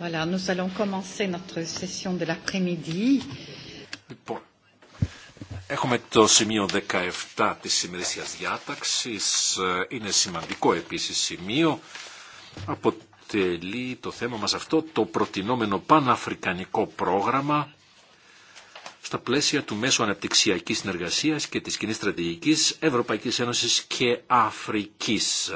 Voilà, nous allons commencer notre session de lapres λοιπόν, έχουμε το σημείο 17 της ημερήσιας διάταξης. Ε, είναι σημαντικό επίσης σημείο. Αποτελεί το θέμα μας αυτό το προτινόμενο παναφρικανικό πρόγραμμα στα πλαίσια του μέσου αναπτυξιακής συνεργασίας και της κοινή στρατηγικής Ευρωπαϊκής Ένωσης και Αφρικής.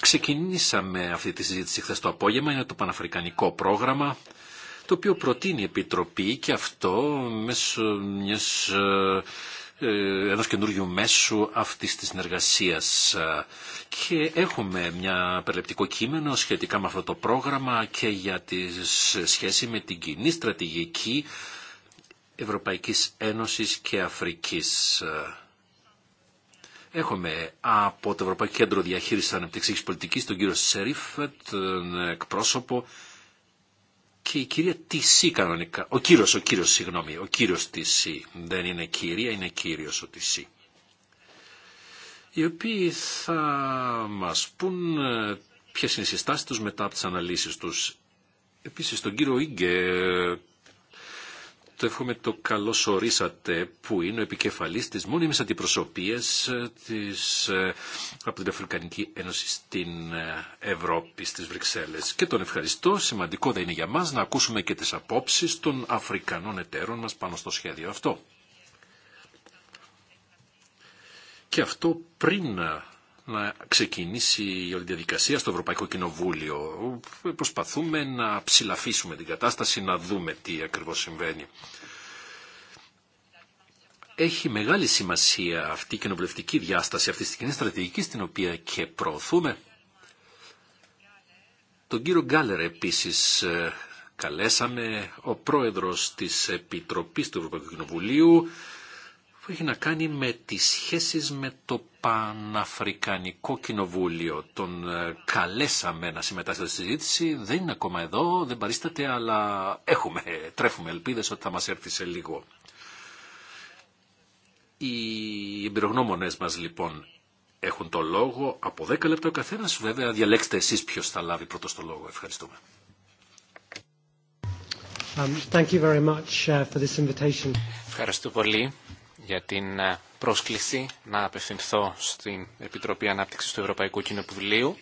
Ξεκινήσαμε αυτή τη συζήτηση χθε το απόγευμα, είναι το Παναφρικανικό Πρόγραμμα, το οποίο προτείνει η Επιτροπή και αυτό μέσω μιας, ε, ε, ενός καινούριου μέσου αυτής της συνεργασίας. Και έχουμε μια περιληπτικό κείμενο σχετικά με αυτό το πρόγραμμα και για τη σχέση με την κοινή στρατηγική Ευρωπαϊκής Ένωσης και Αφρικής. Έχουμε από το Ευρωπαϊκό Κέντρο Διαχείρισης Αναπτυξιακής Πολιτικής τον κύριο Σερίφ, τον εκπρόσωπο και η κυρία Τισή κανονικά. Ο κύριος, ο κύριος, συγγνώμη, ο κύριος Τισή. Δεν είναι κύρια, είναι κύριος ο Τισή. Οι οποίοι θα μας πούν ε, ποιες είναι οι συστάσεις τους μετά από τις αναλύσεις τους. Επίσης τον κύριο Ίγκε, το εύχομαι το καλό ορίσατε που είναι ο επικεφαλής της μόνιμης αντιπροσωπείας ε, της, ε, από την Αφρικανική Ένωση στην ε, Ευρώπη, στις Βρυξέλλες. Και τον ευχαριστώ. Σημαντικό δεν είναι για μας να ακούσουμε και τις απόψεις των Αφρικανών εταίρων μας πάνω στο σχέδιο αυτό. Και αυτό πριν να ξεκινήσει η όλη διαδικασία στο Ευρωπαϊκό Κοινοβούλιο. Προσπαθούμε να ψηλαφίσουμε την κατάσταση, να δούμε τι ακριβώς συμβαίνει. Έχει μεγάλη σημασία αυτή η κοινοβουλευτική διάσταση αυτή τη κοινή στρατηγική στην οποία και προωθούμε. Τον κύριο Γκάλερ επίσης ε, καλέσαμε, ο πρόεδρος της Επιτροπής του Ευρωπαϊκού Κοινοβουλίου, που έχει να κάνει με τις σχέσεις με το Παναφρικανικό Κοινοβούλιο. Τον ε, καλέσαμε να συμμετάσχει στη συζήτηση, δεν είναι ακόμα εδώ, δεν παρίσταται, αλλά έχουμε, τρέφουμε ελπίδες ότι θα μας έρθει σε λίγο. Οι εμπειρογνώμονες μας λοιπόν έχουν το λόγο από 10 λεπτά ο καθένας. Βέβαια διαλέξτε εσείς ποιος θα λάβει πρώτος το λόγο. Ευχαριστούμε. Um, thank you very much uh, for this invitation. Ευχαριστώ πολύ για την ε, πρόσκληση να απευθυνθώ στην Επιτροπή Ανάπτυξης του Ευρωπαϊκού Κοινοβουλίου.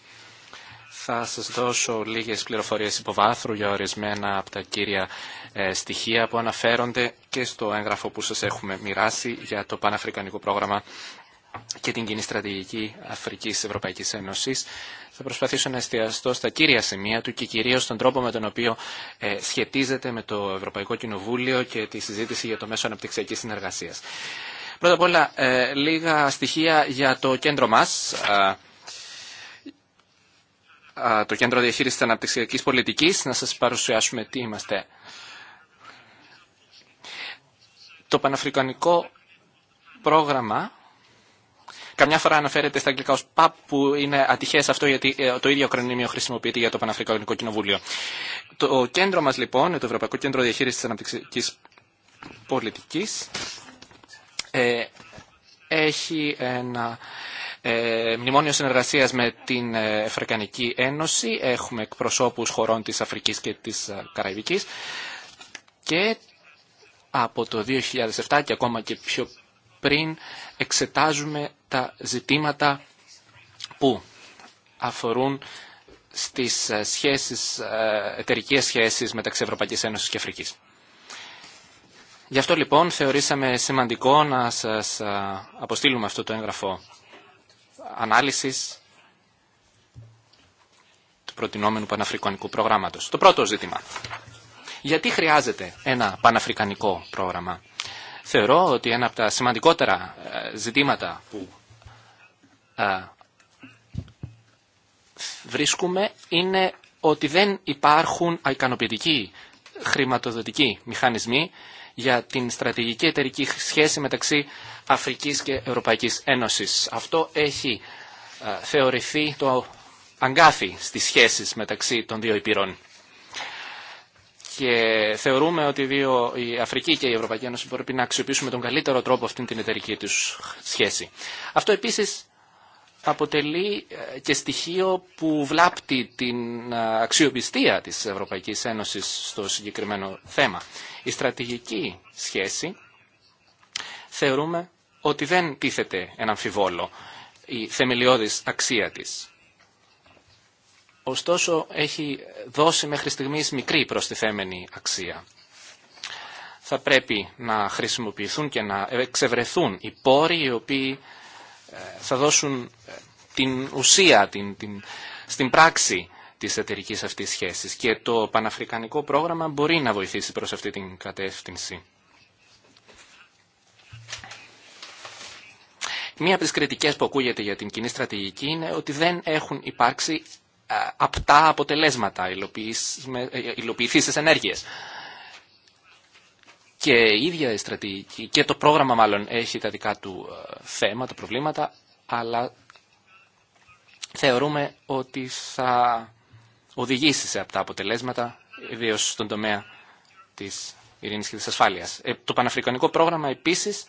Θα σας δώσω λίγες πληροφορίες υποβάθρου για ορισμένα από τα κύρια ε, στοιχεία που αναφέρονται και στο έγγραφο που σας έχουμε μοιράσει για το Παναφρικανικό Πρόγραμμα και την κοινή στρατηγική Αφρικής Ευρωπαϊκής Ένωσης. Θα προσπαθήσω να εστιαστώ στα κύρια σημεία του και κυρίως στον τρόπο με τον οποίο ε, σχετίζεται με το Ευρωπαϊκό Κοινοβούλιο και τη συζήτηση για το μέσο αναπτυξιακής συνεργασίας. Πρώτα απ' όλα, ε, λίγα στοιχεία για το κέντρο μας. Το Κέντρο Διαχείρισης Αναπτυξιακής Πολιτικής. Να σας παρουσιάσουμε τι είμαστε. Το Παναφρικανικό Πρόγραμμα Καμιά φορά αναφέρεται στα αγγλικά ω ΠΑΠ που είναι ατυχέ αυτό γιατί ε, το ίδιο ακρονίμιο χρησιμοποιείται για το Παναφρικανικό Κοινοβούλιο. Το κέντρο μα λοιπόν, το Ευρωπαϊκό Κέντρο Διαχείριση τη Αναπτυξιακή Πολιτική, ε, έχει ένα ε, μνημόνιο συνεργασίας με την Αφρικανική Ένωση. Έχουμε εκπροσώπους χωρών της Αφρικής και της Καραϊβικής. Και από το 2007 και ακόμα και πιο πριν εξετάζουμε τα ζητήματα που αφορούν στις ε, σχέσεις, ε, εταιρικές σχέσεις μεταξύ Ευρωπαϊκής Ένωσης και Αφρικής. Γι' αυτό λοιπόν θεωρήσαμε σημαντικό να σας ε, αποστείλουμε αυτό το έγγραφο ανάλυσης του προτινόμενου Παναφρικανικού προγράμματος. Το πρώτο ζήτημα. Γιατί χρειάζεται ένα Παναφρικανικό πρόγραμμα. Θεωρώ ότι ένα από τα σημαντικότερα ε, ζητήματα που ε, βρίσκουμε είναι ότι δεν υπάρχουν ικανοποιητικοί χρηματοδοτικοί μηχανισμοί για την στρατηγική εταιρική σχέση μεταξύ Αφρικής και Ευρωπαϊκής Ένωσης. Αυτό έχει ε, θεωρηθεί το αγκάφι στις σχέσεις μεταξύ των δύο υπηρών. Και θεωρούμε ότι δύο, η Αφρική και η Ευρωπαϊκή Ένωση πρέπει να αξιοποιήσουμε τον καλύτερο τρόπο αυτή την εταιρική του σχέση. Αυτό επίσης αποτελεί ε, και στοιχείο που βλάπτει την ε, αξιοπιστία της Ευρωπαϊκής Ένωσης στο συγκεκριμένο θέμα. Η στρατηγική σχέση θεωρούμε ότι δεν τίθεται ένα αμφιβόλο η θεμελιώδης αξία της ωστόσο έχει δώσει μέχρι στιγμής μικρή προστιθέμενη αξία. Θα πρέπει να χρησιμοποιηθούν και να εξευρεθούν οι πόροι οι οποίοι ε, θα δώσουν ε, την ουσία, την, στην πράξη της εταιρική αυτής σχέσης. Και το Παναφρικανικό πρόγραμμα μπορεί να βοηθήσει προς αυτή την κατεύθυνση. Μία από τις κριτικές που ακούγεται για την κοινή στρατηγική είναι ότι δεν έχουν υπάρξει ε, απτά αποτελέσματα, ε, υλοποιηθήσεις ενέργειες. Και η ίδια στρατηγική και το πρόγραμμα μάλλον έχει τα δικά του ε, θέματα, προβλήματα, αλλά θεωρούμε ότι θα οδηγήσει σε απτά αποτελέσματα, ιδίω στον τομέα της ειρήνης και της ασφάλειας. το Παναφρικανικό πρόγραμμα επίσης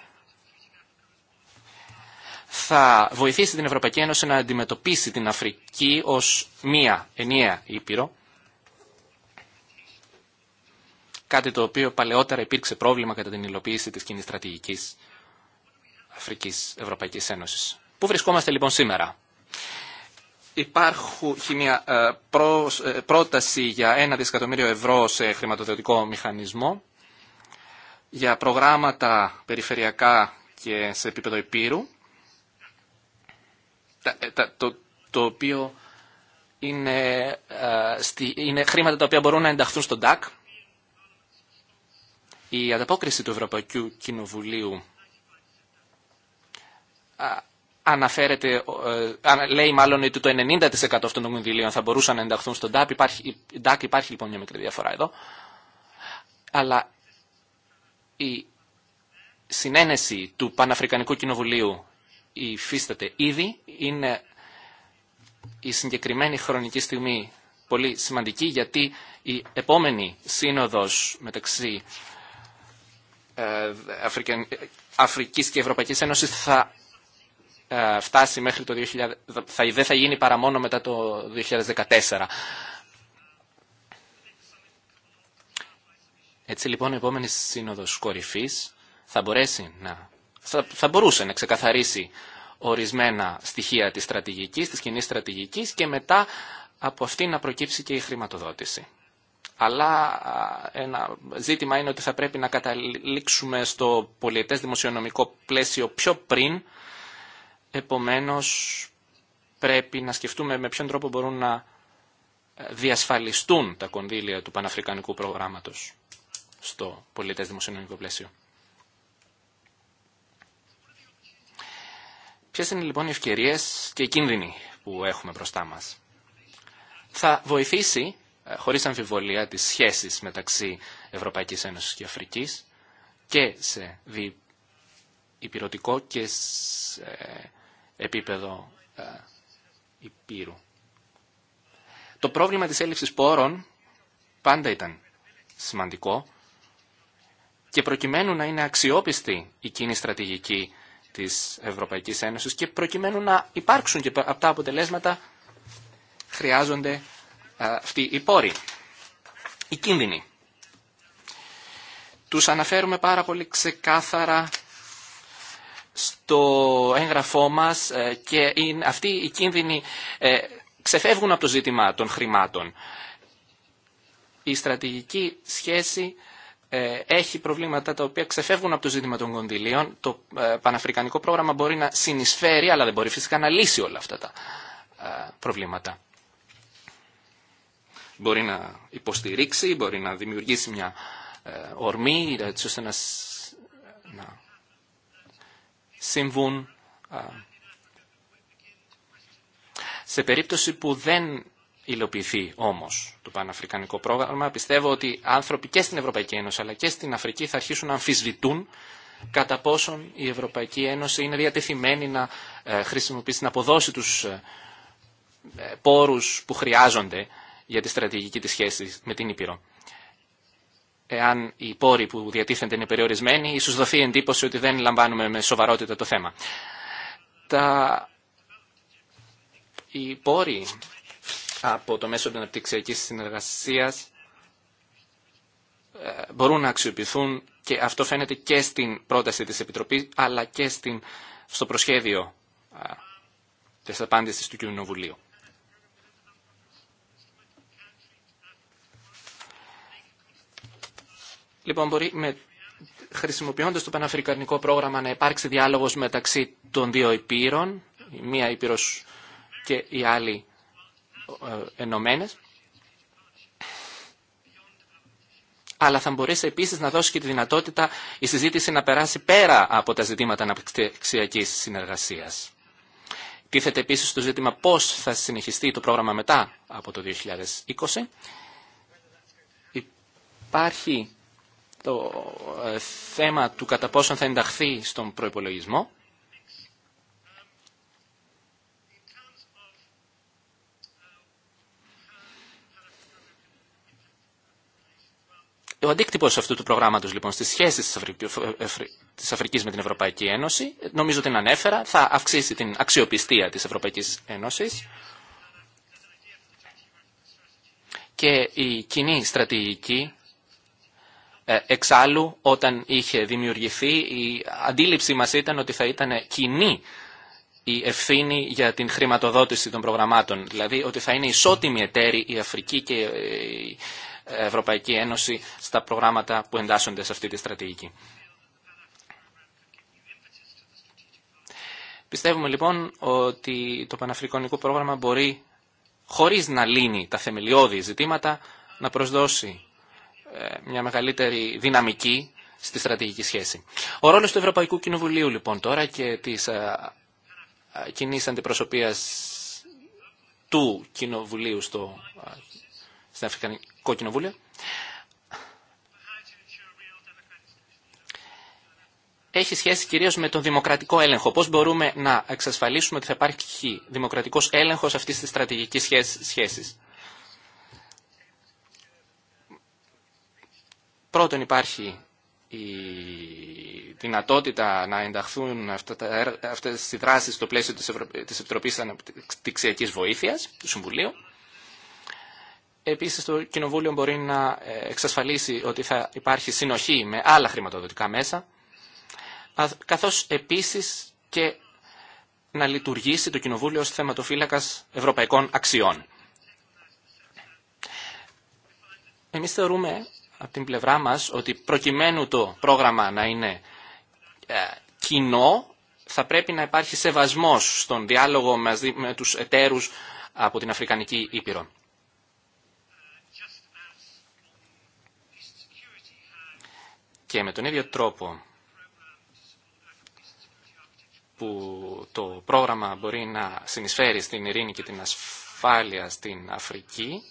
θα βοηθήσει την Ευρωπαϊκή Ένωση να αντιμετωπίσει την Αφρική ως μία ενιαία ήπειρο, κάτι το οποίο παλαιότερα υπήρξε πρόβλημα κατά την υλοποίηση της κοινή στρατηγικής Αφρικής Ευρωπαϊκής Ένωσης. Πού βρισκόμαστε λοιπόν σήμερα. Υπάρχει μια ε, ε, πρόταση για ένα δισεκατομμύριο ευρώ σε χρηματοδοτικό μηχανισμό για προγράμματα περιφερειακά και σε επίπεδο υπήρου ε, το, το οποίο είναι, ε, είναι χρήματα τα οποία μπορούν να ενταχθούν στον ΤΑΚ. Η ανταπόκριση του Ευρωπαϊκού Κοινοβουλίου αναφέρεται, ε, λέει μάλλον ότι το 90% αυτών των κονδυλίων θα μπορούσαν να ενταχθούν στον ΤΑΚ. Υπάρχει, ΤΑΚ υπάρχει λοιπόν μια μικρή διαφορά εδώ. Αλλά η συνένεση του Παναφρικανικού Κοινοβουλίου η υφίσταται ήδη. Είναι η συγκεκριμένη χρονική στιγμή πολύ σημαντική γιατί η επόμενη σύνοδος μεταξύ ε, Αφρικής και Ευρωπαϊκής Ένωσης θα ε, φτάσει μέχρι το 2000, θα, δεν θα γίνει παρά μόνο μετά το 2014. Έτσι λοιπόν η επόμενη σύνοδος κορυφής θα μπορέσει να θα, μπορούσε να ξεκαθαρίσει ορισμένα στοιχεία της στρατηγικής, της κοινής στρατηγικής και μετά από αυτή να προκύψει και η χρηματοδότηση. Αλλά ένα ζήτημα είναι ότι θα πρέπει να καταλήξουμε στο πολιετές δημοσιονομικό πλαίσιο πιο πριν, επομένως πρέπει να σκεφτούμε με ποιον τρόπο μπορούν να διασφαλιστούν τα κονδύλια του Παναφρικανικού Προγράμματος στο πολιτες δημοσιονομικό πλαίσιο. Ποιε είναι λοιπόν οι ευκαιρίε και οι κίνδυνοι που έχουμε μπροστά μας. Θα βοηθήσει, ε, χωρί αμφιβολία, τις σχέσεις μεταξύ Ευρωπαϊκής Ένωση και Αφρικής και σε διπυρωτικό και σε ε, επίπεδο ε, υπήρου. Το πρόβλημα της έλλειψης πόρων πάντα ήταν σημαντικό και προκειμένου να είναι αξιόπιστη η κοινή στρατηγική της Ευρωπαϊκής Ένωσης και προκειμένου να υπάρξουν και αυτά τα αποτελέσματα χρειάζονται ε, αυτοί οι πόροι, οι κίνδυνοι. Τους αναφέρουμε πάρα πολύ ξεκάθαρα στο έγγραφό μας ε, και αυτοί οι κίνδυνοι ε, ξεφεύγουν από το ζήτημα των χρημάτων. Η στρατηγική σχέση ε, έχει προβλήματα τα οποία ξεφεύγουν από το ζήτημα των κονδυλίων. Το ε, Παναφρικανικό πρόγραμμα μπορεί να συνεισφέρει, αλλά δεν μπορεί φυσικά να λύσει όλα αυτά τα ε, προβλήματα. Μπορεί να υποστηρίξει, μπορεί να δημιουργήσει μια ορμή, έτσι ώστε να, να συμβούν. Σε περίπτωση που δεν υλοποιηθεί όμω το Παναφρικανικό πρόγραμμα, πιστεύω ότι άνθρωποι και στην Ευρωπαϊκή Ένωση αλλά και στην Αφρική θα αρχίσουν να αμφισβητούν κατά πόσον η Ευρωπαϊκή Ένωση είναι διατεθειμένη να ε, χρησιμοποιήσει, να αποδώσει τους ε, πόρους που χρειάζονται για τη στρατηγική τη σχέση με την Ήπειρο. Εάν οι πόροι που διατίθενται είναι περιορισμένοι, ίσως δοθεί εντύπωση ότι δεν λαμβάνουμε με σοβαρότητα το θέμα. Τα... Οι πόροι από το μέσο της αναπτυξιακής συνεργασίας ε, μπορούν να αξιοποιηθούν και αυτό φαίνεται και στην πρόταση της Επιτροπής αλλά και στην, στο προσχέδιο ε, της απάντησης του Κοινοβουλίου. Λοιπόν, μπορεί με, χρησιμοποιώντας το Παναφρικανικό πρόγραμμα να υπάρξει διάλογος μεταξύ των δύο υπήρων, η μία υπήρος και η άλλη ε, ενωμένε. αλλά θα μπορέσει επίση να δώσει και τη δυνατότητα η συζήτηση να περάσει πέρα από τα ζητήματα αναπτυξιακή συνεργασία. Τίθεται επίση το ζήτημα πώ θα συνεχιστεί το πρόγραμμα μετά από το 2020. Υπάρχει το ε, θέμα του κατά πόσον θα ενταχθεί στον προπολογισμό. Ο αντίκτυπο αυτού του προγράμματο λοιπόν στις σχέσεις της Αφρικής με την Ευρωπαϊκή Ένωση, νομίζω την ανέφερα, θα αυξήσει την αξιοπιστία της Ευρωπαϊκής Ένωσης και η κοινή στρατηγική ε, εξάλλου όταν είχε δημιουργηθεί η αντίληψη μας ήταν ότι θα ήταν κοινή η ευθύνη για την χρηματοδότηση των προγραμμάτων. Δηλαδή ότι θα είναι ισότιμη εταίρη η Αφρική και Ευρωπαϊκή Ένωση στα προγράμματα που εντάσσονται σε αυτή τη στρατηγική. Πιστεύουμε λοιπόν ότι το Παναφρικανικό πρόγραμμα μπορεί χωρίς να λύνει τα θεμελιώδη ζητήματα να προσδώσει ε, μια μεγαλύτερη δυναμική στη στρατηγική σχέση. Ο ρόλος του Ευρωπαϊκού Κοινοβουλίου λοιπόν τώρα και της ε, ε, κοινή αντιπροσωπείας του Κοινοβουλίου στο, στην Αφρικανική έχει σχέση κυρίως με τον δημοκρατικό έλεγχο. Πώς μπορούμε να εξασφαλίσουμε ότι θα υπάρχει δημοκρατικός έλεγχος αυτή τη στρατηγική σχέση; Πρώτον υπάρχει η δυνατότητα να ενταχθούν αυτές οι δράσεις στο πλαίσιο της Επιτροπής Αναπτυξιακής Βοήθειας του Συμβουλίου. Επίσης το Κοινοβούλιο μπορεί να ε, εξασφαλίσει ότι θα υπάρχει συνοχή με άλλα χρηματοδοτικά μέσα, καθώς επίσης και να λειτουργήσει το Κοινοβούλιο ως θεματοφύλακας ευρωπαϊκών αξιών. Εμείς θεωρούμε από την πλευρά μας ότι προκειμένου το πρόγραμμα να είναι ε, κοινό, θα πρέπει να υπάρχει σεβασμός στον διάλογο με τους εταίρους από την Αφρικανική Ήπειρο. Και με τον ίδιο τρόπο που το πρόγραμμα μπορεί να συνεισφέρει στην ειρήνη και την ασφάλεια στην Αφρική,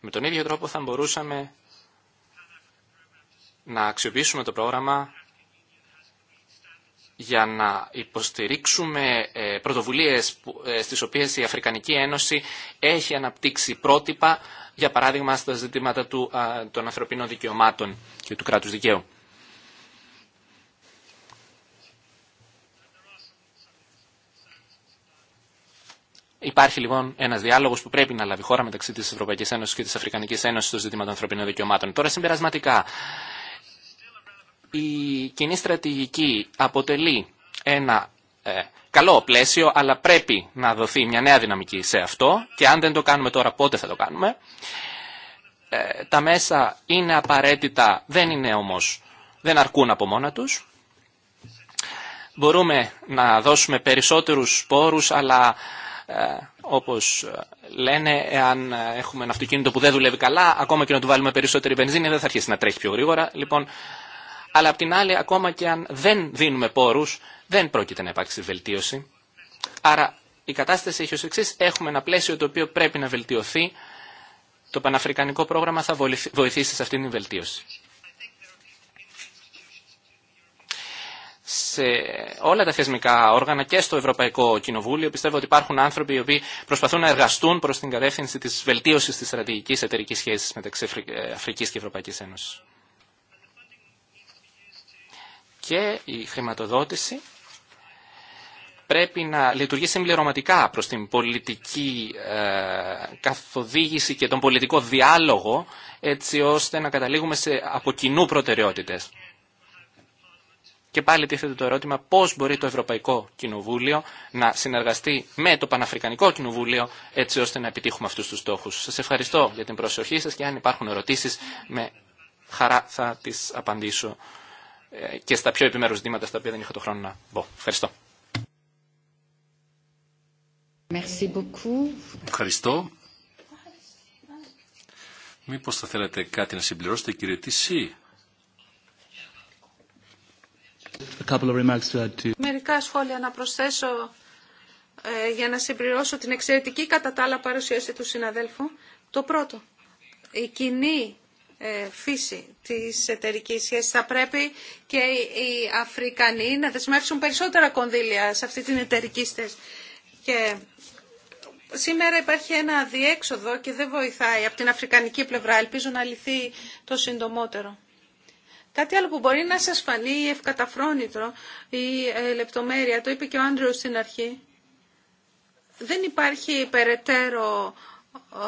με τον ίδιο τρόπο θα μπορούσαμε να αξιοποιήσουμε το πρόγραμμα για να υποστηρίξουμε ε, πρωτοβουλίες ε, στις οποίες η Αφρικανική Ένωση έχει αναπτύξει πρότυπα, για παράδειγμα στα ζητήματα των ανθρωπίνων δικαιωμάτων και του κράτους δικαίου. Υπάρχει λοιπόν ένα διάλογο που πρέπει να λάβει χώρα μεταξύ τη Ευρωπαϊκή Ένωση και τη Αφρικανική Ένωση στο ζήτημα των ανθρωπίνων δικαιωμάτων. Τώρα συμπερασματικά. Η κοινή στρατηγική αποτελεί ένα ε, καλό πλαίσιο, αλλά πρέπει να δοθεί μια νέα δυναμική σε αυτό και αν δεν το κάνουμε τώρα πότε θα το κάνουμε. Ε, τα μέσα είναι απαραίτητα, δεν είναι όμως, δεν αρκούν από μόνα τους. Μπορούμε να δώσουμε περισσότερους σπόρους, αλλά ε, όπως ε, λένε, εάν ε, έχουμε ένα αυτοκίνητο που δεν δουλεύει καλά, ακόμα και να του βάλουμε περισσότερη βενζίνη δεν θα αρχίσει να τρέχει πιο γρήγορα. Λοιπόν, αλλά απ' την άλλη, ακόμα και αν δεν δίνουμε πόρους, δεν πρόκειται να υπάρξει βελτίωση. Άρα η κατάσταση έχει ως εξή. Έχουμε ένα πλαίσιο το οποίο πρέπει να βελτιωθεί. Το Παναφρικανικό πρόγραμμα θα βοηθήσει σε αυτήν την βελτίωση. σε όλα τα θεσμικά όργανα και στο Ευρωπαϊκό Κοινοβούλιο. Πιστεύω ότι υπάρχουν άνθρωποι οι οποίοι προσπαθούν να εργαστούν προ την κατεύθυνση τη βελτίωση τη στρατηγική εταιρική σχέση μεταξύ ε, Αφρική και Ευρωπαϊκή Ένωση. Και η χρηματοδότηση πρέπει να λειτουργεί συμπληρωματικά προς την πολιτική ε, καθοδήγηση και τον πολιτικό διάλογο έτσι ώστε να καταλήγουμε σε από κοινού προτεραιότητες. Και πάλι τίθεται το ερώτημα πώς μπορεί το Ευρωπαϊκό Κοινοβούλιο να συνεργαστεί με το Παναφρικανικό Κοινοβούλιο έτσι ώστε να επιτύχουμε αυτούς τους στόχους. Σας ευχαριστώ για την προσοχή σας και αν υπάρχουν ερωτήσεις με χαρά θα τις απαντήσω ε, και στα πιο επιμέρους ζητήματα στα οποία δεν είχα το χρόνο να μπω. Ευχαριστώ. Ευχαριστώ. Μήπως θα θέλατε κάτι να συμπληρώσετε κύριε Τησί. Μερικά σχόλια να προσθέσω ε, για να συμπληρώσω την εξαιρετική κατά τα άλλα παρουσίαση του συναδέλφου. Το πρώτο, η κοινή ε, φύση της εταιρική σχέσης. Θα πρέπει και οι Αφρικανοί να δεσμεύσουν περισσότερα κονδύλια σε αυτή την εταιρική στέση Και σήμερα υπάρχει ένα διέξοδο και δεν βοηθάει από την αφρικανική πλευρά. Ελπίζω να λυθεί το συντομότερο. Κάτι άλλο που μπορεί να σας φανεί ευκαταφρόνητο η ε, λεπτομέρεια, το είπε και ο Άντριος στην αρχή. Δεν υπάρχει περαιτέρω ε,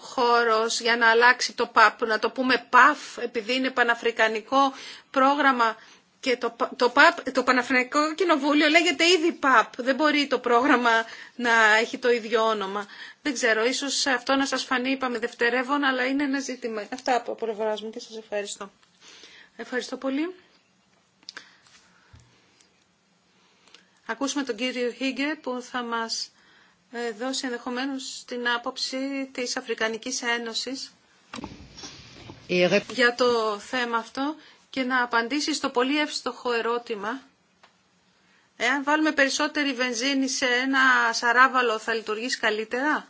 χώρος για να αλλάξει το ΠΑΠ, να το πούμε ΠΑΦ επειδή είναι παναφρικανικό πρόγραμμα και το, το, ΠΑΠ, το Παναφρικανικό Κοινοβούλιο λέγεται ήδη ΠΑΠ. Δεν μπορεί το πρόγραμμα να έχει το ίδιο όνομα. Δεν ξέρω, ίσως αυτό να σας φανεί, είπαμε, δευτερεύον, αλλά είναι ένα ζήτημα. Αυτά από πλευρά μου και σας ευχαριστώ. Ευχαριστώ πολύ. Ακούσουμε τον κύριο Χίγκε που θα μας ε, δώσει ενδεχομένως την άποψη της Αφρικανικής Ένωσης για το θέμα αυτό και να απαντήσει στο πολύ εύστοχο ερώτημα. Εάν βάλουμε περισσότερη βενζίνη σε ένα σαράβαλο θα λειτουργήσει καλύτερα.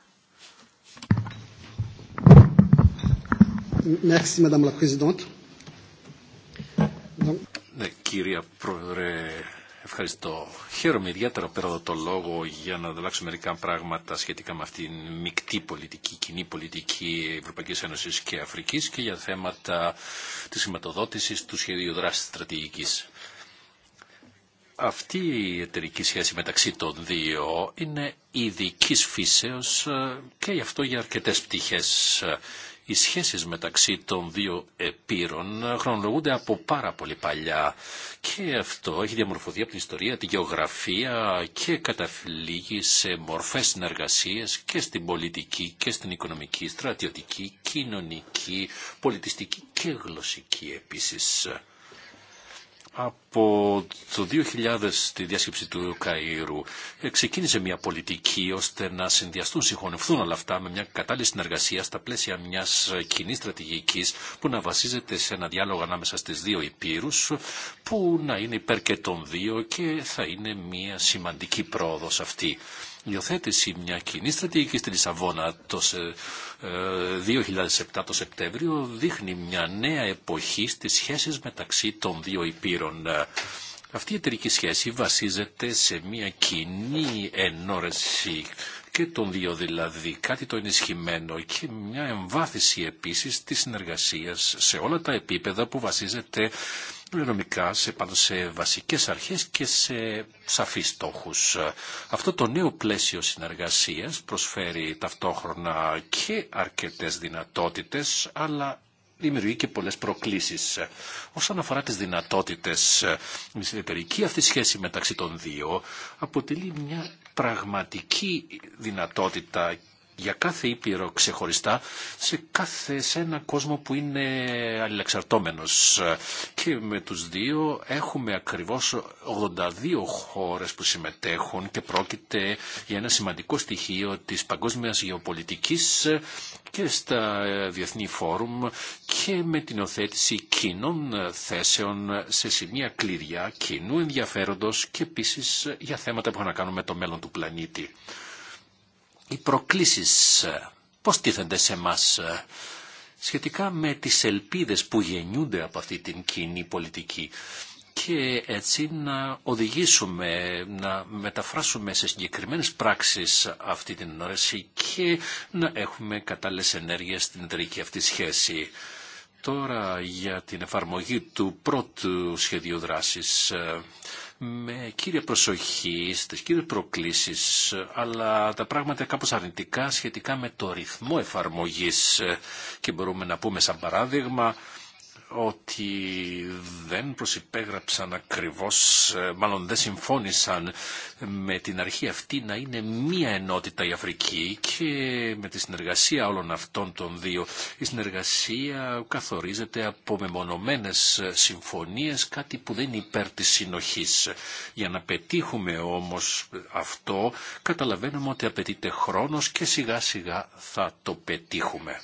Merci, Madame la ναι, κυρία Πρόεδρε, ευχαριστώ. Χαίρομαι ιδιαίτερα που πέρα το λόγο για να ανταλλάξω μερικά πράγματα σχετικά με αυτήν την μεικτή πολιτική, κοινή πολιτική Ευρωπαϊκή Ένωση και Αφρική και για θέματα τη χρηματοδότηση του σχεδίου δράση στρατηγική. Αυτή η εταιρική σχέση μεταξύ των δύο είναι ειδική φύσεως και γι' αυτό για αρκετές πτυχές οι σχέσεις μεταξύ των δύο επίρων χρονολογούνται από πάρα πολύ παλιά και αυτό έχει διαμορφωθεί από την ιστορία, τη γεωγραφία και καταφυλίγει σε μορφές συνεργασίες και στην πολιτική και στην οικονομική, στρατιωτική, κοινωνική, πολιτιστική και γλωσσική επίσης από το 2000 στη διάσκεψη του Καΐρου ε, ξεκίνησε μια πολιτική ώστε να συνδυαστούν, συγχωνευτούν όλα αυτά με μια κατάλληλη συνεργασία στα πλαίσια μιας κοινή στρατηγικής που να βασίζεται σε ένα διάλογο ανάμεσα στις δύο υπήρους που να είναι υπέρ και των δύο και θα είναι μια σημαντική πρόοδος αυτή υιοθέτηση μια κοινή στρατηγική στη Λισαβόνα το 2007 ε, το Σεπτέμβριο δείχνει μια νέα εποχή στις σχέσεις μεταξύ των δύο υπήρων. Αυτή η εταιρική σχέση βασίζεται σε μια κοινή ενόρεση και των δύο δηλαδή, κάτι το ενισχυμένο και μια εμβάθυση επίσης της συνεργασίας σε όλα τα επίπεδα που βασίζεται πληρωμικά σε, πάνω σε βασικές αρχές και σε σαφείς στόχους. Αυτό το νέο πλαίσιο συνεργασίας προσφέρει ταυτόχρονα και αρκετές δυνατότητες, αλλά δημιουργεί και πολλές προκλήσεις. Όσον αφορά τις δυνατότητες, η συνεταιρική αυτή σχέση μεταξύ των δύο αποτελεί μια πραγματική δυνατότητα για κάθε ήπειρο ξεχωριστά σε, κάθε, σε ένα κόσμο που είναι αλληλεξαρτώμενος. Και με τους δύο έχουμε ακριβώς 82 χώρες που συμμετέχουν και πρόκειται για ένα σημαντικό στοιχείο της παγκόσμιας γεωπολιτικής και στα Διεθνή Φόρουμ και με την οθέτηση κοινών θέσεων σε σημεία κλειδιά κοινού ενδιαφέροντος και επίσης για θέματα που έχουν να κάνουν με το μέλλον του πλανήτη οι προκλήσεις ε, πώς τίθενται σε μας ε, σχετικά με τις ελπίδες που γεννιούνται από αυτή την κοινή πολιτική και έτσι να οδηγήσουμε, να μεταφράσουμε σε συγκεκριμένες πράξεις αυτή την όρεση και να έχουμε κατάλληλες ενέργειες στην εταιρική αυτή σχέση. Τώρα για την εφαρμογή του πρώτου σχεδίου δράσης ε, με κύρια προσοχή στι κύριες προκλήσεις, αλλά τα πράγματα κάπως αρνητικά σχετικά με το ρυθμό εφαρμογής ε, και μπορούμε να πούμε σαν παράδειγμα ότι δεν προσυπέγραψαν ακριβώς, ε, μάλλον δεν συμφώνησαν με την αρχή αυτή να είναι μία ενότητα η Αφρική και με τη συνεργασία όλων αυτών των δύο. Η συνεργασία καθορίζεται από μεμονωμένες συμφωνίες, κάτι που δεν είναι υπέρ της συνοχής. Για να πετύχουμε όμως αυτό, καταλαβαίνουμε ότι απαιτείται χρόνος και σιγά σιγά θα το πετύχουμε.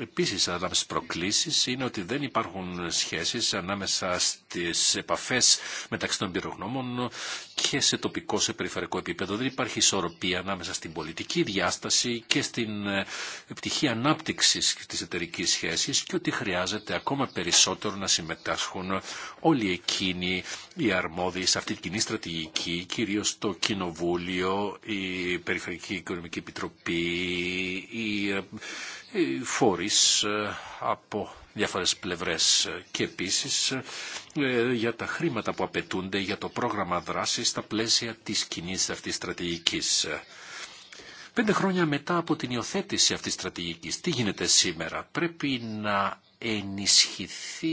Επίσης, ανάμεσα στις προκλήσεις είναι ότι δεν υπάρχουν σχέσεις ανάμεσα στις επαφές μεταξύ των πυρογνώμων και σε τοπικό, σε περιφερειακό επίπεδο. Δεν υπάρχει ισορροπία ανάμεσα στην πολιτική διάσταση και στην ε, πτυχή ανάπτυξης της εταιρική σχέσης και ότι χρειάζεται ακόμα περισσότερο να συμμετάσχουν όλοι εκείνοι οι αρμόδιοι σε αυτή την κοινή στρατηγική, κυρίως το Κοινοβούλιο, η Περιφερειακή Οικονομική Επιτροπή, η ε, φορείς ε, από διάφορες πλευρές ε, και επίσης ε, για τα χρήματα που απαιτούνται για το πρόγραμμα δράσης στα πλαίσια της κοινή αυτής στρατηγικής. Πέντε χρόνια μετά από την υιοθέτηση αυτής της στρατηγικής, τι γίνεται σήμερα. Πρέπει να ενισχυθεί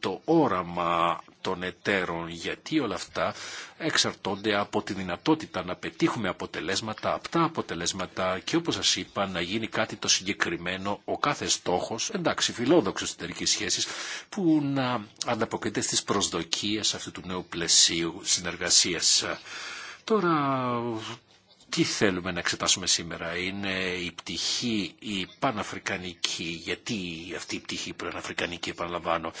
το όραμα των εταίρων γιατί όλα αυτά εξαρτώνται από τη δυνατότητα να πετύχουμε αποτελέσματα, απτά αποτελέσματα και όπως σας είπα να γίνει κάτι το συγκεκριμένο, ο κάθε στόχος, εντάξει φιλόδοξος εταιρική σχέσης που να ανταποκριθεί στις προσδοκίες αυτού του νέου πλαισίου συνεργασίας. Τώρα τι θέλουμε να εξετάσουμε σήμερα. Είναι η πτυχή η παναφρικανική. Γιατί αυτή η πτυχή παναφρικανική, επαναλαμβάνω.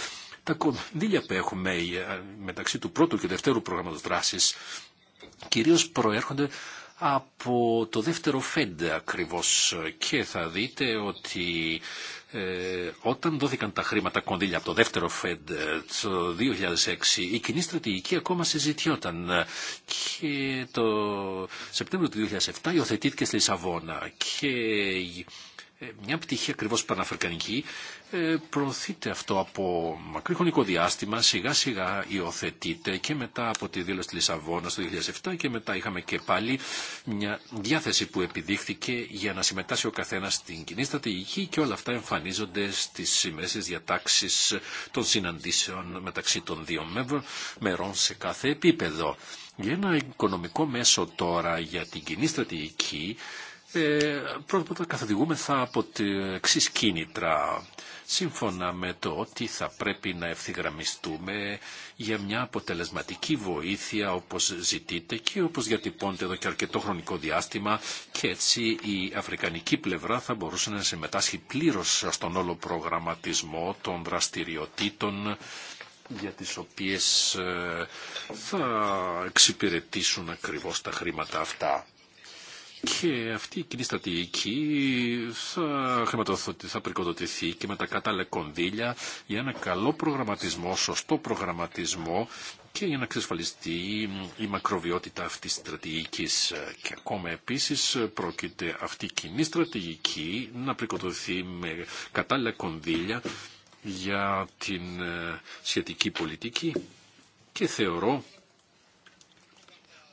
Τα κονδύλια που έχουμε ε, μεταξύ του πρώτου και δεύτερου προγράμματος δράσης κυρίως προέρχονται από το δεύτερο ΦΕΝΤ ακριβώς και θα δείτε ότι ε, όταν δόθηκαν τα χρήματα κονδύλια από το δεύτερο ΦΕΔ το 2006, η κοινή στρατηγική ακόμα συζητιόταν και το Σεπτέμβριο του 2007 υιοθετήθηκε στη Λισαβόνα και ε, μια πτυχή ακριβώς παναφρικανική ε, προωθείται αυτό από μακρύ χρονικό διάστημα, σιγά σιγά υιοθετείται και μετά από τη δήλωση της Λισαβόνας το 2007 και μετά είχαμε και πάλι μια διάθεση που επιδείχθηκε για να συμμετάσχει ο καθένας στην κοινή στρατηγική και όλα αυτά εμφανίζονται στις σημαίες διατάξεις των συναντήσεων μεταξύ των δύο μερών σε κάθε επίπεδο. Για ένα οικονομικό μέσο τώρα για την κοινή στρατηγική ε, πρώτα καθοδηγούμεθα από τα εξή κίνητρα. Σύμφωνα με το ότι θα πρέπει να ευθυγραμμιστούμε για μια αποτελεσματική βοήθεια όπως ζητείτε και όπως διατυπώνεται εδώ και αρκετό χρονικό διάστημα και έτσι η αφρικανική πλευρά θα μπορούσε να συμμετάσχει πλήρως στον όλο προγραμματισμό των δραστηριοτήτων για τις οποίες ε, θα εξυπηρετήσουν ακριβώς τα χρήματα αυτά. Και αυτή η κοινή στρατηγική θα, θα πρικοδοτηθεί και με τα κατάλληλα κονδύλια για ένα καλό προγραμματισμό, σωστό προγραμματισμό και για να εξασφαλιστεί η μακροβιότητα αυτής της στρατηγικής. Και ακόμα επίσης πρόκειται αυτή η κοινή στρατηγική να πρικοδοτηθεί με κατάλληλα κονδύλια για την ε, σχετική πολιτική και θεωρώ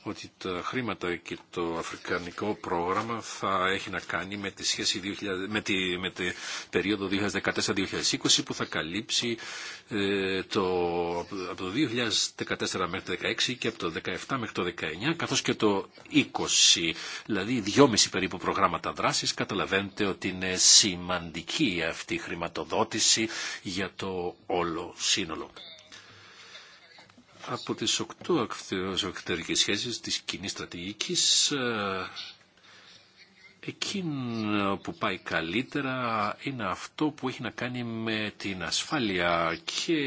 ότι τα χρήματα και το αφρικανικό πρόγραμμα θα έχει να κάνει με τη, σχέση 2000, με τη, με τη περίοδο 2014-2020 που θα καλύψει ε, το, από το 2014 μέχρι το 2016 και από το 2017 μέχρι το 2019 καθώς και το 20, δηλαδή δυόμιση περίπου προγράμματα δράσης. Καταλαβαίνετε ότι είναι σημαντική αυτή η χρηματοδότηση για το όλο σύνολο από τις οκτώ εξωτερικές σχέσεις της κοινή στρατηγικής ε, εκείνο που πάει καλύτερα είναι αυτό που έχει να κάνει με την ασφάλεια και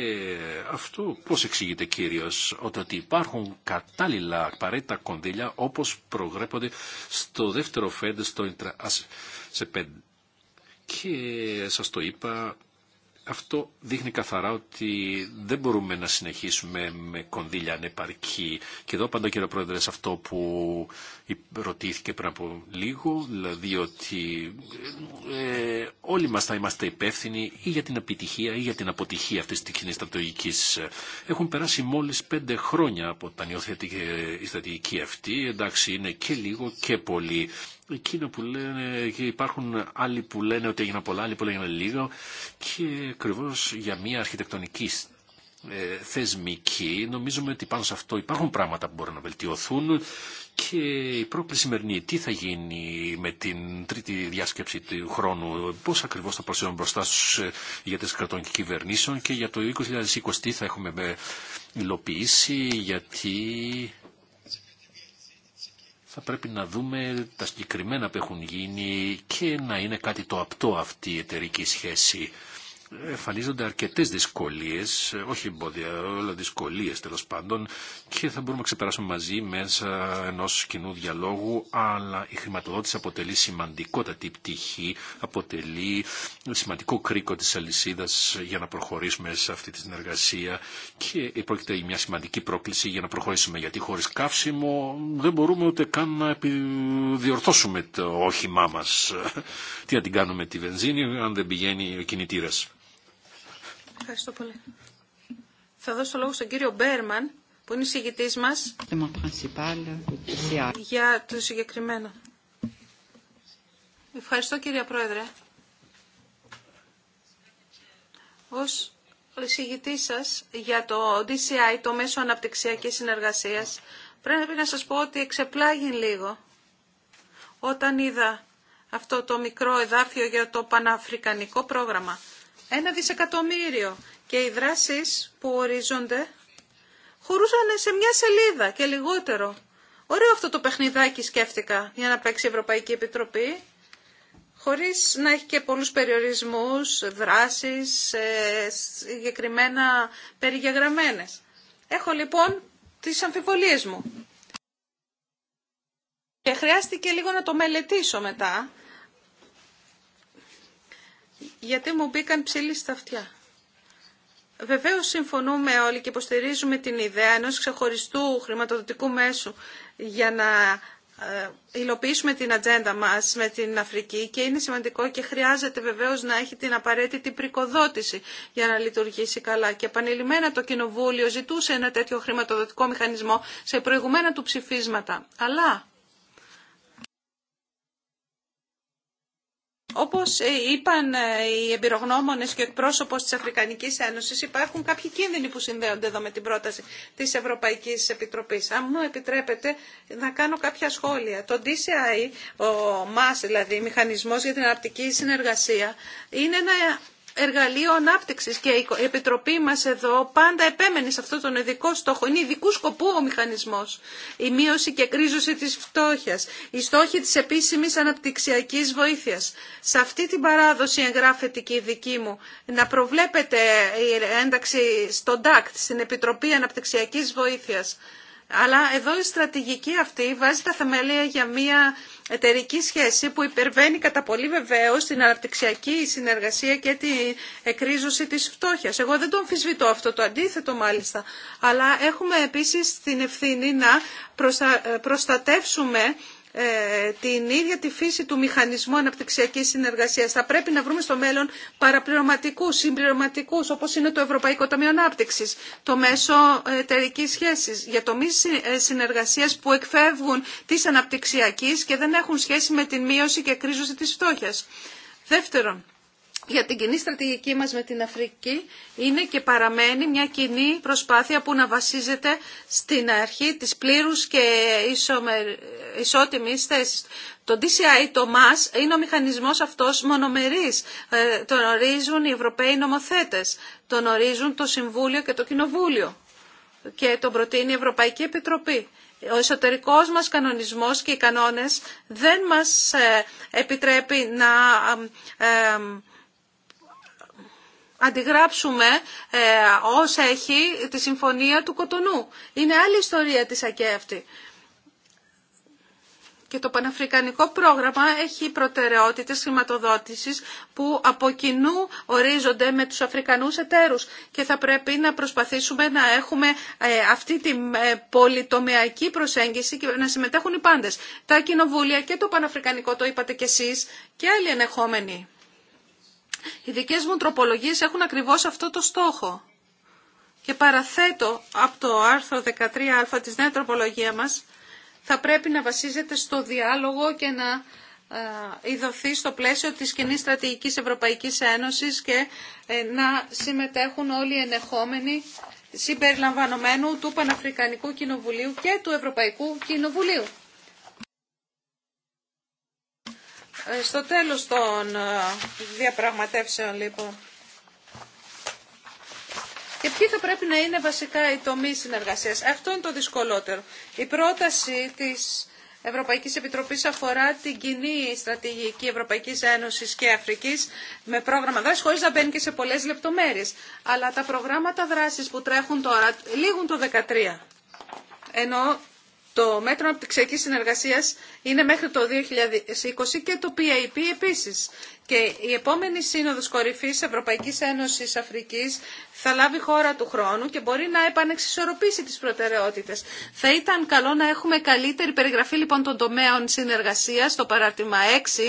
αυτό πώς εξηγείται κύριος ότι υπάρχουν κατάλληλα απαραίτητα κονδύλια όπως προγρέπονται στο δεύτερο φέντε στο σε πέντε και σας το είπα αυτό δείχνει καθαρά ότι δεν μπορούμε να συνεχίσουμε με κονδύλια ανεπαρκή. Και εδώ πάντα κύριε Πρόεδρε σε αυτό που ρωτήθηκε πριν από λίγο, δηλαδή ότι ε, όλοι μας θα είμαστε υπεύθυνοι ή για την επιτυχία ή για την αποτυχία αυτής της κοινή στρατηγικής. Έχουν περάσει μόλις πέντε χρόνια από τα νιώθια η στρατηγική αυτή, εντάξει είναι και λίγο και πολύ εκείνο που λένε και υπάρχουν άλλοι που λένε ότι έγιναν πολλά, άλλοι που λένε λίγο και ακριβώ για μια αρχιτεκτονική ε, θεσμική νομίζουμε ότι πάνω σε αυτό υπάρχουν πράγματα που μπορούν να βελτιωθούν και η πρόκληση σημερινή τι θα γίνει με την τρίτη διάσκεψη του χρόνου, πώς ακριβώς θα προσθέσουμε μπροστά στους ε, ηγέτες κρατών και κυβερνήσεων και για το 2020 τι θα έχουμε υλοποιήσει γιατί πρέπει να δούμε τα συγκεκριμένα που έχουν γίνει και να είναι κάτι το απτό αυτή η εταιρική σχέση εμφανίζονται αρκετέ δυσκολίε, όχι εμπόδια, όλα δυσκολίε τέλο πάντων, και θα μπορούμε να ξεπεράσουμε μαζί μέσα ενό κοινού διαλόγου, αλλά η χρηματοδότηση αποτελεί σημαντικότατη πτυχή, αποτελεί σημαντικό κρίκο τη αλυσίδα για να προχωρήσουμε σε αυτή τη συνεργασία και πρόκειται για μια σημαντική πρόκληση για να προχωρήσουμε, γιατί χωρί καύσιμο δεν μπορούμε ούτε καν να διορθώσουμε το όχημά μα. Τι να την κάνουμε τη βενζίνη, αν δεν πηγαίνει ο κινητήρα. Ευχαριστώ πολύ. Θα δώσω λόγο στον κύριο Μπέρμαν, που είναι συγητή μα για το συγκεκριμένο. Ευχαριστώ κύριε Πρόεδρε. Ως συγητή σα για το DCI, το Μέσο αναπτυξιακή συνεργασία, πρέπει να σας πω ότι εξεπλάγει λίγο όταν είδα αυτό το μικρό εδάφιο για το Παναφρικανικό πρόγραμμα ένα δισεκατομμύριο και οι δράσεις που ορίζονται χωρούσαν σε μια σελίδα και λιγότερο. Ωραίο αυτό το παιχνιδάκι σκέφτηκα για να παίξει η Ευρωπαϊκή Επιτροπή χωρίς να έχει και πολλούς περιορισμούς, δράσεις ε, συγκεκριμένα περιγεγραμμένες. Έχω λοιπόν τις αμφιβολίες μου. Και χρειάστηκε λίγο να το μελετήσω μετά γιατί μου μπήκαν ψήλοι στα αυτιά. Βεβαίως συμφωνούμε όλοι και υποστηρίζουμε την ιδέα ενός ξεχωριστού χρηματοδοτικού μέσου για να ε, υλοποιήσουμε την ατζέντα μας με την Αφρική και είναι σημαντικό και χρειάζεται βεβαίως να έχει την απαραίτητη πρικοδότηση για να λειτουργήσει καλά. Και επανειλημμένα το Κοινοβούλιο ζητούσε ένα τέτοιο χρηματοδοτικό μηχανισμό σε προηγουμένα του ψηφίσματα. Αλλά Όπως ε, είπαν ε, οι εμπειρογνώμονες και ο εκπρόσωπος της Αφρικανικής Ένωσης, υπάρχουν κάποιοι κίνδυνοι που συνδέονται εδώ με την πρόταση της Ευρωπαϊκής Επιτροπής. Αν μου επιτρέπετε να κάνω κάποια σχόλια. Το DCI, ο ΜΑΣ δηλαδή, Μηχανισμός για την Αναπτική Συνεργασία, είναι ένα εργαλείο ανάπτυξης και η Επιτροπή μας εδώ πάντα επέμενε σε αυτό τον ειδικό στόχο. Είναι ειδικού σκοπού ο μηχανισμός. Η μείωση και κρίζωση της φτώχειας. Η στόχη της επίσημης αναπτυξιακής βοήθειας. Σε αυτή την παράδοση εγγράφεται και η δική μου να προβλέπεται η ένταξη στον ΤΑΚΤ, στην Επιτροπή Αναπτυξιακής Βοήθειας αλλά εδώ η στρατηγική αυτή βάζει τα θεμέλια για μια εταιρική σχέση που υπερβαίνει κατά πολύ βεβαίω την αναπτυξιακή συνεργασία και την εκρίζωση της φτώχειας. Εγώ δεν το αμφισβητώ αυτό, το αντίθετο μάλιστα. Αλλά έχουμε επίσης την ευθύνη να προστατεύσουμε ε, την ίδια τη φύση του μηχανισμού αναπτυξιακής συνεργασίας. Θα πρέπει να βρούμε στο μέλλον παραπληρωματικούς, συμπληρωματικούς, όπως είναι το Ευρωπαϊκό Ταμείο Ανάπτυξης, το μέσο εταιρική σχέσης, για τομείς ε, συνεργασίας που εκφεύγουν της αναπτυξιακής και δεν έχουν σχέση με την μείωση και κρίζωση της φτώχειας. Δεύτερον, για την κοινή στρατηγική μας με την Αφρική είναι και παραμένει μια κοινή προσπάθεια που να βασίζεται στην αρχή της πλήρους και ισότιμης θέσης. Το DCI, το ΜΑΣ, είναι ο μηχανισμός αυτός μονομερής. Ε, τον ορίζουν οι Ευρωπαίοι νομοθέτες, τον ορίζουν το Συμβούλιο και το Κοινοβούλιο και τον προτείνει η Ευρωπαϊκή Επιτροπή. Ο εσωτερικός μας κανονισμός και οι κανόνες δεν μας ε, επιτρέπει να ε, αντιγράψουμε ε, όσα έχει τη συμφωνία του Κοτονού. Είναι άλλη ιστορία της ΑΚΕΕΦΤΗ. Και το Παναφρικανικό πρόγραμμα έχει προτεραιότητες χρηματοδότησης που από κοινού ορίζονται με τους Αφρικανούς εταίρους και θα πρέπει να προσπαθήσουμε να έχουμε ε, αυτή την ε, πολυτομεακή προσέγγιση και να συμμετέχουν οι πάντες. Τα κοινοβούλια και το Παναφρικανικό, το είπατε κι εσείς, και άλλοι ενεχόμενοι. Οι δικές μου τροπολογίες έχουν ακριβώς αυτό το στόχο. Και παραθέτω από το άρθρο 13α της νέα τροπολογία μας, θα πρέπει να βασίζεται στο διάλογο και να ε, ειδωθεί στο πλαίσιο της κοινή στρατηγικής Ευρωπαϊκής Ένωσης και ε, να συμμετέχουν όλοι οι ενεχόμενοι συμπεριλαμβανομένου του Παναφρικανικού Κοινοβουλίου και του Ευρωπαϊκού Κοινοβουλίου. Ε, στο τέλος των ε, διαπραγματεύσεων λοιπόν. Και ποιοι θα πρέπει να είναι βασικά οι τομείς συνεργασίας. Αυτό είναι το δυσκολότερο. Η πρόταση της Ευρωπαϊκής Επιτροπής αφορά την κοινή στρατηγική Ευρωπαϊκής Ένωσης και Αφρικής με πρόγραμμα δράσης, χωρίς να μπαίνει και σε πολλές λεπτομέρειες. Αλλά τα προγράμματα δράσης που τρέχουν τώρα λήγουν το 2013. Ενώ το μέτρο αναπτυξιακή συνεργασία είναι μέχρι το 2020 και το PAP επίση. Και η επόμενη σύνοδος κορυφής Ευρωπαϊκής Ένωσης Αφρικής θα λάβει χώρα του χρόνου και μπορεί να επανεξισορροπήσει τις προτεραιότητες. Θα ήταν καλό να έχουμε καλύτερη περιγραφή λοιπόν των τομέων συνεργασίας στο παράρτημα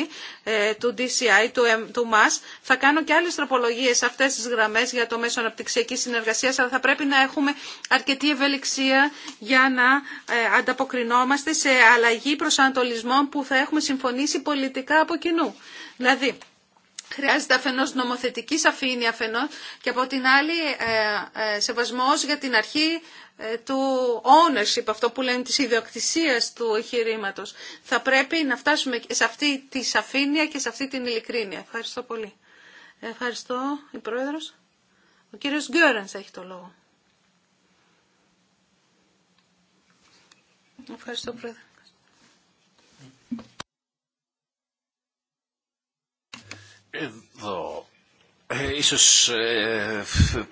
6 ε, του DCI, του, ε, του ΜΑΣ. Θα κάνω και άλλες τροπολογίες σε αυτές τις γραμμές για το μέσο αναπτυξιακή συνεργασία, αλλά θα πρέπει να έχουμε αρκετή ευελιξία για να ε, ανταποκρινόμαστε σε αλλαγή προσανατολισμών που θα έχουμε συμφωνήσει πολιτικά από κοινού. Δηλαδή, Χρειάζεται αφενός νομοθετική σαφήνεια αφενός και από την άλλη ε, ε, σεβασμός για την αρχή ε, του ownership, αυτό που λένε τη ιδιοκτησία του εγχειρήματο. Θα πρέπει να φτάσουμε σε αυτή τη σαφήνεια και σε αυτή την ειλικρίνεια. Ευχαριστώ πολύ. Ευχαριστώ, η Πρόεδρος. Ο κύριος Γκέρενς έχει το λόγο. Ευχαριστώ, Πρόεδρε. Εδώ ε, ίσως ε,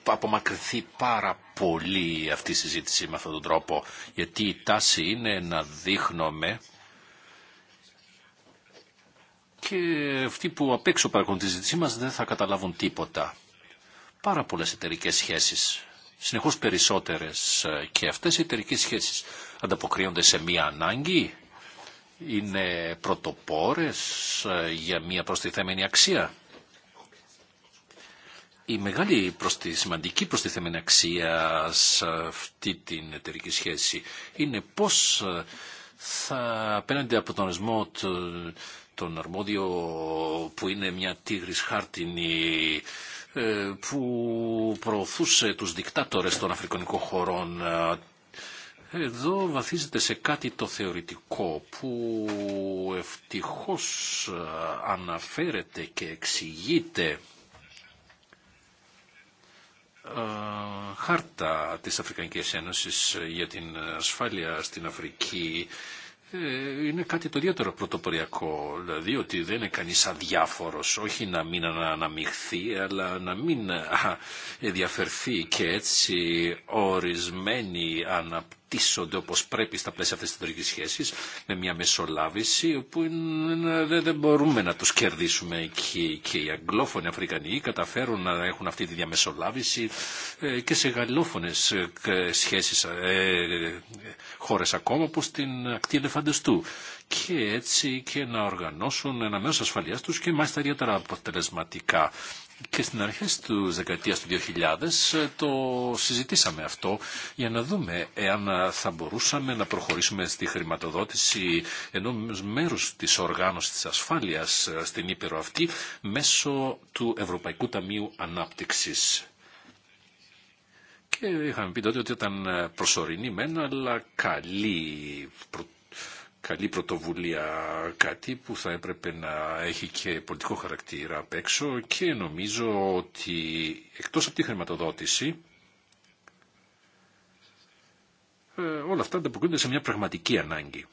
απομακρυνθεί πάρα πολύ αυτή η συζήτηση με αυτόν τον τρόπο, γιατί η τάση είναι να δείχνομαι και αυτοί που απ' έξω παρακολουθούν τη συζήτησή μας δεν θα καταλάβουν τίποτα. Πάρα πολλές εταιρικέ σχέσεις, συνεχώς περισσότερες ε, και αυτές οι εταιρικέ σχέσεις ανταποκρίνονται σε μία ανάγκη είναι πρωτοπόρες ε, για μια προστιθέμενη αξία. Η μεγάλη προστι... σημαντική προστιθέμενη αξία σε αυτή την εταιρική σχέση είναι πώς ε, θα απέναντι από τον ορισμό τον αρμόδιο που είναι μια τίγρης χάρτινη ε, που προωθούσε τους δικτάτορες των αφρικανικών χωρών εδώ βαθίζεται σε κάτι το θεωρητικό που ευτυχώς ε, αναφέρεται και εξηγείται ε, χάρτα της Αφρικανικής Ένωσης για την ασφάλεια στην Αφρική ε, είναι κάτι το ιδιαίτερο πρωτοποριακό, δηλαδή ότι δεν είναι κανείς αδιάφορος, όχι να μην αναμειχθεί, αλλά να μην διαφερθεί και έτσι ορισμένοι αναπτύσσονται όπω όπως πρέπει στα πλαίσια αυτής της τουρκικής σχέσης με μια μεσολάβηση όπου δεν μπορούμε να τους κερδίσουμε και οι αγγλόφωνοι Αφρικανοί καταφέρουν να έχουν αυτή τη διαμεσολάβηση ε, και σε γαλλόφωνες ε, σχέσεις ε, χώρες ακόμα όπως την ακτή ελεφαντεστού και έτσι και να οργανώσουν ένα μέρο ασφαλείας τους και μάλιστα ιδιαίτερα αποτελεσματικά και στην αρχή του δεκαετία του 2000 ε, το συζητήσαμε αυτό για να δούμε εάν θα μπορούσαμε να προχωρήσουμε στη χρηματοδότηση ενός μέρους της οργάνωσης της ασφάλειας ε, στην Ήπειρο αυτή μέσω του Ευρωπαϊκού Ταμείου Ανάπτυξης. Και είχαμε πει τότε ότι ήταν ε, προσωρινή μένα αλλά καλή καλή πρωτοβουλία, κάτι που θα έπρεπε να έχει και πολιτικό χαρακτήρα απ' έξω και νομίζω ότι εκτός από τη χρηματοδότηση ε, όλα αυτά ανταποκρίνονται σε μια πραγματική ανάγκη.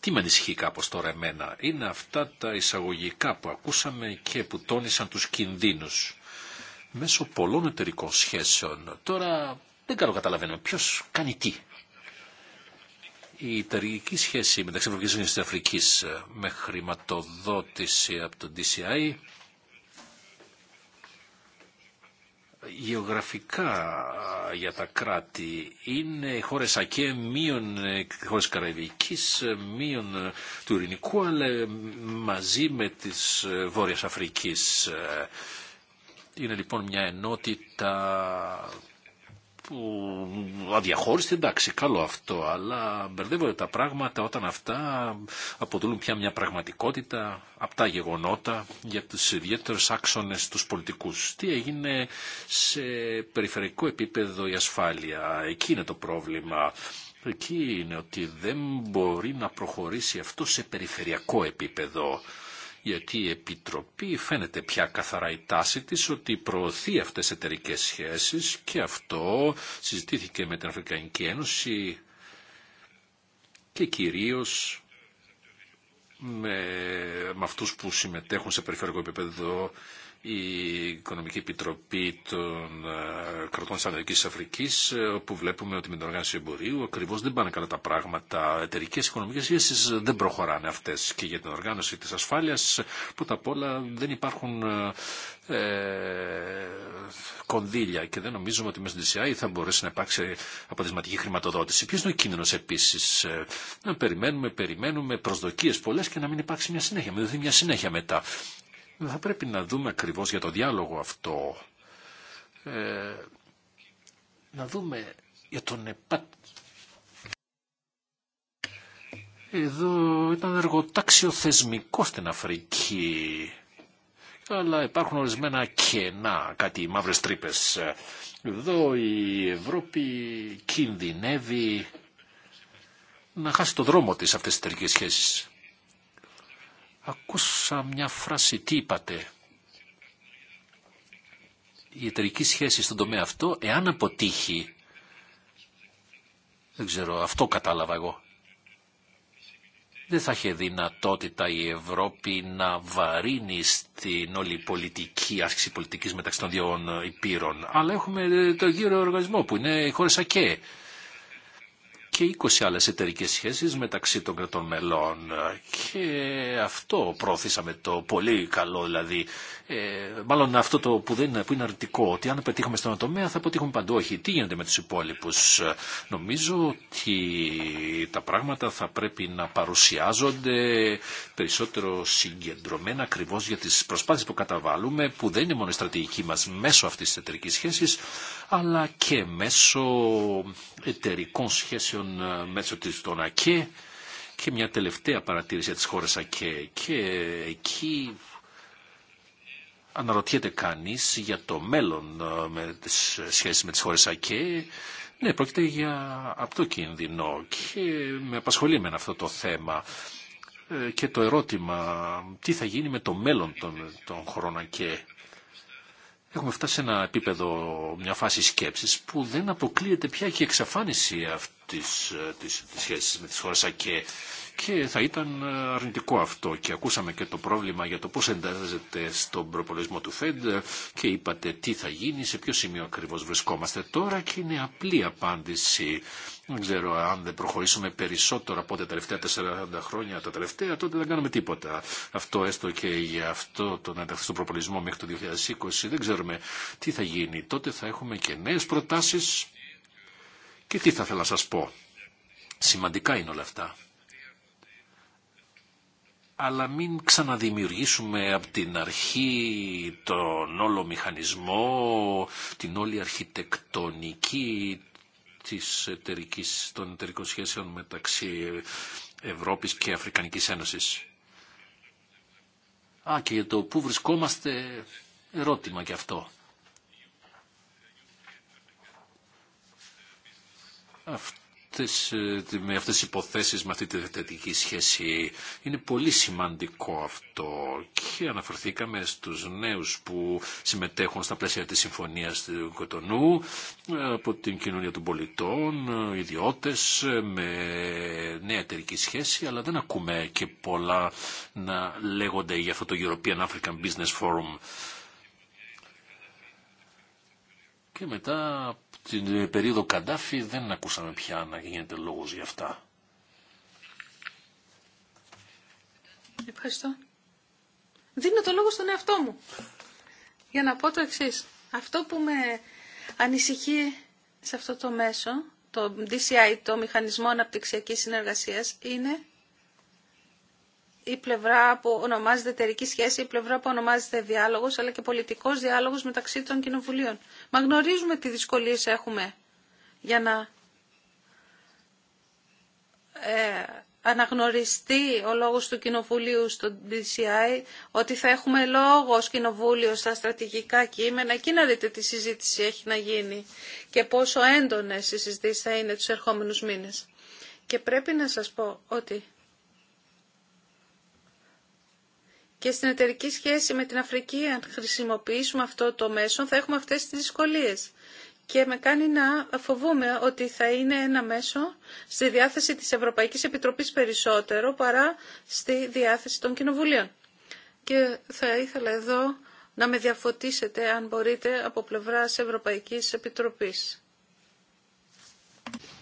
Τι με ανησυχεί κάπως τώρα εμένα είναι αυτά τα εισαγωγικά που ακούσαμε και που τόνισαν τους κινδύνους μέσω πολλών εταιρικών σχέσεων. Τώρα δεν καλό καταλαβαίνουμε ποιος κάνει τι η ιταλική σχέση μεταξύ Ευρωπαϊκής Ένωσης και Αφρικής ε, με χρηματοδότηση από το DCI γεωγραφικά ε, για τα κράτη είναι οι χώρες ΑΚΕ μείον ε, χώρες Καραϊβικής, μείον του Ειρηνικού, αλλά μαζί με τις Βόρειας Αφρικής. Είναι λοιπόν μια ενότητα που αδιαχώριστη, εντάξει, καλό αυτό, αλλά μπερδεύονται τα πράγματα όταν αυτά αποτελούν πια μια πραγματικότητα από τα γεγονότα για τους ιδιαίτερους άξονες τους πολιτικούς. Τι έγινε σε περιφερειακό επίπεδο η ασφάλεια, εκεί είναι το πρόβλημα. Εκεί είναι ότι δεν μπορεί να προχωρήσει αυτό σε περιφερειακό επίπεδο γιατί η Επιτροπή φαίνεται πια καθαρά η τάση της ότι προωθεί αυτές τις εταιρικές σχέσεις και αυτό συζητήθηκε με την Αφρικανική Ένωση και κυρίως με, με αυτούς που συμμετέχουν σε περιφερειακό επίπεδο η Οικονομική Επιτροπή των ε, Κρατών της Ανατολικής Αφρικής, ε, όπου βλέπουμε ότι με την οργάνωση εμπορίου ακριβώς δεν πάνε καλά τα πράγματα. Εταιρικέ οικονομικές σχέσει δεν προχωράνε αυτές και για την οργάνωση της ασφάλειας. τα απ' όλα δεν υπάρχουν ε, ε, κονδύλια και δεν νομίζουμε ότι μέσα στην DCI θα μπορέσει να υπάρξει αποτελεσματική χρηματοδότηση. Ποιο είναι ο κίνδυνος επίσης να περιμένουμε, περιμένουμε προσδοκίες πολλές και να μην υπάρξει μια συνέχεια. Με δοθεί μια συνέχεια μετά θα πρέπει να δούμε ακριβώς για το διάλογο αυτό, ε, να δούμε για τον ΕΠΑΤ. Εδώ ήταν εργοτάξιο θεσμικό στην Αφρική αλλά υπάρχουν ορισμένα κενά, κάτι μαύρες τρύπες. Εδώ η Ευρώπη κινδυνεύει να χάσει το δρόμο της αυτές τις εταιρικές σχέσεις. Ακούσα μια φράση, τι είπατε. Η εταιρική σχέση στον τομέα αυτό, εάν αποτύχει, δεν ξέρω, αυτό κατάλαβα εγώ. Δεν θα είχε δυνατότητα η Ευρώπη να βαρύνει στην όλη πολιτική, άσκηση πολιτικής μεταξύ των δύο υπήρων. Αλλά έχουμε το γύρο οργανισμό που είναι οι χώρες ΑΚΕ και 20 άλλες εταιρικές σχέσεις μεταξύ των κρατών μελών. Και αυτό προώθησαμε το πολύ καλό δηλαδή ε, μάλλον αυτό το που, δεν είναι, που είναι αρνητικό, ότι αν πετύχουμε στον τομέα θα πετύχουμε παντού. Όχι, τι γίνεται με τους υπόλοιπους. Νομίζω ότι τα πράγματα θα πρέπει να παρουσιάζονται περισσότερο συγκεντρωμένα ακριβώ για τις προσπάθειες που καταβάλουμε, που δεν είναι μόνο η στρατηγική μας μέσω αυτής της εταιρικής σχέσης, αλλά και μέσω εταιρικών σχέσεων ε, μέσω της των ΑΚΕ και μια τελευταία παρατήρηση για τις χώρες ΑΚΕ. Και εκεί αναρωτιέται κανείς για το μέλλον ε, με τις ε, σχέσεις με τις χώρες ΑΚΕ. Ναι, πρόκειται για απτό κίνδυνο και με απασχολεί με αυτό το θέμα ε, και το ερώτημα τι θα γίνει με το μέλλον των, των χωρών ΑΚΕ. Έχουμε φτάσει σε ένα επίπεδο, μια φάση σκέψης που δεν αποκλείεται πια και η εξαφάνιση αυτής της, της σχέσης με τις χώρες ΑΚΕ. Και θα ήταν ε, αρνητικό αυτό. Και ακούσαμε και το πρόβλημα για το πώς εντάζεται στον προπολογισμό του ΦΕΔ και είπατε τι θα γίνει, σε ποιο σημείο ακριβώς βρισκόμαστε τώρα και είναι απλή απάντηση. Δεν ξέρω αν δεν προχωρήσουμε περισσότερο από τα τελευταία 40 χρόνια, τα τελευταία, τότε δεν κάνουμε τίποτα. Αυτό έστω και για αυτό τον ενταχθεί στον προπολογισμό μέχρι το 2020, δεν ξέρουμε τι θα γίνει. Τότε θα έχουμε και νέες προτάσεις και τι θα ήθελα να σας πω. Σημαντικά είναι όλα αυτά αλλά μην ξαναδημιουργήσουμε από την αρχή τον όλο μηχανισμό, την όλη αρχιτεκτονική της εταιρικής, των εταιρικών σχέσεων μεταξύ Ευρώπης και Αφρικανικής Ένωσης. Α, και για το πού βρισκόμαστε ερώτημα και αυτό. Αυτό ε, με αυτές τις υποθέσεις, με αυτή τη θετική σχέση. Είναι πολύ σημαντικό αυτό και αναφερθήκαμε στους νέους που συμμετέχουν στα πλαίσια της Συμφωνίας του Κοτονού από την κοινωνία των πολιτών, ιδιώτες με νέα εταιρική σχέση, αλλά δεν ακούμε και πολλά να λέγονται για αυτό το European African Business Forum. Και μετά στην ε, περίοδο Καντάφη δεν ακούσαμε πια να γίνεται λόγος για αυτά. Ευχαριστώ. Δίνω το λόγο στον εαυτό μου. Για να πω το εξή. Αυτό που με ανησυχεί σε αυτό το μέσο, το DCI, το Μηχανισμό Αναπτυξιακής Συνεργασίας, είναι η πλευρά που ονομάζεται εταιρική σχέση, η πλευρά που ονομάζεται διάλογος, αλλά και πολιτικός διάλογος μεταξύ των κοινοβουλίων. Μα γνωρίζουμε τι δυσκολίε έχουμε για να ε, αναγνωριστεί ο λόγος του Κοινοβουλίου στο DCI, ότι θα έχουμε λόγο Κοινοβούλιο στα στρατηγικά κείμενα. Εκεί να δείτε τι συζήτηση έχει να γίνει και πόσο έντονες οι συζητήσεις θα είναι τους ερχόμενους μήνες. Και πρέπει να σας πω ότι και στην εταιρική σχέση με την Αφρική, αν χρησιμοποιήσουμε αυτό το μέσο, θα έχουμε αυτές τις δυσκολίες. Και με κάνει να φοβούμε ότι θα είναι ένα μέσο στη διάθεση της Ευρωπαϊκής Επιτροπής περισσότερο παρά στη διάθεση των κοινοβουλίων. Και θα ήθελα εδώ να με διαφωτίσετε, αν μπορείτε, από πλευράς Ευρωπαϊκής Επιτροπής.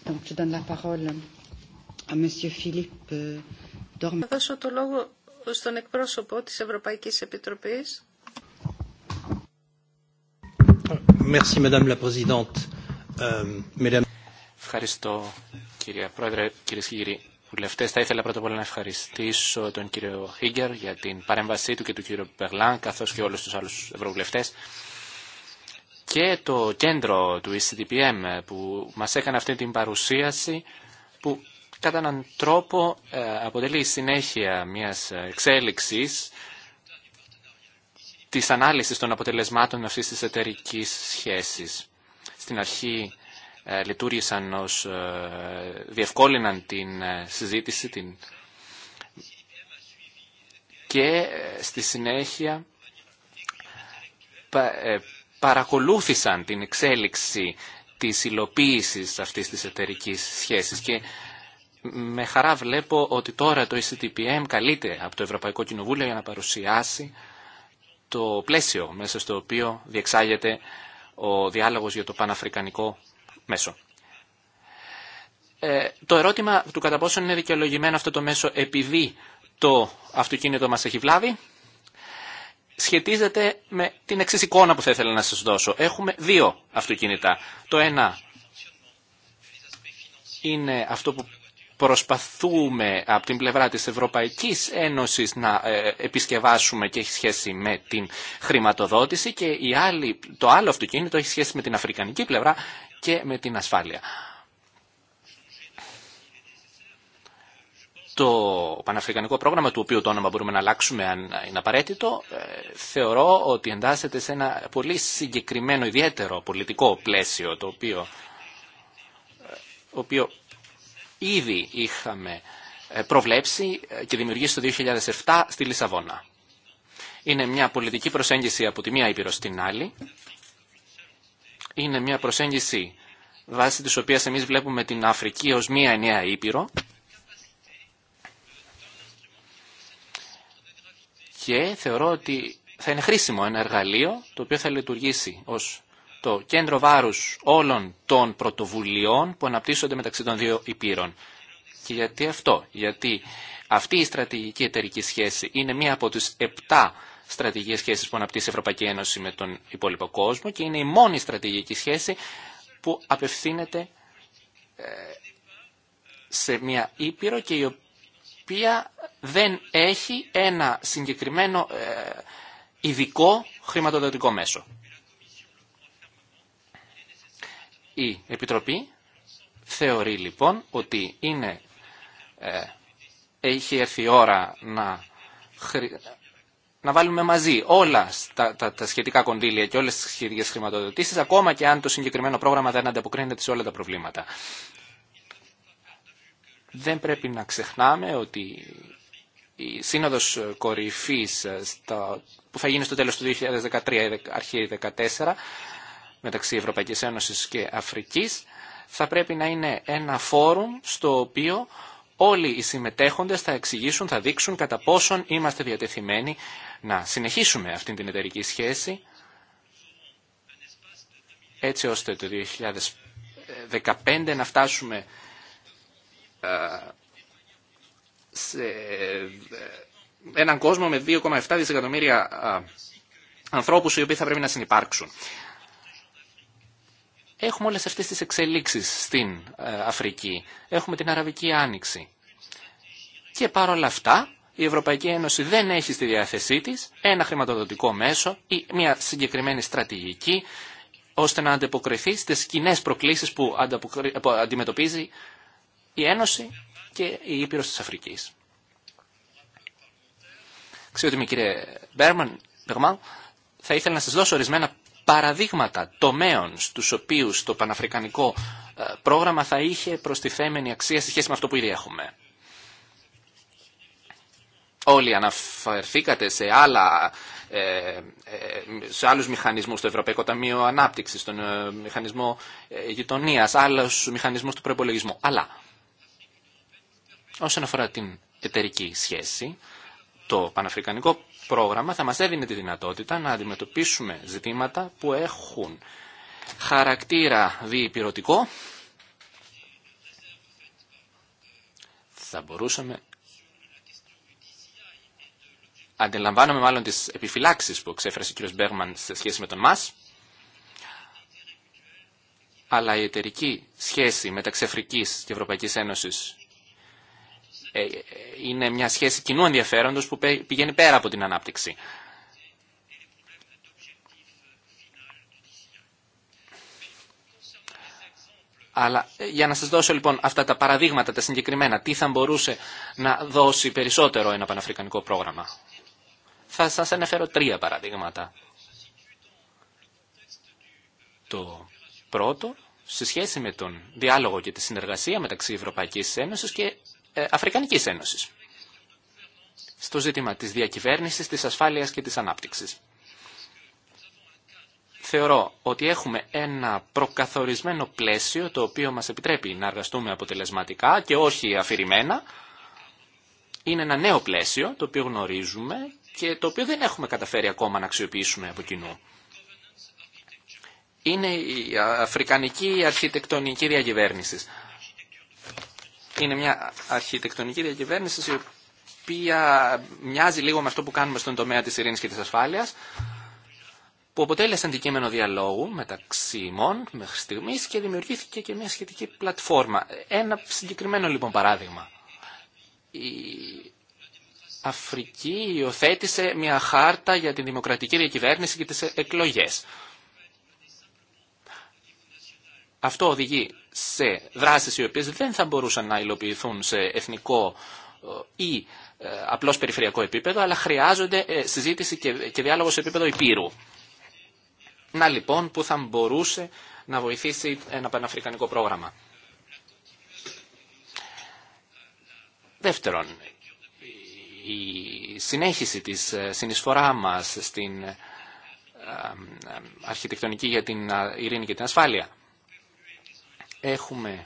Euh, θα δώσω το λόγο στον εκπρόσωπο της Ευρωπαϊκής Επιτροπής. Euh, Ευχαριστώ κυρία Πρόεδρε, κυρίες και κύριοι βουλευτέ. Θα ήθελα πρώτα απ' όλα να ευχαριστήσω τον κύριο Χίγκερ για την παρέμβασή του και του κύριο Περλάν, καθώς και όλους τους άλλους ευρωβουλευτές και το κέντρο του ECDPM που μας έκανε αυτή την παρουσίαση που κατά έναν τρόπο ε, αποτελεί συνέχεια μιας εξέλιξης της ανάλυσης των αποτελεσμάτων αυτής της εταιρικής σχέσης. Στην αρχή ε, λειτουργήσαν ως, ε, διευκόλυναν την συζήτηση την... και στη συνέχεια παρακολούθησαν την εξέλιξη της υλοποίησης αυτής της εταιρικής σχέσης και με χαρά βλέπω ότι τώρα το ECTPM καλείται από το Ευρωπαϊκό Κοινοβούλιο για να παρουσιάσει το πλαίσιο μέσα στο οποίο διεξάγεται ο διάλογος για το Παναφρικανικό μέσο. Ε, το ερώτημα του κατά πόσο είναι δικαιολογημένο αυτό το μέσο επειδή το αυτοκίνητο μας έχει βλάβει σχετίζεται με την εξή εικόνα που θα ήθελα να σας δώσω. Έχουμε δύο αυτοκίνητα. Το ένα είναι αυτό που προσπαθούμε από την πλευρά της Ευρωπαϊκής Ένωσης να ε, επισκευάσουμε και έχει σχέση με την χρηματοδότηση και η άλλη, το άλλο αυτοκίνητο έχει σχέση με την αφρικανική πλευρά και με την ασφάλεια. Το Παναφρικανικό πρόγραμμα, του οποίου το όνομα μπορούμε να αλλάξουμε αν είναι απαραίτητο, ε, θεωρώ ότι εντάσσεται σε ένα πολύ συγκεκριμένο ιδιαίτερο πολιτικό πλαίσιο, το οποίο ε, ήδη είχαμε ε, προβλέψει ε, και δημιουργήσει το 2007 στη Λισαβόνα. Είναι μια πολιτική προσέγγιση από τη μία ήπειρο στην άλλη. Είναι μια προσέγγιση βάσει της οποίας εμείς βλέπουμε την Αφρική ως μία ενιαία ήπειρο και θεωρώ ότι θα είναι χρήσιμο ένα εργαλείο το οποίο θα λειτουργήσει ως το κέντρο βάρους όλων των πρωτοβουλειών που αναπτύσσονται μεταξύ των δύο υπήρων. Και γιατί αυτό, γιατί αυτή η στρατηγική εταιρική σχέση είναι μία από τις επτά στρατηγικές σχέσεις που αναπτύσσει η Ευρωπαϊκή Ένωση με τον υπόλοιπο κόσμο και είναι η μόνη στρατηγική σχέση που απευθύνεται ε, σε μία ήπειρο και η οποία δεν έχει ένα συγκεκριμένο ε, ειδικό χρηματοδοτικό μέσο. Η Επιτροπή θεωρεί λοιπόν ότι είναι, ε, έχει έρθει η ώρα να, να βάλουμε μαζί όλα τα, τα, τα σχετικά κονδύλια και όλες τις σχετικές χρηματοδοτήσεις, ακόμα και αν το συγκεκριμένο πρόγραμμα δεν ανταποκρίνεται σε όλα τα προβλήματα. Δεν πρέπει να ξεχνάμε ότι η σύνοδος κορυφής ε, που θα γίνει στο τέλος του 2013 αρχή 2014 μεταξύ Ευρωπαϊκής Ένωσης και Αφρικής θα πρέπει να είναι ένα φόρουμ στο οποίο όλοι οι συμμετέχοντες θα εξηγήσουν, θα δείξουν κατά πόσον είμαστε διατεθειμένοι να συνεχίσουμε αυτή την εταιρική σχέση έτσι ώστε το 2015 να φτάσουμε ε, σε ε, έναν κόσμο με 2,7 δισεκατομμύρια ε, ανθρώπους οι οποίοι θα πρέπει να συνεπάρξουν. Έχουμε όλες αυτές τις εξελίξεις στην ε, Αφρική. Έχουμε την Αραβική Άνοιξη. Και παρόλα αυτά η Ευρωπαϊκή Ένωση δεν έχει στη διάθεσή της ένα χρηματοδοτικό μέσο ή μια συγκεκριμένη στρατηγική ώστε να ανταποκριθεί στις κοινέ προκλήσεις που αντιμετωπίζει η Ένωση και η Ήπειρος της Αφρικής. Ξέρω ότι με κύριε Μπέρμαν, θα ήθελα να σας δώσω ορισμένα παραδείγματα τομέων στους οποίους το παναφρικανικό ε, πρόγραμμα θα είχε προστιθέμενη αξία σε σχέση με αυτό που ήδη έχουμε. Όλοι αναφερθήκατε σε, άλλα, ε, ε, σε άλλους μηχανισμούς, του Ευρωπαϊκό Ταμείο Ανάπτυξης, στον Μηχανισμό Γειτονίας, άλλους μηχανισμούς του προπολογισμού. Αλλά όσον αφορά την εταιρική σχέση, το Παναφρικανικό πρόγραμμα θα μας έδινε τη δυνατότητα να αντιμετωπίσουμε ζητήματα που έχουν χαρακτήρα διεπιρωτικό. Θα μπορούσαμε... Αντιλαμβάνομαι μάλλον τις επιφυλάξεις που εξέφρασε ο κ. Μπέγμαν σε σχέση με τον ΜΑΣ, αλλά η εταιρική σχέση μεταξύ Αφρικής και Ευρωπαϊκής Ένωσης ε, ε, είναι μια σχέση κοινού ενδιαφέροντος που πηγαίνει πέρα από την ανάπτυξη. Αλλά ε, για να σας δώσω λοιπόν αυτά τα παραδείγματα, τα συγκεκριμένα, τι θα μπορούσε να δώσει περισσότερο ένα παναφρικανικό πρόγραμμα. Θα σας αναφέρω τρία παραδείγματα. Το πρώτο, σε σχέση με τον διάλογο και τη συνεργασία μεταξύ Ευρωπαϊκής Ένωσης και ε, Αφρικανικής Ένωσης στο ζήτημα της διακυβέρνησης, της ασφάλειας και της ανάπτυξης. Θεωρώ ότι έχουμε ένα προκαθορισμένο πλαίσιο το οποίο μας επιτρέπει να εργαστούμε αποτελεσματικά και όχι αφηρημένα. Είναι ένα νέο πλαίσιο το οποίο γνωρίζουμε και το οποίο δεν έχουμε καταφέρει ακόμα να αξιοποιήσουμε από κοινού. Είναι η αφρικανική αρχιτεκτονική διακυβέρνηση. Είναι μια αρχιτεκτονική διακυβέρνηση η οποία μοιάζει λίγο με αυτό που κάνουμε στον τομέα της ειρήνης και της ασφάλειας, που αποτέλεσε αντικείμενο διαλόγου μεταξύ ημών μέχρι στιγμή και δημιουργήθηκε και μια σχετική πλατφόρμα. Ένα συγκεκριμένο λοιπόν παράδειγμα. Η Αφρική υιοθέτησε μια χάρτα για τη δημοκρατική διακυβέρνηση και τις εκλογές. Αυτό οδηγεί σε δράσεις οι οποίες δεν θα μπορούσαν να υλοποιηθούν σε εθνικό ε, ή ε, απλώς περιφερειακό επίπεδο, αλλά χρειάζονται ε, συζήτηση και διάλογο σε επίπεδο υπήρου. Να λοιπόν που θα μπορούσε να βοηθήσει ένα παναφρικανικό πρόγραμμα. Δεύτερον, η συνέχιση της συνεισφορά μας στην αρχιτεκτονική για την ειρήνη και την ασφάλεια Έχουμε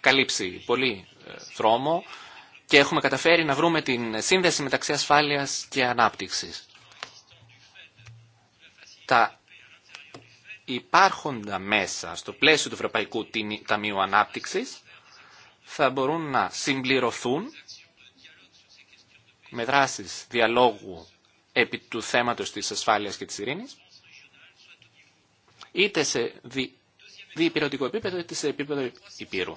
καλύψει πολύ ε, δρόμο και έχουμε καταφέρει να βρούμε την σύνδεση μεταξύ ασφάλειας και ανάπτυξης. Τα υπάρχοντα μέσα στο πλαίσιο του Ευρωπαϊκού Ταμείου Ανάπτυξης θα μπορούν να συμπληρωθούν με δράσεις διαλόγου επί του θέματος της ασφάλειας και της ειρήνης είτε σε διεπηρετικό επίπεδο ή σε επίπεδο υπήρου.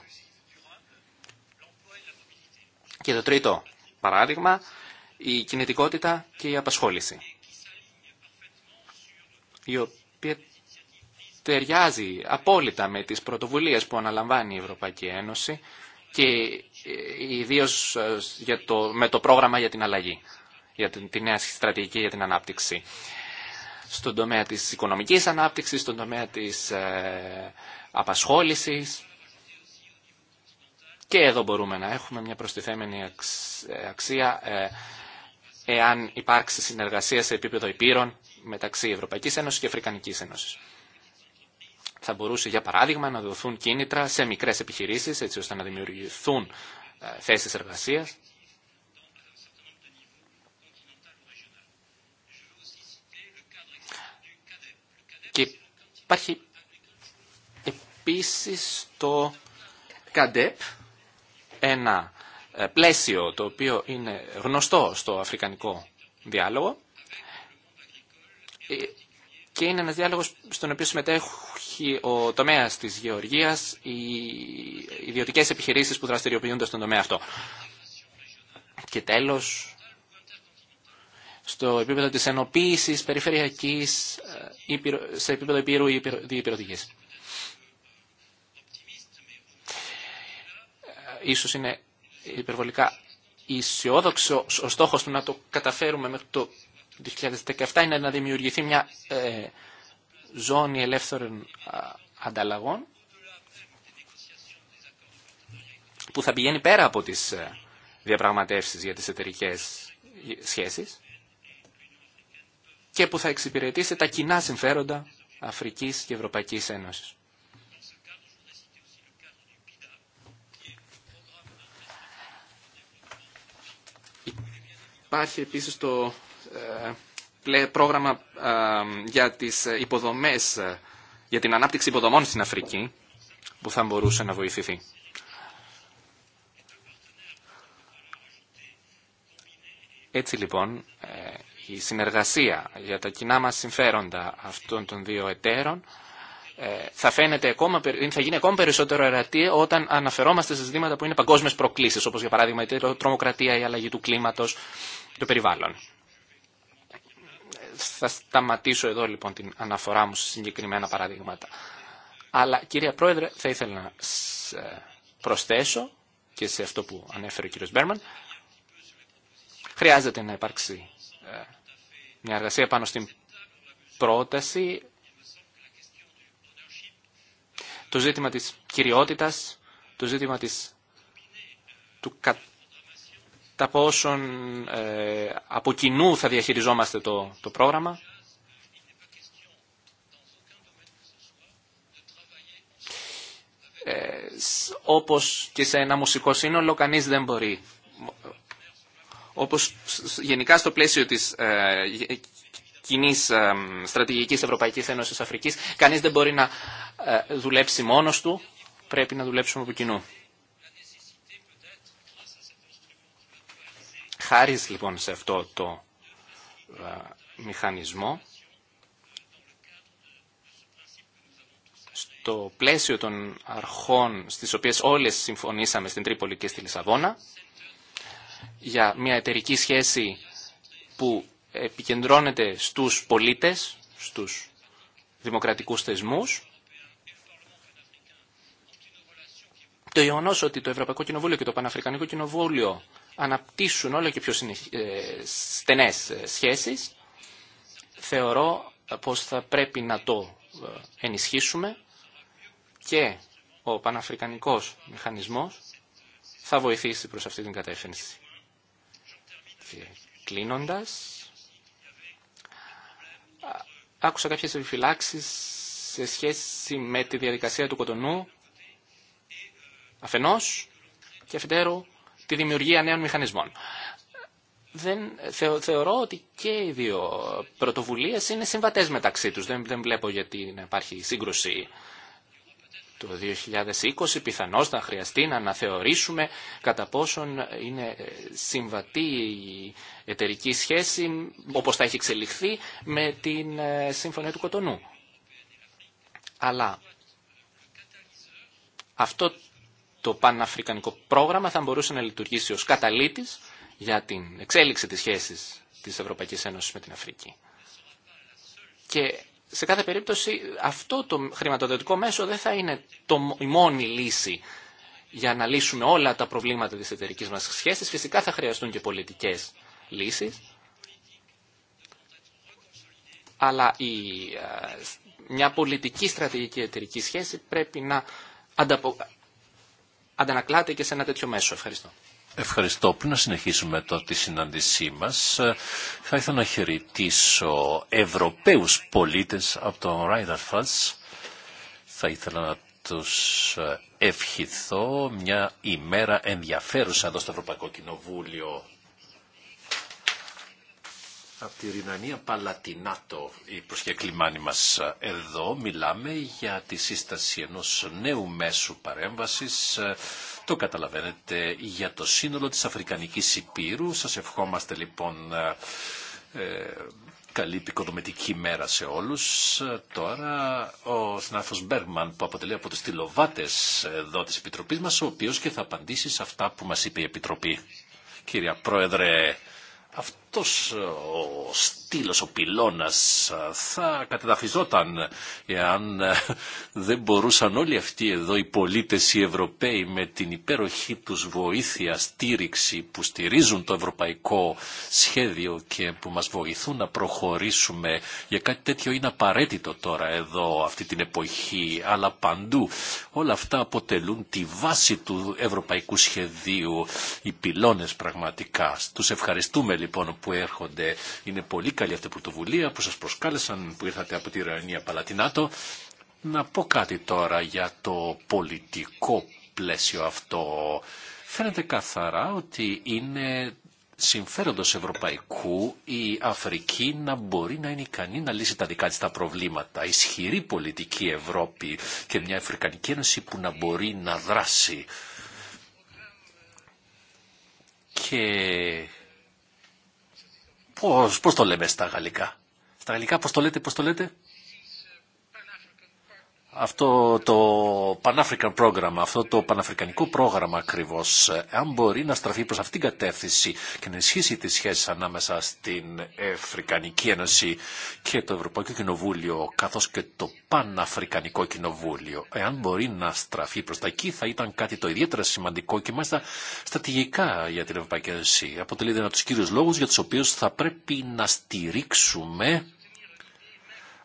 Και το τρίτο παράδειγμα, η κινητικότητα και η απασχόληση, η οποία ταιριάζει απόλυτα με τις πρωτοβουλίες που αναλαμβάνει η Ευρωπαϊκή Ένωση και ε, ιδίω ε, με το πρόγραμμα για την αλλαγή, για την, τη νέα στρατηγική για την ανάπτυξη στον τομέα της οικονομικής ανάπτυξης, στον τομέα της ε, απασχόλησης. Και εδώ μπορούμε να έχουμε μια προστιθέμενη ε, αξία ε, εάν υπάρξει συνεργασία σε επίπεδο υπήρων μεταξύ Ευρωπαϊκής Ένωσης και Αφρικανικής Ένωσης. Θα μπορούσε, για παράδειγμα, να δοθούν κίνητρα σε μικρές επιχειρήσεις, έτσι ώστε να δημιουργηθούν θέσεις εργασίας Υπάρχει επίσης το ΚΑΝΤΕΠ, ένα ε, πλαίσιο το οποίο είναι γνωστό στο αφρικανικό διάλογο ε, και είναι ένας διάλογος στον οποίο συμμετέχει ο τομέας της γεωργίας, οι ιδιωτικές επιχειρήσεις που δραστηριοποιούνται στον τομέα αυτό. Και τέλος, στο επίπεδο της ενοποίησης περιφερειακής ε, σε επίπεδο υπήρου ή ε, Ίσως είναι υπερβολικά ισιόδοξο ο στόχος του να το καταφέρουμε μέχρι το 2017 είναι να δημιουργηθεί μια ε, ζώνη ελεύθερων ανταλλαγών που θα πηγαίνει πέρα από τις διαπραγματεύσεις για τις εταιρικές σχέσεις και που θα εξυπηρετήσει τα κοινά συμφέροντα Αφρικής και Ευρωπαϊκής Ένωσης. Υπάρχει επίσης το ε, πρόγραμμα ε, για τις υποδομές, ε, για την ανάπτυξη υποδομών στην Αφρική, που θα μπορούσε να βοηθηθεί. Έτσι λοιπόν, η συνεργασία για τα κοινά μας συμφέροντα αυτών των δύο εταίρων ε, θα, φαίνεται ακόμα, θα γίνει ακόμα περισσότερο ερατή όταν αναφερόμαστε σε ζητήματα που είναι παγκόσμιες προκλήσεις, όπως για παράδειγμα η τρομοκρατία, η αλλαγή του κλίματος, το περιβάλλον. Θα σταματήσω εδώ λοιπόν την αναφορά μου σε συγκεκριμένα παραδείγματα. Αλλά κυρία Πρόεδρε, θα ήθελα να ε, προσθέσω και σε αυτό που ανέφερε ο κύριος Μπέρμαν, χρειάζεται να υπάρξει ε, μια εργασία πάνω στην πρόταση. Το ζήτημα της κυριότητας, το ζήτημα του κατά πόσον ε, από κοινού θα διαχειριζόμαστε το, το πρόγραμμα. Ε, όπως και σε ένα μουσικό σύνολο, κανείς δεν μπορεί όπως γενικά στο πλαίσιο της ε, κοινή ε, Στρατηγικής Ευρωπαϊκής Ένωση Αφρικής κανείς δεν μπορεί να ε, δουλέψει μόνος του. Πρέπει να δουλέψουμε από κοινού. Χάρη λοιπόν σε αυτό το μηχανισμό, στο πλαίσιο των αρχών στις οποίες όλες συμφωνήσαμε στην Τρίπολη και στη Λισαβόνα, για μια εταιρική σχέση που επικεντρώνεται στους πολίτες, στους δημοκρατικούς θεσμούς. Το γεγονό ότι το Ευρωπαϊκό Κοινοβούλιο και το Παναφρικανικό Κοινοβούλιο αναπτύσσουν όλο και πιο ε, στενές ε, σχέσεις, θεωρώ ε, πως θα πρέπει να το ενισχύσουμε και ο Παναφρικανικός Μηχανισμός θα βοηθήσει προς αυτή την κατεύθυνση. Κλείνοντας, άκουσα κάποιες επιφυλάξεις σε σχέση με τη διαδικασία του Κοτονού αφενός και αφεντέρου τη δημιουργία νέων μηχανισμών. Δεν, θεωρώ ότι και οι δύο πρωτοβουλίες είναι συμβατές μεταξύ τους. Δεν, δεν βλέπω γιατί να υπάρχει σύγκρουση το 2020 πιθανώς θα χρειαστεί να αναθεωρήσουμε κατά πόσον είναι ε, συμβατή η εταιρική σχέση όπως θα έχει εξελιχθεί με την ε, Σύμφωνη του Κοτονού. Αλλά αυτό το παναφρικανικό πρόγραμμα θα μπορούσε να λειτουργήσει ως καταλήτης για την εξέλιξη της σχέσης της Ευρωπαϊκής Ένωσης με την Αφρική σε κάθε περίπτωση αυτό το χρηματοδοτικό μέσο δεν θα είναι το, η μόνη λύση για να λύσουμε όλα τα προβλήματα της εταιρική μας σχέσης. Φυσικά θα χρειαστούν και πολιτικές λύσεις. Αλλά η, μια πολιτική στρατηγική εταιρική σχέση πρέπει να ανταπο... αντανακλάται και σε ένα τέτοιο μέσο. Ευχαριστώ. Ευχαριστώ που να συνεχίσουμε το τη συνάντησή μας. Ε, θα ήθελα να χαιρετήσω Ευρωπαίους πολίτες από τον Ράιδαρ Θα ήθελα να τους ε, ευχηθώ μια ημέρα ενδιαφέρουσα εδώ στο Ευρωπαϊκό Κοινοβούλιο από τη Ρινανία Παλατινάτο, η προσκεκλημάνη μας εδώ, μιλάμε για τη σύσταση ενός νέου μέσου παρέμβασης, το καταλαβαίνετε, για το σύνολο της Αφρικανικής Υπήρου. Σας ευχόμαστε λοιπόν ε, ε, καλή επικοδομητική μέρα σε όλους. Τώρα ο συνάδελφος Μπέρμαν που αποτελεί από τους τηλοβάτες εδώ της Επιτροπής μας, ο οποίος και θα απαντήσει σε αυτά που μας είπε η Επιτροπή. Κύριε Πρόεδρε, αυτός ο στήλος, ο πυλώνας θα κατεδαφιζόταν εάν δεν μπορούσαν όλοι αυτοί εδώ οι πολίτες οι Ευρωπαίοι με την υπέροχή τους βοήθεια, στήριξη που στηρίζουν το ευρωπαϊκό σχέδιο και που μας βοηθούν να προχωρήσουμε για κάτι τέτοιο είναι απαραίτητο τώρα εδώ αυτή την εποχή αλλά παντού όλα αυτά αποτελούν τη βάση του ευρωπαϊκού σχεδίου οι πυλώνες πραγματικά. Τους ευχαριστούμε λοιπόν που έρχονται. Είναι πολύ καλή αυτή πρωτοβουλία που σας προσκάλεσαν που ήρθατε από τη Ρωανία Παλατινάτο. Να πω κάτι τώρα για το πολιτικό πλαίσιο αυτό. Φαίνεται καθαρά ότι είναι συμφέροντος ευρωπαϊκού η Αφρική να μπορεί να είναι ικανή να λύσει τα δικά της τα προβλήματα. Ισχυρή πολιτική Ευρώπη και μια Αφρικανική Ένωση που να μπορεί να δράσει. Και Πώς, πώς το λέμε στα γαλλικά. Στα γαλλικά πώς το λέτε, πώς το λέτε αυτό το Pan-African Program, αυτό το παναφρικανικό πρόγραμμα ακριβώ, αν μπορεί να στραφεί προς αυτήν την κατεύθυνση και να ενισχύσει τις σχέσεις ανάμεσα στην Αφρικανική Ένωση και το Ευρωπαϊκό Κοινοβούλιο, καθώς και το Παναφρικανικό Κοινοβούλιο, εάν μπορεί να στραφεί προς τα εκεί, θα ήταν κάτι το ιδιαίτερα σημαντικό και μάλιστα στρατηγικά για την Ευρωπαϊκή Ένωση. Αποτελείται ένα από τους κύριους λόγους για τους οποίους θα πρέπει να στηρίξουμε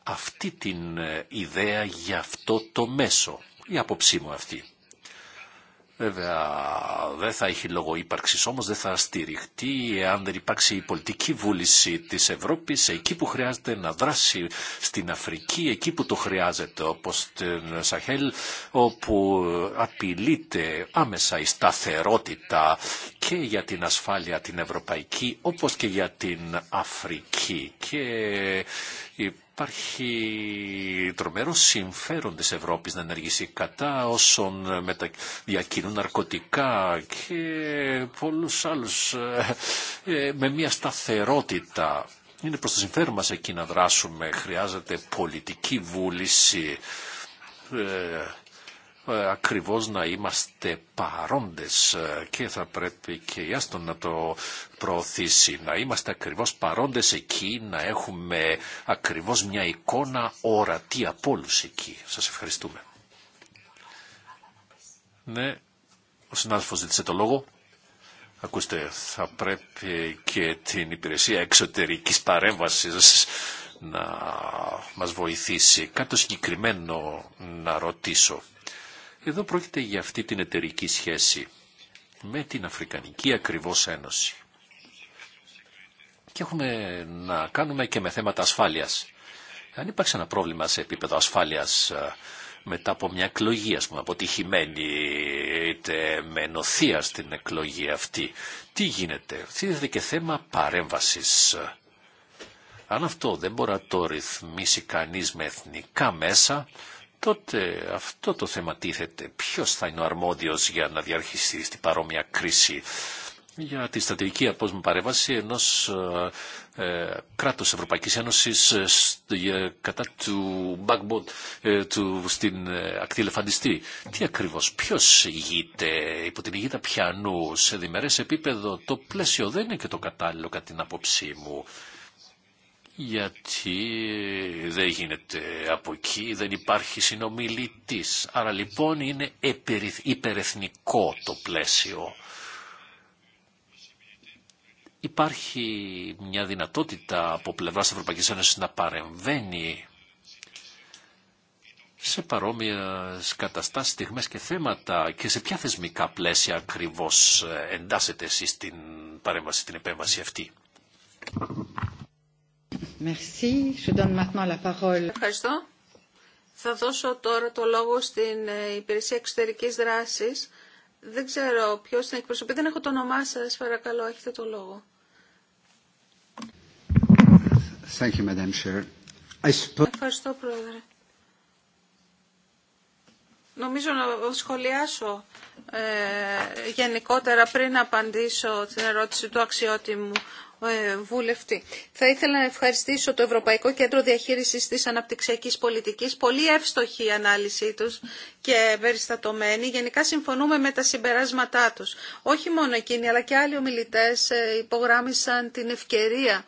αυτή την ε, ιδέα για αυτό το μέσο. Η άποψή μου αυτή. Βέβαια δεν θα έχει λόγο ύπαρξη όμως, δεν θα στηριχτεί εάν δεν υπάρξει η πολιτική βούληση της Ευρώπης εκεί που χρειάζεται να δράσει στην Αφρική, εκεί που το χρειάζεται όπως στην Σαχέλ όπου απειλείται άμεσα η σταθερότητα και για την ασφάλεια την ευρωπαϊκή όπως και για την Αφρική και υπάρχει τρομερό συμφέρον της Ευρώπης να ενεργήσει κατά όσων μετα... διακινούν ναρκωτικά και πολλούς άλλους ε, ε, με μια σταθερότητα. Είναι προς το συμφέρον μας εκεί να δράσουμε. Χρειάζεται πολιτική βούληση ε, ε, ακριβώς να είμαστε παρόντες ε, και θα πρέπει και η Άστον να το προωθήσει, να είμαστε ακριβώς παρόντες εκεί, να έχουμε ακριβώς μια εικόνα ορατή από όλους εκεί. Σας ευχαριστούμε. Ναι, ο συνάδελφος ζήτησε το λόγο. Ακούστε, θα πρέπει και την υπηρεσία εξωτερικής παρέμβασης να μας βοηθήσει. Κάτι συγκεκριμένο να ρωτήσω. Εδώ πρόκειται για αυτή την εταιρική σχέση με την Αφρικανική ακριβώς Ένωση. Και έχουμε να κάνουμε και με θέματα ασφάλειας. Αν υπάρξει ένα πρόβλημα σε επίπεδο ασφάλειας ε, μετά από μια εκλογή, ας πούμε, αποτυχημένη, είτε με ενωθία στην εκλογή αυτή, τι γίνεται. Θύνεται και θέμα παρέμβασης. Αν αυτό δεν μπορεί να το ρυθμίσει κανείς με εθνικά μέσα, τότε αυτό το θέμα τίθεται. Ποιος θα είναι ο αρμόδιος για να διαρχιστεί στην παρόμοια κρίση για τη στρατηγική απόσμη παρέμβαση ενός ε, ε, κράτους Ευρωπαϊκής Ένωσης ε, ε, κατά του backbone του, στην ακτή ελεφαντιστή. Τι ακριβώς, ποιος ηγείται υπό την ηγείτα πιανού σε διμερές επίπεδο, το πλαίσιο δεν είναι και το κατάλληλο κατά την άποψή μου γιατί δεν γίνεται από εκεί, δεν υπάρχει συνομιλητής. Άρα λοιπόν είναι υπερεθνικό το πλαίσιο. Υπάρχει μια δυνατότητα από πλευράς Ευρωπαϊκής να παρεμβαίνει σε παρόμοια καταστάσεις, στιγμές και θέματα και σε ποια θεσμικά πλαίσια ακριβώς ε, εντάσσεται εσείς την παρέμβαση, την επέμβαση αυτή. Ευχαριστώ. Θα δώσω τώρα το λόγο στην ε, Υπηρεσία Εξωτερικής Δράσης. Δεν ξέρω ποιος την εκπροσωπεί. Δεν έχω το όνομά σας. Παρακαλώ, έχετε το λόγο. Ευχαριστώ, Πρόεδρε. Νομίζω να σχολιάσω ε, γενικότερα πριν απαντήσω την ερώτηση του αξιότιμου ε, βουλευτή. Θα ήθελα να ευχαριστήσω το Ευρωπαϊκό Κέντρο Διαχείρισης της Αναπτυξιακής Πολιτικής. Πολύ εύστοχη η ανάλυση τους και περιστατωμένη. Γενικά συμφωνούμε με τα συμπεράσματά τους. Όχι μόνο εκείνοι, αλλά και άλλοι ομιλητές ε, υπογράμμισαν την ευκαιρία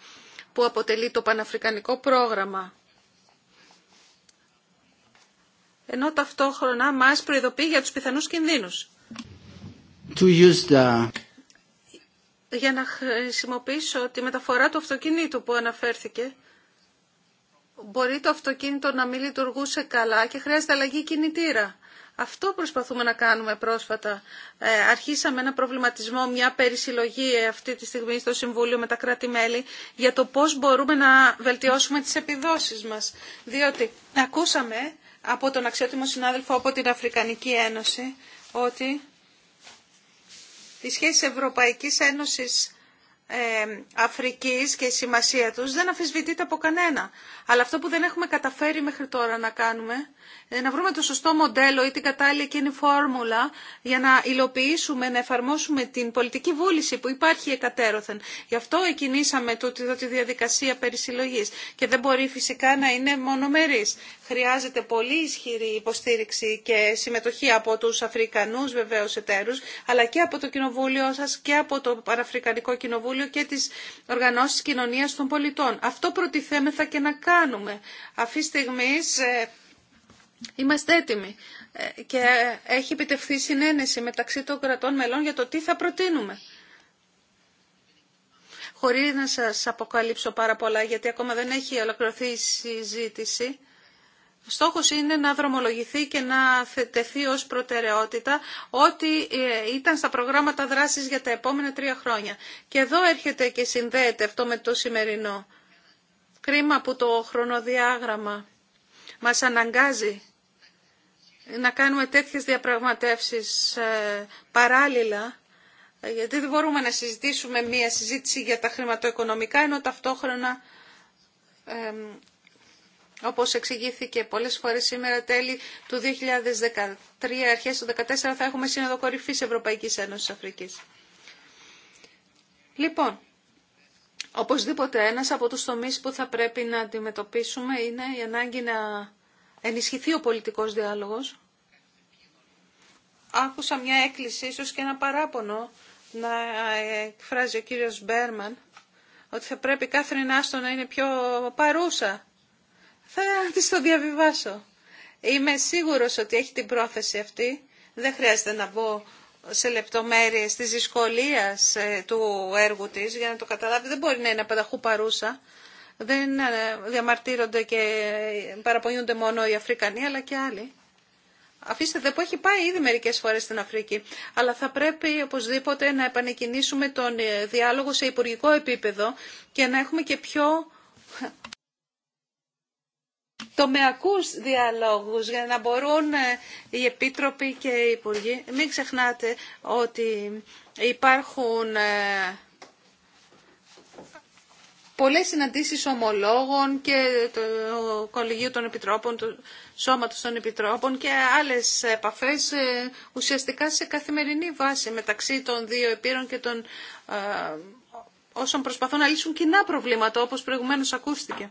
που αποτελεί το Παναφρικανικό Πρόγραμμα ενώ ταυτόχρονα μας προειδοποιεί για τους πιθανούς κινδύνους για να χρησιμοποιήσω τη μεταφορά του αυτοκινήτου που αναφέρθηκε. Μπορεί το αυτοκίνητο να μην λειτουργούσε καλά και χρειάζεται αλλαγή κινητήρα. Αυτό προσπαθούμε να κάνουμε πρόσφατα. Ε, αρχίσαμε ένα προβληματισμό, μια περισυλλογή ε, αυτή τη στιγμή στο Συμβούλιο με τα κράτη-μέλη για το πώς μπορούμε να βελτιώσουμε τις επιδόσεις μας. Διότι ακούσαμε από τον αξιότιμο συνάδελφο από την Αφρικανική Ένωση ότι οι σχέσεις Ευρωπαϊκής Ένωσης ε, Αφρικής και η σημασία τους δεν αφισβητείται από κανένα. Αλλά αυτό που δεν έχουμε καταφέρει μέχρι τώρα να κάνουμε ε, να βρούμε το σωστό μοντέλο ή την κατάλληλη εκείνη φόρμουλα για να υλοποιήσουμε, να εφαρμόσουμε την πολιτική βούληση που υπάρχει εκατέρωθεν. Γι' αυτό εκινήσαμε τούτη εδώ τη διαδικασία συλλογής και δεν μπορεί φυσικά να είναι μονομερής. Χρειάζεται πολύ ισχυρή υποστήριξη και συμμετοχή από τους Αφρικανούς βεβαίω εταίρους, αλλά και από το Κοινοβούλιο σας και από το Παραφρικανικό Κοινοβούλιο και τις οργανώσεις κοινωνίας των πολιτών. Αυτό προτιθέμεθα και να κάνουμε. Αυτή στιγμή ε, Είμαστε έτοιμοι ε, και έχει επιτευχθεί συνένεση μεταξύ των κρατών μελών για το τι θα προτείνουμε. Χωρίς να σας αποκαλύψω πάρα πολλά, γιατί ακόμα δεν έχει ολοκληρωθεί η συζήτηση, στόχος είναι να δρομολογηθεί και να θετεθεί ως προτεραιότητα ό,τι ε, ήταν στα προγράμματα δράσης για τα επόμενα τρία χρόνια. Και εδώ έρχεται και συνδέεται αυτό με το σημερινό. Κρίμα που το χρονοδιάγραμμα μας αναγκάζει να κάνουμε τέτοιες διαπραγματεύσεις ε, παράλληλα, ε, γιατί δεν μπορούμε να συζητήσουμε μία συζήτηση για τα χρηματοοικονομικά, ενώ ταυτόχρονα, όπως εξηγήθηκε πολλές φορές σήμερα, τέλη του 2013, αρχές του 2014, θα έχουμε σύνοδο κορυφής Ευρωπαϊκής Ένωσης Αφρικής. Λοιπόν, Οπωσδήποτε ένας από τους τομείς που θα πρέπει να αντιμετωπίσουμε είναι η ανάγκη να ενισχυθεί ο πολιτικός διάλογος. Άκουσα μια έκκληση, ίσως και ένα παράπονο, να εκφράζει ο κύριος Μπέρμαν, ότι θα πρέπει κάθε Άστο να είναι πιο παρούσα. Θα της το διαβιβάσω. Είμαι σίγουρος ότι έχει την πρόθεση αυτή. Δεν χρειάζεται να μπω σε λεπτομέρειες της δυσκολίας ε, του έργου της για να το καταλάβει. Δεν μπορεί να είναι πανταχού παρούσα. Δεν ε, διαμαρτύρονται και παραπονιούνται μόνο οι Αφρικανοί αλλά και άλλοι. Αφήστε δε που έχει πάει ήδη μερικές φορές στην Αφρική. Αλλά θα πρέπει οπωσδήποτε να επανεκκινήσουμε τον ε, διάλογο σε υπουργικό επίπεδο και να έχουμε και πιο τομεακούς διαλόγους για να μπορούν ε, οι επίτροποι και οι υπουργοί. Μην ξεχνάτε ότι υπάρχουν ε, πολλές συναντήσεις ομολόγων και το Κολεγίου των Επιτρόπων, του Σώματος των Επιτρόπων και άλλες επαφές ε, ουσιαστικά σε καθημερινή βάση μεταξύ των δύο επίρων και των όσων προσπαθούν να λύσουν κοινά προβλήματα όπως προηγουμένως ακούστηκε.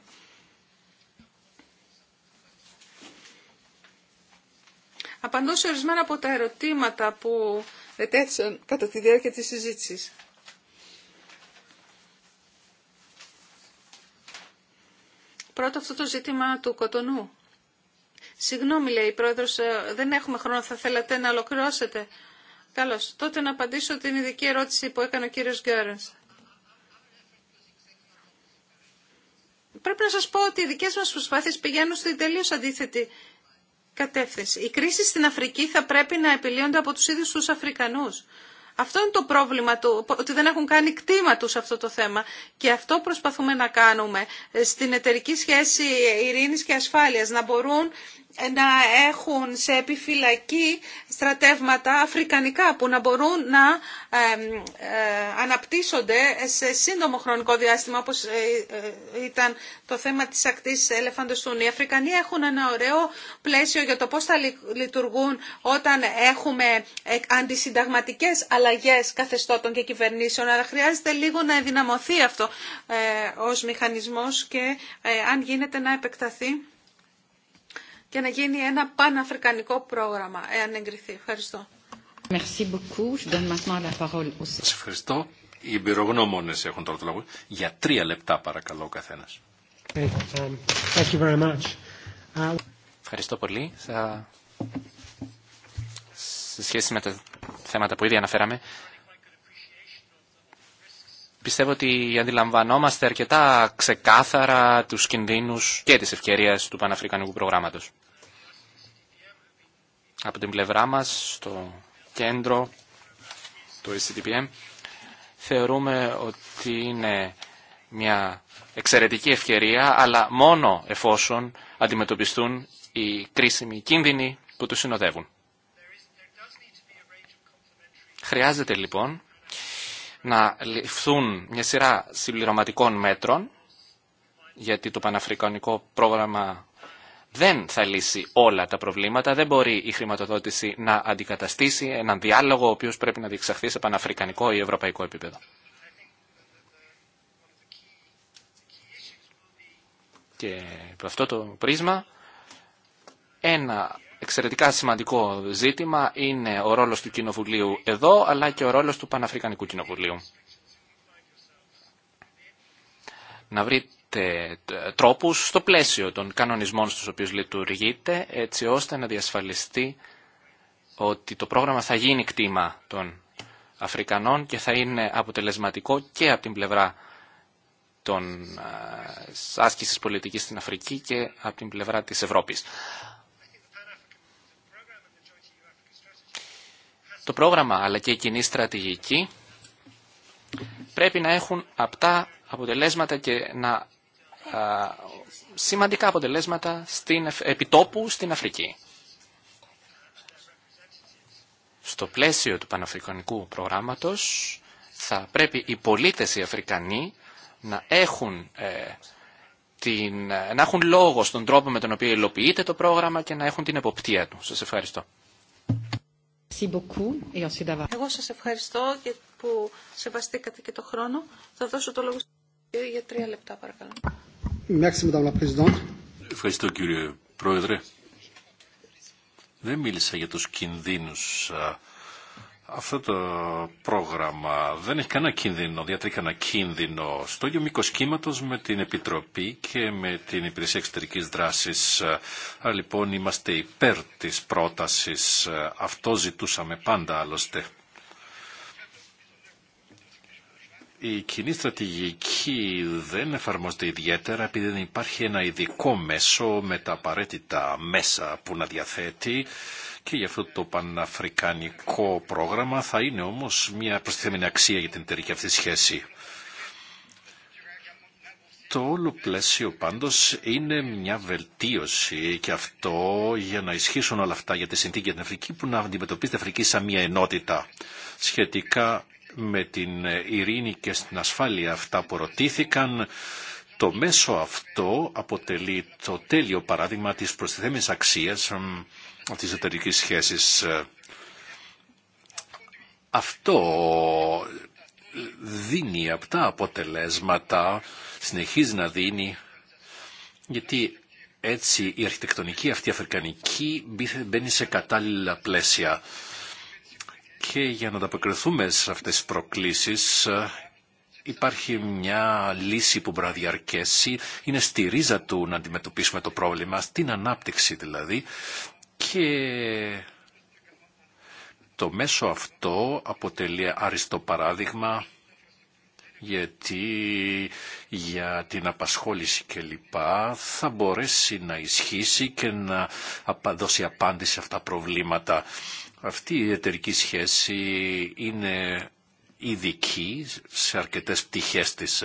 Απαντώ σε ορισμένα από τα ερωτήματα που ετέθησαν κατά τη διάρκεια της συζήτησης. Πρώτο αυτό το ζήτημα του κοτονού. Συγγνώμη, λέει η πρόεδρος, ε, δεν έχουμε χρόνο, θα θέλατε να ολοκληρώσετε. Καλώς. Τότε να απαντήσω την ειδική ερώτηση που έκανε ο κύριος Γκέρενς. Πρέπει να σας πω ότι οι δικές μας προσπάθειες πηγαίνουν στην τελείως αντίθετη κατεύθυνση. Οι κρίση στην Αφρική θα πρέπει να επιλύονται από τους ίδιους τους Αφρικανούς. Αυτό είναι το πρόβλημα του, ότι δεν έχουν κάνει κτήμα τους αυτό το θέμα. Και αυτό προσπαθούμε να κάνουμε ε, στην εταιρική σχέση ειρήνης και ασφάλειας, να μπορούν να έχουν σε επιφυλακή στρατεύματα αφρικανικά που να μπορούν να ε, αναπτύσσονται σε σύντομο χρονικό διάστημα όπως ε, ε, ήταν το θέμα της ακτής ελεφαντοστούν. Οι Αφρικανοί έχουν ένα ωραίο πλαίσιο για το πώς θα λειτουργούν όταν έχουμε αντισυνταγματικές αλλαγές καθεστώτων και κυβερνήσεων αλλά χρειάζεται λίγο να ενδυναμωθεί αυτό ως μηχανισμός και αν γίνεται να επεκταθεί και να γίνει ένα παναφρικανικό πρόγραμμα, εάν εγκριθεί. Ευχαριστώ. Merci beaucoup. Je donne maintenant la parole ευχαριστώ. Οι εμπειρογνώμονες έχουν τώρα το λόγο. Για τρία λεπτά παρακαλώ ο καθένας. Um, thank you very much. Uh, ευχαριστώ πολύ. Θα... Σε σχέση με τα θέματα που ήδη αναφέραμε, πιστεύω ότι αντιλαμβανόμαστε αρκετά ξεκάθαρα τους κινδύνους και τις ευκαιρίες του Παναφρικανικού Προγράμματος από την πλευρά μας στο κέντρο του ECTPM θεωρούμε ότι είναι μια εξαιρετική ευκαιρία αλλά μόνο εφόσον αντιμετωπιστούν οι κρίσιμοι κίνδυνοι που τους συνοδεύουν. Χρειάζεται λοιπόν να ληφθούν μια σειρά συμπληρωματικών μέτρων γιατί το Παναφρικανικό Πρόγραμμα δεν θα λύσει όλα τα προβλήματα, δεν μπορεί η χρηματοδότηση να αντικαταστήσει έναν διάλογο ο οποίος πρέπει να διεξαχθεί σε παναφρικανικό ή ευρωπαϊκό επίπεδο. Και από αυτό το πρίσμα, ένα εξαιρετικά σημαντικό ζήτημα είναι ο ρόλος του Κοινοβουλίου εδώ, αλλά και ο ρόλος του Παναφρικανικού Κοινοβουλίου. Να τρόπους στο πλαίσιο των κανονισμών στους οποίους λειτουργείται έτσι ώστε να διασφαλιστεί ότι το πρόγραμμα θα γίνει κτήμα των Αφρικανών και θα είναι αποτελεσματικό και από την πλευρά των άσκησης πολιτικής στην Αφρική και από την πλευρά της Ευρώπης. Το πρόγραμμα αλλά και η κοινή στρατηγική πρέπει να έχουν απτά αποτελέσματα και να σημαντικά αποτελέσματα στην, επιτόπου στην Αφρική. Στο πλαίσιο του Παναφρικανικού προγράμματος θα πρέπει οι πολίτες οι Αφρικανοί να έχουν, ε, την, να έχουν λόγο στον τρόπο με τον οποίο υλοποιείται το πρόγραμμα και να έχουν την εποπτεία του. Σας ευχαριστώ. Εγώ σας ευχαριστώ και που σεβαστήκατε και το χρόνο. Θα δώσω το λόγο για τρία λεπτά παρακαλώ. Ευχαριστώ κύριε Πρόεδρε. Δεν μίλησα για τους κινδύνους. Αυτό το πρόγραμμα δεν έχει κανένα κίνδυνο, διατρέχει κανένα κίνδυνο. Στο ίδιο μήκο κύματο με την Επιτροπή και με την Υπηρεσία Εξωτερική Δράση. Άρα λοιπόν είμαστε υπέρ τη πρόταση. Αυτό ζητούσαμε πάντα άλλωστε. η κοινή στρατηγική δεν εφαρμόζεται ιδιαίτερα επειδή δεν υπάρχει ένα ειδικό μέσο με τα απαραίτητα μέσα που να διαθέτει και γι' αυτό το παναφρικανικό πρόγραμμα θα είναι όμως μια προστιθέμενη αξία για την εταιρική αυτή σχέση. Το όλο πλαίσιο πάντως είναι μια βελτίωση και αυτό για να ισχύσουν όλα αυτά για τη συνθήκη για την Αφρική που να αντιμετωπίσει την Αφρική σαν μια ενότητα σχετικά με την ειρήνη και στην ασφάλεια αυτά που ρωτήθηκαν. Το μέσο αυτό αποτελεί το τέλειο παράδειγμα της προστιθέμενης αξίας της εταιρική σχέσης. Αυτό δίνει αυτά αποτελέσματα, συνεχίζει να δίνει, γιατί έτσι η αρχιτεκτονική αυτή αφρικανική μπαίνει σε κατάλληλα πλαίσια και για να ανταποκριθούμε σε αυτές τις προκλήσεις ε, υπάρχει μια λύση που μπορεί να είναι στη ρίζα του να αντιμετωπίσουμε το πρόβλημα, στην ανάπτυξη δηλαδή και το μέσο αυτό αποτελεί άριστο παράδειγμα γιατί για την απασχόληση και θα μπορέσει να ισχύσει και να δώσει απάντηση σε αυτά τα προβλήματα. Αυτή η εταιρική σχέση είναι ειδική σε αρκετές πτυχές της.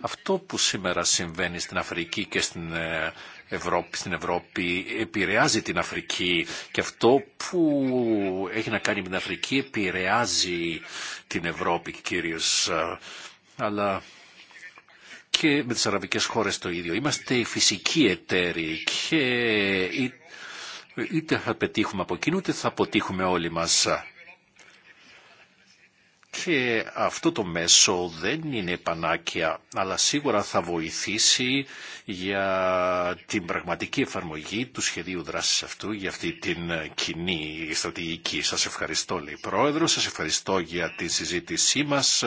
Αυτό που σήμερα συμβαίνει στην Αφρική και στην ε, Ευρώπη, στην Ευρώπη επηρεάζει την Αφρική και αυτό που έχει να κάνει με την Αφρική επηρεάζει την Ευρώπη κυρίως. Αλλά και με τις αραβικές χώρες το ίδιο. Είμαστε οι φυσικοί εταίροι και είτε θα πετύχουμε από εκείνο, είτε θα αποτύχουμε όλοι μας. Και αυτό το μέσο δεν είναι πανάκια, αλλά σίγουρα θα βοηθήσει για την πραγματική εφαρμογή του σχεδίου δράσης αυτού, για αυτή την κοινή στρατηγική. Σας ευχαριστώ, λέει Πρόεδρο, σας ευχαριστώ για τη συζήτησή μας,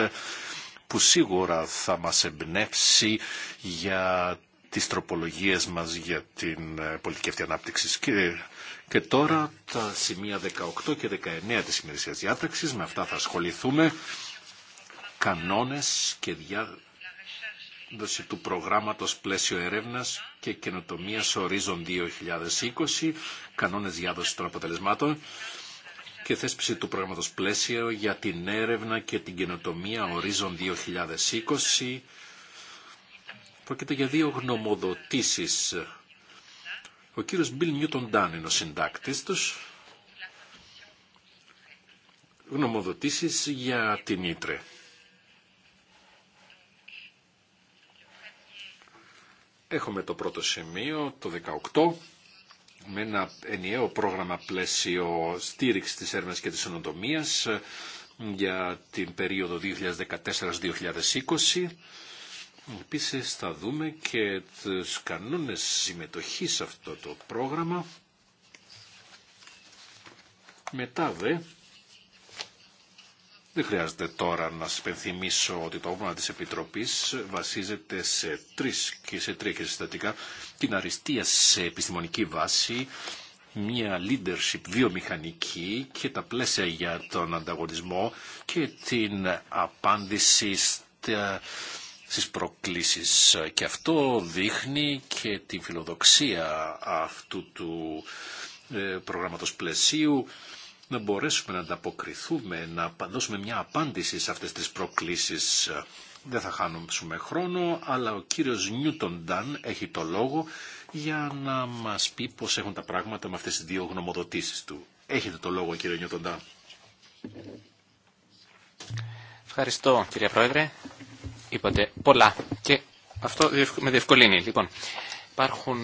που σίγουρα θα μας εμπνεύσει για τις τροπολογίες μας για την πολιτική αυτή ανάπτυξη. Και και τώρα τα σημεία 18 και 19 της ημερησίας διάταξης, με αυτά θα ασχοληθούμε, κανόνες και διάδοση του προγράμματος πλαίσιο ερεύνας και καινοτομίας ορίζον 2020, κανόνες διάδοσης των αποτελεσμάτων και θέσπιση του προγράμματος πλαίσιο για την έρευνα και την καινοτομία ορίζον 2020. Πρόκειται για δύο γνωμοδοτήσεις ο κύριος Μπιλ Νιούτον Ντάν είναι ο συντάκτης τους. Γνωμοδοτήσεις για την Ήτρε. Έχουμε το πρώτο σημείο, το 18, με ένα ενιαίο πρόγραμμα πλαίσιο στήριξης της έρευνας και της ονοτομίας για την περίοδο 2014-2020 Επίση θα δούμε και τις κανόνες συμμετοχής σε αυτό το πρόγραμμα. Μετά δε, δεν χρειάζεται τώρα να σας πενθυμίσω ότι το όνομα της Επιτροπής βασίζεται σε τρεις και σε τρία και συστατικά την αριστεία σε επιστημονική βάση, μια leadership βιομηχανική και τα πλαίσια για τον ανταγωνισμό και την απάντηση στα στις προκλήσεις και αυτό δείχνει και την φιλοδοξία αυτού του ε, προγράμματος πλαισίου να μπορέσουμε να ανταποκριθούμε, να δώσουμε μια απάντηση σε αυτές τις προκλήσεις. Δεν θα χάνουμε χρόνο, αλλά ο κύριος Νιούτον Ντάν έχει το λόγο για να μας πει πώς έχουν τα πράγματα με αυτές τις δύο γνωμοδοτήσεις του. Έχετε το λόγο κύριε Νιούτον Ντάν. Ευχαριστώ κύριε Πρόεδρε είπατε πολλά και αυτό με διευκολύνει. Λοιπόν, υπάρχουν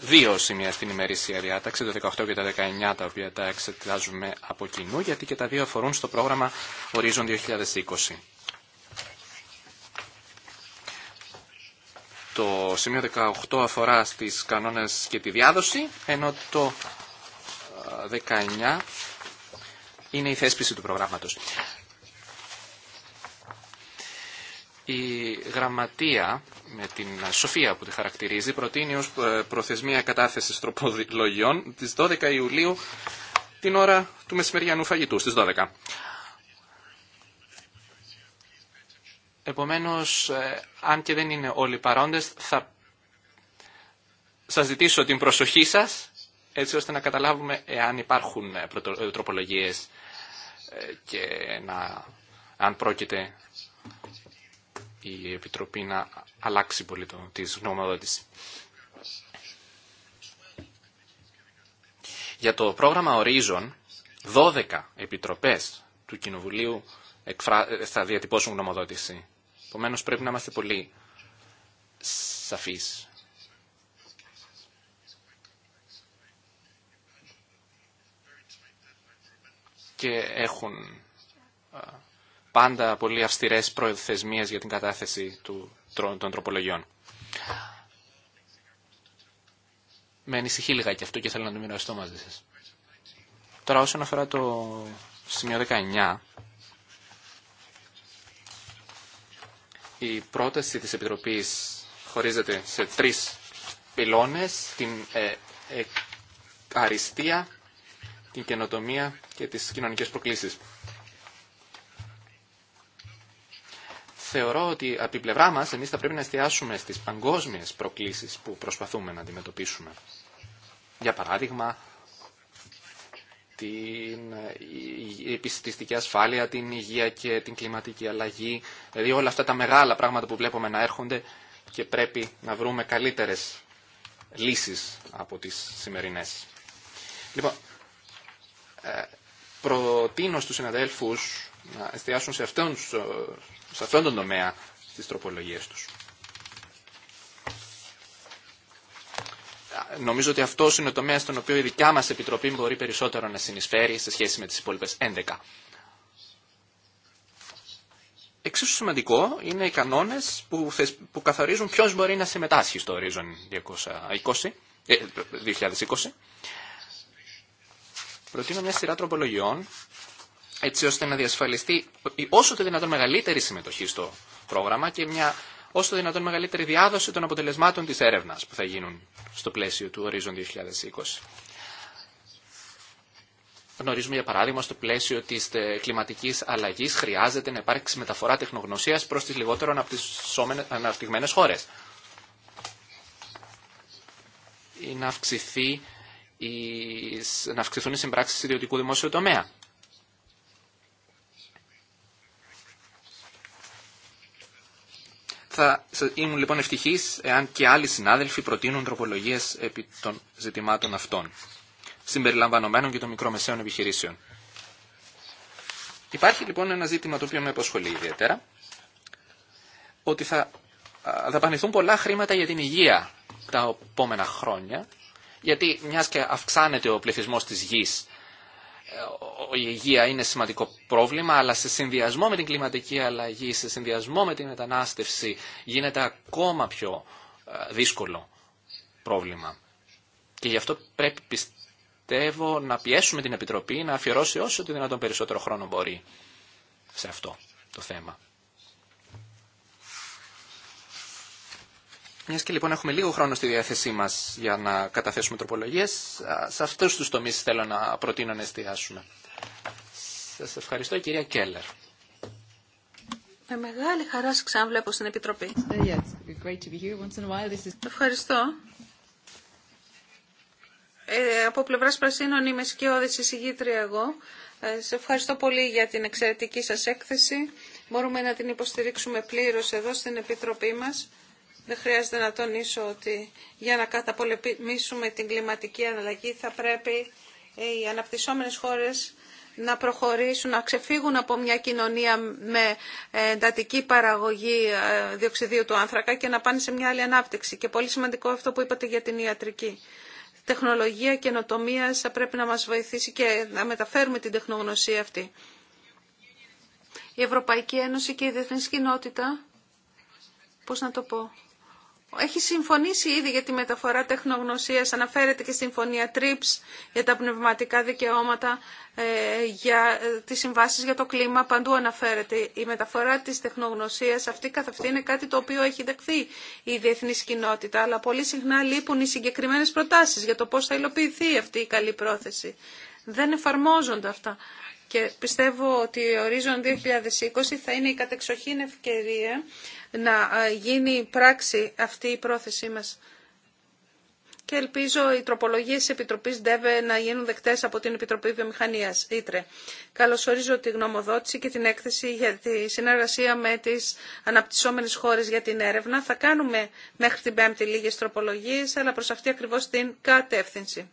δύο σημεία στην ημερήσια διάταξη, το 18 και τα 19, τα οποία τα εξετάζουμε από κοινού, γιατί και τα δύο αφορούν στο πρόγραμμα Horizon 2020. Το σημείο 18 αφορά στις κανόνες και τη διάδοση, ενώ το 19 είναι η θέσπιση του προγράμματος. Η γραμματεία, με την σοφία που τη χαρακτηρίζει, προτείνει ως ε, προθεσμία κατάθεσης τροπολογιών τις 12 Ιουλίου την ώρα του μεσημεριανού φαγητού, στις 12. Επομένως, ε, αν και δεν είναι όλοι παρόντες, θα σας ζητήσω την προσοχή σας, έτσι ώστε να καταλάβουμε εάν υπάρχουν ε, τροπολογίες και να, αν πρόκειται η Επιτροπή να αλλάξει πολύ το, τη γνωμοδότηση. Για το πρόγραμμα Horizon, 12 επιτροπές του Κοινοβουλίου θα διατυπώσουν γνωμοδότηση. Επομένω πρέπει να είμαστε πολύ σαφείς. Και έχουν πάντα πολύ αυστηρές προθεσμίες για την κατάθεση του, των τροπολογιών. Με ανησυχεί λίγα και αυτό και θέλω να το μοιραστώ μαζί σας. Τώρα όσον αφορά το σημείο 19, η πρόταση της Επιτροπής χωρίζεται σε τρεις πυλώνες, την ε, ε αριστεία, την καινοτομία και τις κοινωνικές προκλήσεις. θεωρώ ότι από την πλευρά μας εμείς θα πρέπει να εστιάσουμε στις παγκόσμιες προκλήσεις που προσπαθούμε να αντιμετωπίσουμε. Για παράδειγμα, την επιστηστική ασφάλεια, την υγεία και την κλιματική αλλαγή, δηλαδή όλα αυτά τα μεγάλα πράγματα που βλέπουμε να έρχονται και πρέπει να βρούμε καλύτερες λύσεις από τις σημερινές. Λοιπόν, ε, προτείνω στους συναδέλφους να εστιάσουν σε του σε αυτόν τον τομέα στις τροπολογίες τους. Νομίζω ότι αυτό είναι ο τομέα στον οποίο η δικιά μα επιτροπή μπορεί περισσότερο να συνεισφέρει σε σχέση με τι υπόλοιπε 11. Εξίσου σημαντικό είναι οι κανόνε που, που καθορίζουν ποιο μπορεί να συμμετάσχει στο Horizon 2020. 2020. Ε, Προτείνω μια σειρά τροπολογιών έτσι ώστε να διασφαλιστεί όσο το δυνατόν μεγαλύτερη συμμετοχή στο πρόγραμμα και μια όσο το δυνατόν μεγαλύτερη διάδοση των αποτελεσμάτων της έρευνας που θα γίνουν στο πλαίσιο του Horizon 2020. Γνωρίζουμε, για παράδειγμα, στο πλαίσιο της κλιματικής αλλαγής χρειάζεται να υπάρξει μεταφορά τεχνογνωσίας προς τις λιγότερο αναπτυγμένε χώρες Ή να, αυξηθεί, αυξηθούν οι συμπράξεις ιδιωτικού δημόσιου τομέα. Θα ήμουν λοιπόν ευτυχής εάν και άλλοι συνάδελφοι προτείνουν τροπολογίε επί των ζητημάτων αυτών, συμπεριλαμβανομένων και των μικρομεσαίων επιχειρήσεων. Υπάρχει λοιπόν ένα ζήτημα το οποίο με απασχολεί ιδιαίτερα, ότι θα δαπανηθούν πολλά χρήματα για την υγεία τα επόμενα χρόνια, γιατί μια και αυξάνεται ο πληθυσμό τη γης ε, η υγεία είναι σημαντικό πρόβλημα, αλλά σε συνδυασμό με την κλιματική αλλαγή, σε συνδυασμό με την μετανάστευση, γίνεται ακόμα πιο ε, δύσκολο πρόβλημα. Και γι' αυτό πρέπει, πιστεύω, να πιέσουμε την Επιτροπή να αφιερώσει όσο το δυνατόν περισσότερο χρόνο μπορεί σε αυτό το θέμα. Μια και λοιπόν έχουμε λίγο χρόνο στη διάθεσή μα για να καταθέσουμε τροπολογίε, σε αυτού του τομεί θέλω να προτείνω να εστιάσουμε. Σα ευχαριστώ, κυρία Κέλλερ. Με μεγάλη χαρά σας ξαναβλέπω στην Επιτροπή. Ευχαριστώ. Ε, από πλευρά Πρασίνων είμαι σκιώδη εισηγήτρια εγώ. Ε, ευχαριστώ πολύ για την εξαιρετική σα έκθεση. Μπορούμε να την υποστηρίξουμε πλήρω εδώ στην Επιτροπή μα. Δεν χρειάζεται να τονίσω ότι για να καταπολεμήσουμε την κλιματική αλλαγή θα πρέπει ε, οι αναπτυσσόμενες χώρες να προχωρήσουν, να ξεφύγουν από μια κοινωνία με ε, εντατική παραγωγή ε, διοξιδίου του άνθρακα και να πάνε σε μια άλλη ανάπτυξη. Και πολύ σημαντικό αυτό που είπατε για την ιατρική. Τεχνολογία καινοτομία θα πρέπει να μας βοηθήσει και να μεταφέρουμε την τεχνογνωσία αυτή. Η Ευρωπαϊκή Ένωση και η Διεθνής Κοινότητα, πώς να το πω, έχει συμφωνήσει ήδη για τη μεταφορά τεχνογνωσίας, αναφέρεται και συμφωνία TRIPS για τα πνευματικά δικαιώματα, ε, για ε, τις συμβάσεις για το κλίμα, παντού αναφέρεται. Η μεταφορά της τεχνογνωσίας αυτή καθ' αυτή είναι κάτι το οποίο έχει δεχθεί η διεθνή κοινότητα, αλλά πολύ συχνά λείπουν οι συγκεκριμένες προτάσεις για το πώς θα υλοποιηθεί αυτή η καλή πρόθεση. Δεν εφαρμόζονται αυτά. Και πιστεύω ότι ο Horizon 2020 θα είναι η κατεξοχήν ευκαιρία να ε, γίνει πράξη αυτή η πρόθεσή μας. Και ελπίζω οι τροπολογίες της Επιτροπής ΔΕΒΕ να γίνουν δεκτές από την Επιτροπή Βιομηχανίας, Ήτρε. Καλωσορίζω τη γνωμοδότηση και την έκθεση για τη συνεργασία με τις αναπτυσσόμενες χώρες για την έρευνα. Θα κάνουμε μέχρι την Πέμπτη λίγες τροπολογίες, αλλά προς αυτή ακριβώς την κατεύθυνση.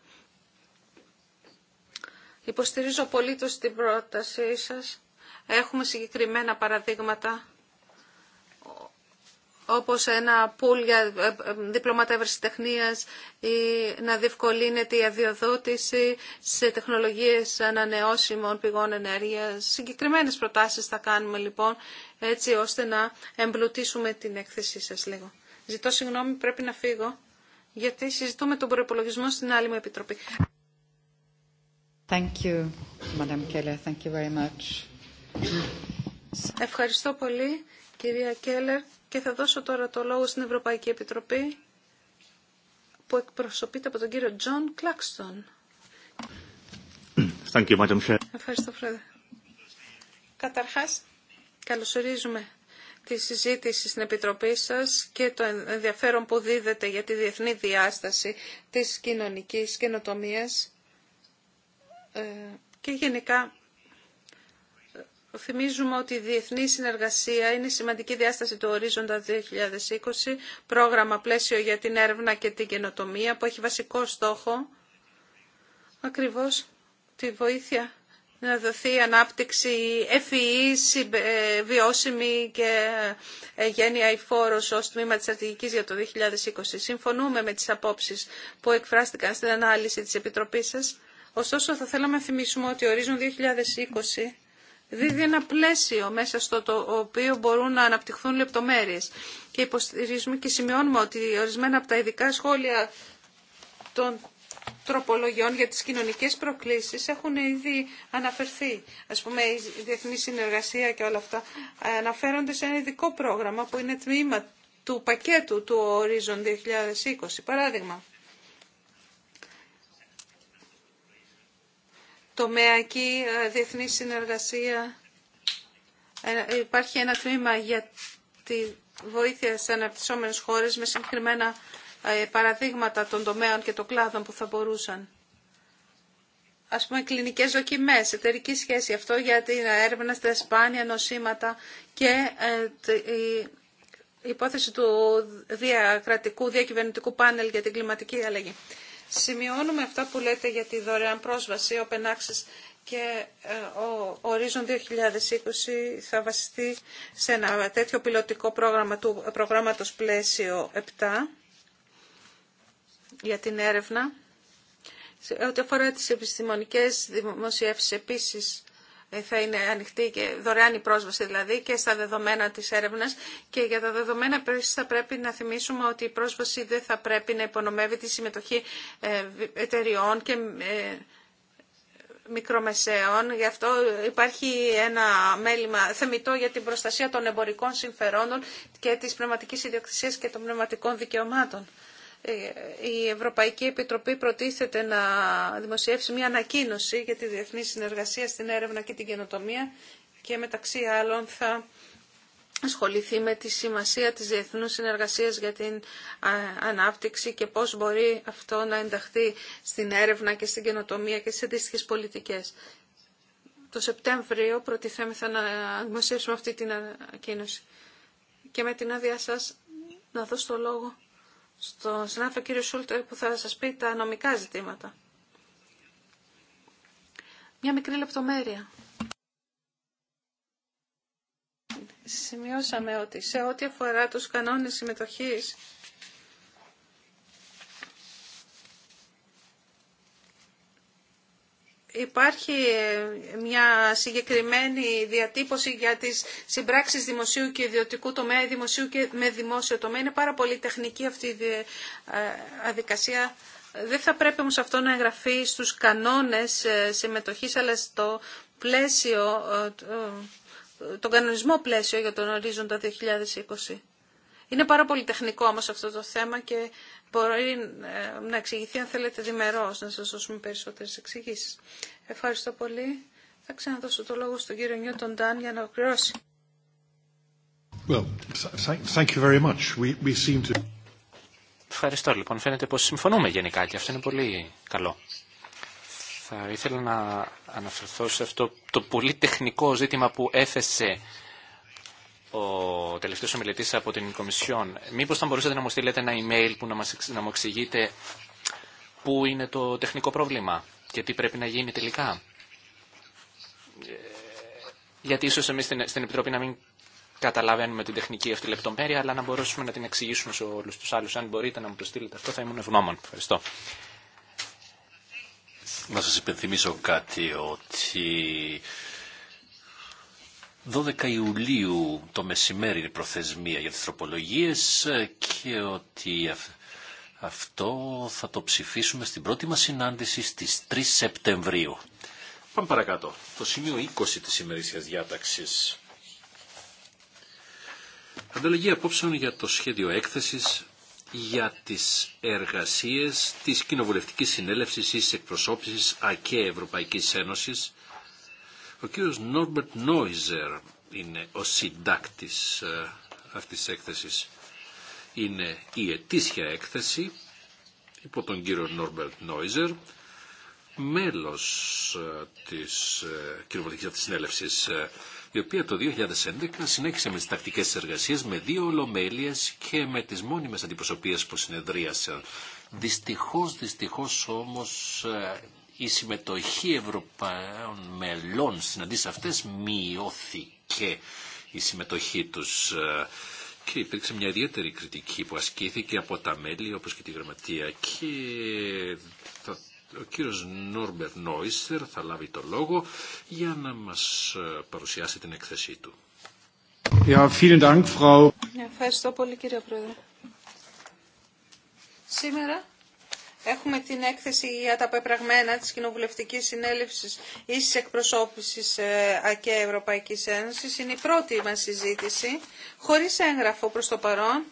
Υποστηρίζω απολύτως την πρότασή σας. Έχουμε συγκεκριμένα παραδείγματα όπως ένα πουλ για ε, ε, διπλώματα ευρεσιτεχνίας ή να διευκολύνεται η αδειοδότηση σε τεχνολογίες ανανεώσιμων πηγών ενέργειας. Συγκεκριμένες προτάσεις θα κάνουμε λοιπόν έτσι ώστε να εμπλουτίσουμε την έκθεσή σας λίγο. Ζητώ συγγνώμη, πρέπει να φύγω γιατί συζητούμε τον προπολογισμό στην άλλη μου επιτροπή. Ευχαριστώ πολύ, κυρία Κέλλερ. Και θα δώσω τώρα το λόγο στην Ευρωπαϊκή Επιτροπή που εκπροσωπείται από τον κύριο Τζον Κλάκστον. Ευχαριστώ, Πρόεδρε. Καταρχάς, καλωσορίζουμε τη συζήτηση στην Επιτροπή σας και το ενδιαφέρον που δίδεται για τη διεθνή διάσταση της κοινωνικής καινοτομίας ε, και γενικά ε, θυμίζουμε ότι η διεθνή συνεργασία είναι σημαντική διάσταση του ορίζοντα 2020, πρόγραμμα πλαίσιο για την έρευνα και την καινοτομία που έχει βασικό στόχο ακριβώς τη βοήθεια να δοθεί ανάπτυξη ευφυής, ε, βιώσιμη και γένεια ώστε ω τμήμα τη στρατηγικής για το 2020. Συμφωνούμε με τις απόψει που εκφράστηκαν στην ανάλυση τη επιτροπή σα. Ωστόσο θα θέλαμε να θυμίσουμε ότι ο ορίζουν 2020 δίδει ένα πλαίσιο μέσα στο το οποίο μπορούν να αναπτυχθούν λεπτομέρειες. Και υποστηρίζουμε και σημειώνουμε ότι ορισμένα από τα ειδικά σχόλια των τροπολογιών για τις κοινωνικές προκλήσεις έχουν ήδη αναφερθεί. Ας πούμε η διεθνή συνεργασία και όλα αυτά αναφέρονται σε ένα ειδικό πρόγραμμα που είναι τμήμα του πακέτου του Horizon 2020. Παράδειγμα. τομεακή ε, διεθνή συνεργασία. Ε, υπάρχει ένα τμήμα για τη βοήθεια σε αναπτυσσόμενες χώρες με συγκεκριμένα ε, παραδείγματα των τομέων και των κλάδων που θα μπορούσαν. Ας πούμε κλινικές δοκιμές, εταιρική σχέση, αυτό για την έρευνα στα σπάνια νοσήματα και η υπόθεση του διακρατικού διακυβερνητικού πάνελ για την κλιματική αλλαγή. Σημειώνουμε αυτά που λέτε για τη δωρεάν πρόσβαση, ο access και ε, ο Horizon 2020 θα βασιστεί σε ένα τέτοιο πιλωτικό πρόγραμμα του προγράμματος πλαίσιο 7 για την έρευνα. Ό,τι αφορά τις επιστημονικές δημοσιεύσεις επίσης ε, θα είναι ανοιχτή και δωρεάν η πρόσβαση δηλαδή και στα δεδομένα της έρευνας και για τα δεδομένα θα πρέπει να θυμίσουμε ότι η πρόσβαση δεν θα πρέπει να υπονομεύει τη συμμετοχή ε, εταιριών και ε, μικρομεσαίων. Γι' αυτό υπάρχει ένα μέλημα θεμητό για την προστασία των εμπορικών συμφερόντων και της πνευματικής ιδιοκτησίας και των πνευματικών δικαιωμάτων. Ε, η Ευρωπαϊκή Επιτροπή προτίθεται να δημοσιεύσει μια ανακοίνωση για τη διεθνή συνεργασία στην έρευνα και την καινοτομία και μεταξύ άλλων θα ασχοληθεί με τη σημασία της διεθνούς συνεργασίας για την ανάπτυξη και πώς μπορεί αυτό να ενταχθεί στην έρευνα και στην καινοτομία και στις αντίστοιχε πολιτικές. Το Σεπτέμβριο προτιθέμεθα να δημοσιεύσουμε αυτή την ανακοίνωση. Και με την άδειά σας να δώσω το λόγο στον συνάδελφο κύριο Σούλτ που θα σας πει τα νομικά ζητήματα. Μια μικρή λεπτομέρεια. Σημειώσαμε ότι σε ό,τι αφορά τους κανόνες συμμετοχής Υπάρχει ε, μια συγκεκριμένη διατύπωση για τις συμπράξεις δημοσίου και ιδιωτικού τομέα, δημοσίου και με δημόσιο τομέα. Είναι πάρα πολύ τεχνική αυτή η διαδικασία. Ε, Δεν θα πρέπει όμως αυτό να εγγραφεί στους κανόνες ε, συμμετοχής, αλλά στο πλαίσιο, τον κανονισμό πλαίσιο για τον ορίζοντα 2020. Είναι πάρα πολύ τεχνικό όμω αυτό το θέμα και μπορεί ε, να εξηγηθεί αν θέλετε διμερώς να σα δώσουμε περισσότερες εξηγήσει. Ευχαριστώ πολύ. Θα ξαναδώσω το λόγο στον κύριο Νιούτον Ντάν για να ολοκληρώσει. Well, thank you very much. We, we seem to... Ευχαριστώ λοιπόν. Φαίνεται πως συμφωνούμε γενικά και αυτό είναι πολύ καλό. Θα ήθελα να αναφερθώ σε αυτό το πολύ τεχνικό ζήτημα που έθεσε ο τελευταίος ομιλητής από την Κομισιόν. Μήπως θα μπορούσατε να μου στείλετε ένα email που να, μας, να μου εξηγείτε πού είναι το τεχνικό πρόβλημα και τι πρέπει να γίνει τελικά. Ε, γιατί ίσως εμείς στην, στην Επιτροπή να μην καταλαβαίνουμε την τεχνική αυτή λεπτομέρεια, αλλά να μπορέσουμε να την εξηγήσουμε σε όλους τους άλλους. Αν μπορείτε να μου το στείλετε αυτό θα ήμουν ευγνώμων. Ευχαριστώ. Να σας υπενθυμίσω κάτι ότι 12 Ιουλίου το μεσημέρι είναι προθεσμία για τις τροπολογίες και ότι αυτό θα το ψηφίσουμε στην πρώτη μας συνάντηση στις 3 Σεπτεμβρίου. Πάμε παρακάτω. Το σημείο 20 της ημερήσιας διάταξης. Ανταλλαγή απόψεων για το σχέδιο έκθεσης για τις εργασίες της Κοινοβουλευτικής Συνέλευσης ή εκπροσώπησης ΑΚΕ Ευρωπαϊκής Ένωσης ο κύριος Νόρμπερτ Νόιζερ είναι ο συντάκτης ε, αυτής της έκθεσης. Είναι η ετήσια έκθεση υπό τον κύριο Νόρμπερτ Νόιζερ, μέλος ε, της ε, κοινοβουλικής αυτής συνέλευσης, η οποία το 2011 συνέχισε με τις τακτικές εργασίες με δύο ολομέλειες και με τις μόνιμες αντιπροσωπείες που συνεδρίασαν. Δυστυχώς, δυστυχώς όμως η συμμετοχή Ευρωπαίων μελών συναντήσει αυτές μειώθηκε η συμμετοχή τους ε, και υπήρξε μια ιδιαίτερη κριτική που ασκήθηκε από τα μέλη όπως και τη γραμματεία και ο κύριος Νόρμπερ Νόιστερ θα λάβει το λόγο για να μας ε, παρουσιάσει την εκθεσή του. Ja, vielen Dank, Frau. Ευχαριστώ πολύ κύριε Πρόεδρε. Σήμερα Έχουμε την έκθεση για τα πεπραγμένα της Κοινοβουλευτικής Συνέλευσης Ίσης Εκπροσώπησης ε, ΑΚΕ Ευρωπαϊκής Ένωσης. Είναι η πρώτη μας συζήτηση, χωρίς έγγραφο προς το παρόν.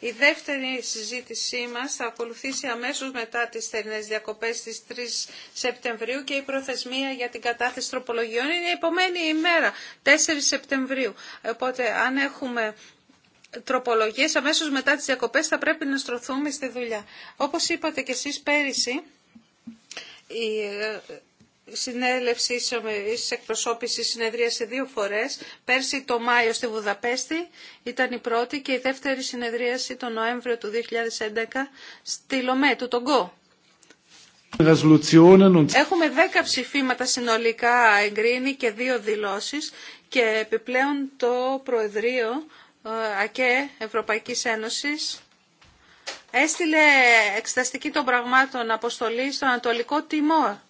Η δεύτερη συζήτησή μας θα ακολουθήσει αμέσως μετά τις θερινές διακοπές της 3 Σεπτεμβρίου και η προθεσμία για την κατάθεση τροπολογιών είναι η επόμενη ημέρα, 4 Σεπτεμβρίου. Οπότε αν έχουμε τροπολογίες αμέσως μετά τις διακοπές θα πρέπει να στρωθούμε στη δουλειά. Όπως είπατε και εσείς πέρυσι, η ε, συνέλευση της εκπροσώπηση συνεδρίασε δύο φορές. Πέρσι το Μάιο στη Βουδαπέστη ήταν η πρώτη και η δεύτερη συνεδρίαση τον Νοέμβριο του 2011 στη Λομέ του Τογκό. Έχουμε δέκα ψηφίματα συνολικά εγκρίνει και δύο δηλώσεις και επιπλέον το Προεδρείο ε, ΑΚΕ Ευρωπαϊκής Ένωσης έστειλε εξεταστική των πραγμάτων αποστολή στον Ανατολικό Τιμό.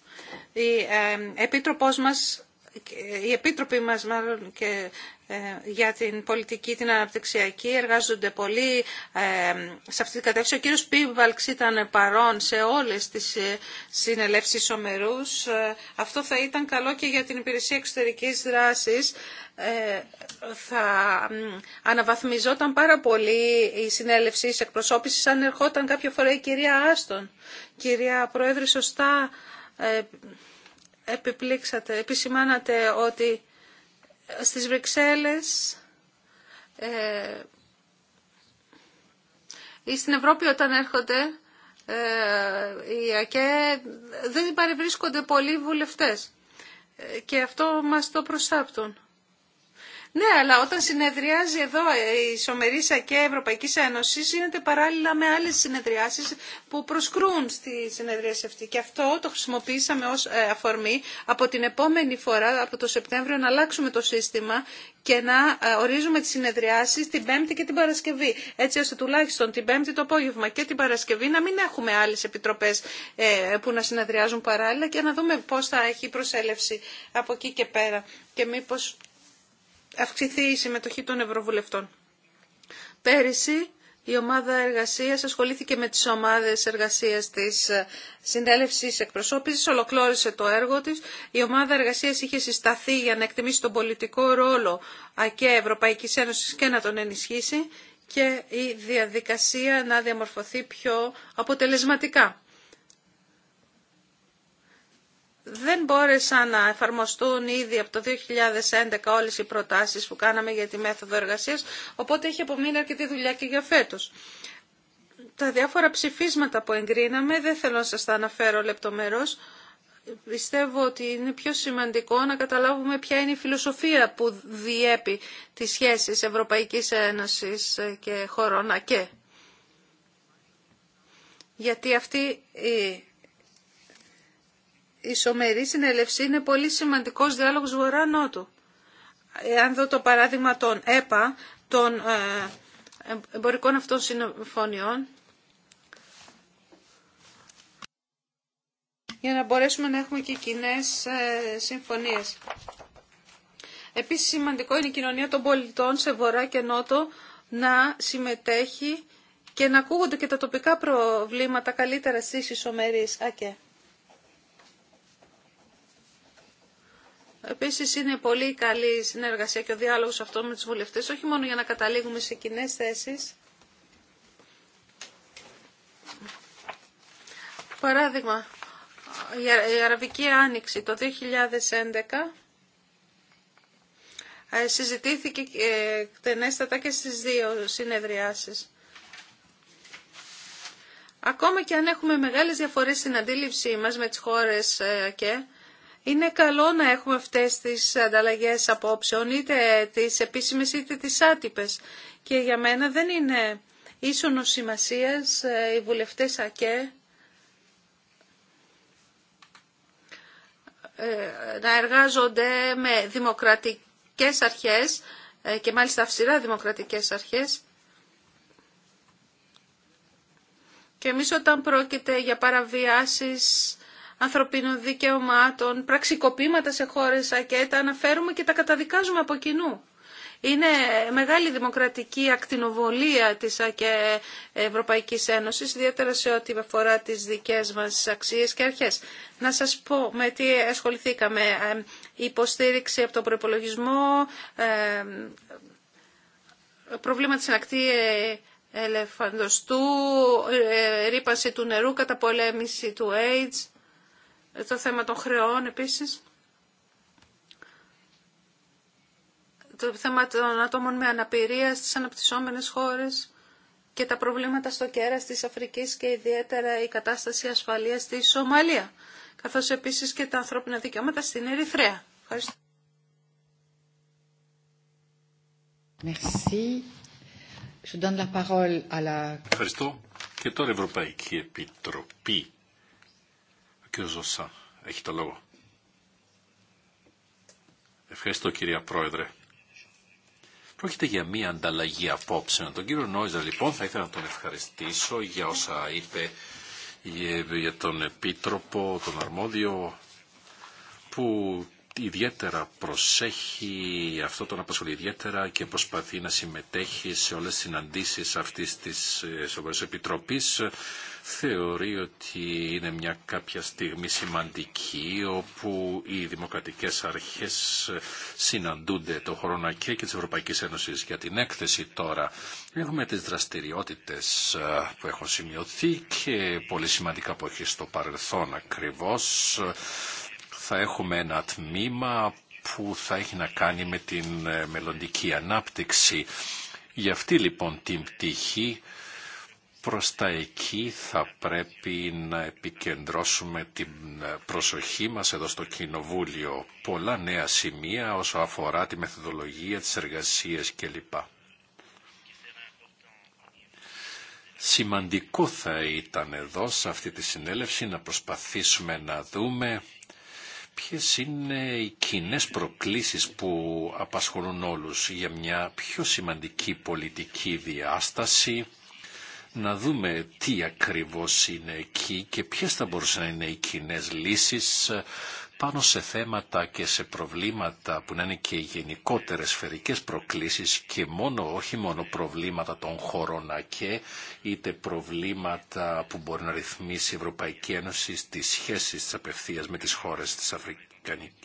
Η ε, Επίτροπος μας, η Επίτροπη μας και ε, για την πολιτική, την αναπτυξιακή. Εργάζονται πολύ ε, σε αυτή την κατεύθυνση. Ο κύριος Πίμβαλξ ήταν παρόν σε όλες τις ε, συνελεύσεις ομερούς. Αυτό θα ήταν καλό και για την υπηρεσία εξωτερικής δράσης. Θα αναβαθμιζόταν πάρα πολύ η συνέλευση της εκπροσώπησης αν ερχόταν κάποια φορά η κυρία Άστον. Κυρία Πρόεδρε, σωστά επιπλήξατε, επισημάνατε ότι στις Βρυξέλλες ε, ή στην Ευρώπη όταν έρχονται ε, οι ΑΚΕ δεν παρευρίσκονται πολλοί βουλευτές ε, και αυτό μας το προσάπτουν. Ναι, αλλά όταν συνεδριάζει εδώ η Σομερίσα και η Ευρωπαϊκή Ένωση, γίνεται παράλληλα με άλλε συνεδριάσει που προσκρούν στη συνεδρίαση αυτή. Και αυτό το χρησιμοποίησαμε ω ε, αφορμή από την επόμενη φορά, από το Σεπτέμβριο, να αλλάξουμε το σύστημα και να ε, ορίζουμε τι συνεδριάσει την Πέμπτη και την Παρασκευή. Έτσι ώστε τουλάχιστον την Πέμπτη το απόγευμα και την Παρασκευή να μην έχουμε άλλε επιτροπέ ε, που να συνεδριάζουν παράλληλα και να δούμε πώ θα έχει προσέλευση από εκεί και πέρα. Και μήπως αυξηθεί η συμμετοχή των Ευρωβουλευτών. Πέρυσι η ομάδα εργασίας ασχολήθηκε με τις ομάδες εργασίας της ε, συνέλευσης εκπροσώπησης, ολοκλώρισε το έργο της. Η ομάδα εργασίας είχε συσταθεί για να εκτιμήσει τον πολιτικό ρόλο και Ευρωπαϊκής Ένωσης και να τον ενισχύσει και η διαδικασία να διαμορφωθεί πιο αποτελεσματικά δεν μπόρεσαν να εφαρμοστούν ήδη από το 2011 όλες οι προτάσεις που κάναμε για τη μέθοδο εργασίας, οπότε έχει απομείνει αρκετή δουλειά και για φέτος. Τα διάφορα ψηφίσματα που εγκρίναμε, δεν θέλω να σας τα αναφέρω λεπτομερώς, πιστεύω ότι είναι πιο σημαντικό να καταλάβουμε ποια είναι η φιλοσοφία που διέπει τις σχέσεις Ευρωπαϊκής Ένωσης και χωρών ΑΚΕ. Γιατί αυτή η ισομερή συνελευσή είναι πολύ σημαντικός διάλογος βορρά-νότου. Εάν δω το παράδειγμα των ΕΠΑ, των ε, εμπορικών αυτών συμφωνιών, για να μπορέσουμε να έχουμε και κοινέ ε, συμφωνίες. Επίσης σημαντικό είναι η κοινωνία των πολιτών σε βορρά και νότο να συμμετέχει και να ακούγονται και τα τοπικά προβλήματα καλύτερα στις ισομερείς. ΑΚΕ. Επίσης είναι πολύ καλή η συνεργασία και ο διάλογο αυτό με τους βουλευτέ, όχι μόνο για να καταλήγουμε σε κοινέ θέσει. Παράδειγμα, η Αραβική Άνοιξη το 2011 ε, συζητήθηκε ε, εκτενέστατα και στις δύο συνεδριάσεις. Ακόμα και αν έχουμε μεγάλες διαφορές στην αντίληψή μας με τις χώρες ε, και είναι καλό να έχουμε αυτές τις ανταλλαγές απόψεων, είτε τις επίσημες είτε τις άτυπες. Και για μένα δεν είναι ίσονο σημασία ε, οι βουλευτές ΑΚΕ ε, να εργάζονται με δημοκρατικές αρχές ε, και μάλιστα αυστηρά δημοκρατικές αρχές και εμείς όταν πρόκειται για παραβιάσεις ανθρωπίνων δικαιωμάτων, πραξικοπήματα σε χώρες και τα αναφέρουμε και τα καταδικάζουμε από κοινού. Είναι μεγάλη δημοκρατική ακτινοβολία της ΑΚΕ Ευρωπαϊκής Ένωσης, ιδιαίτερα σε ό,τι αφορά τις δικές μας αξίες και αρχές. Να σας πω με τι ασχοληθήκαμε. Υποστήριξη από τον προπολογισμό, προβλήμα της ακτή ε, ελεφαντοστού, ε, ρήπαση του νερού, καταπολέμηση του AIDS, ε, το θέμα των χρεών επίσης. Το θέμα των ατόμων με αναπηρία στις αναπτυσσόμενες χώρες και τα προβλήματα στο κέρα της Αφρικής και ιδιαίτερα η κατάσταση ασφαλείας στη Σομαλία, καθώς επίσης και τα ανθρώπινα δικαιώματα στην Ερυθρέα. Ευχαριστώ. Merci. Ευχαριστώ. Και τώρα η Ευρωπαϊκή Επιτροπή Ζωσά, το λόγο. Ευχαριστώ κυρία Πρόεδρε. Πρόκειται για μία ανταλλαγή απόψεων. Τον κύριο Νόιζα λοιπόν θα ήθελα να τον ευχαριστήσω για όσα είπε ε, για τον Επίτροπο, τον Αρμόδιο που ιδιαίτερα προσέχει αυτό τον απασχολεί ιδιαίτερα και προσπαθεί να συμμετέχει σε όλες τις συναντήσεις αυτής της ε, Σοβαρής Επιτροπής. Θεωρεί ότι είναι μια κάποια στιγμή σημαντική όπου οι δημοκρατικές αρχές ε, συναντούνται το χρόνο και, και της Ευρωπαϊκής Ένωσης για την έκθεση τώρα. Έχουμε τις δραστηριότητες ε, που έχουν σημειωθεί και πολύ σημαντικά που έχει στο παρελθόν ακριβώς θα έχουμε ένα τμήμα που θα έχει να κάνει με την ε, μελλοντική ανάπτυξη. Για αυτή λοιπόν την πτυχή προς τα εκεί θα πρέπει να επικεντρώσουμε την ε, προσοχή μας εδώ στο Κοινοβούλιο. Πολλά νέα σημεία όσο αφορά τη μεθοδολογία, της εργασίας κλπ. Σημαντικό θα ήταν εδώ σε αυτή τη συνέλευση να προσπαθήσουμε να δούμε ποιες είναι οι κοινέ προκλήσεις που απασχολούν όλους για μια πιο σημαντική πολιτική διάσταση να δούμε τι ακριβώς είναι εκεί και ποιες θα μπορούσαν να είναι οι κοινέ λύσεις ε, πάνω σε θέματα και σε προβλήματα που να είναι και γενικότερες σφαιρικές προκλήσεις και μόνο, όχι μόνο προβλήματα των χωρών ΑΚΕ, είτε προβλήματα που μπορεί να ρυθμίσει η Ευρωπαϊκή Ένωση στις σχέσεις της απευθείας με τις χώρες της Αφρικανικής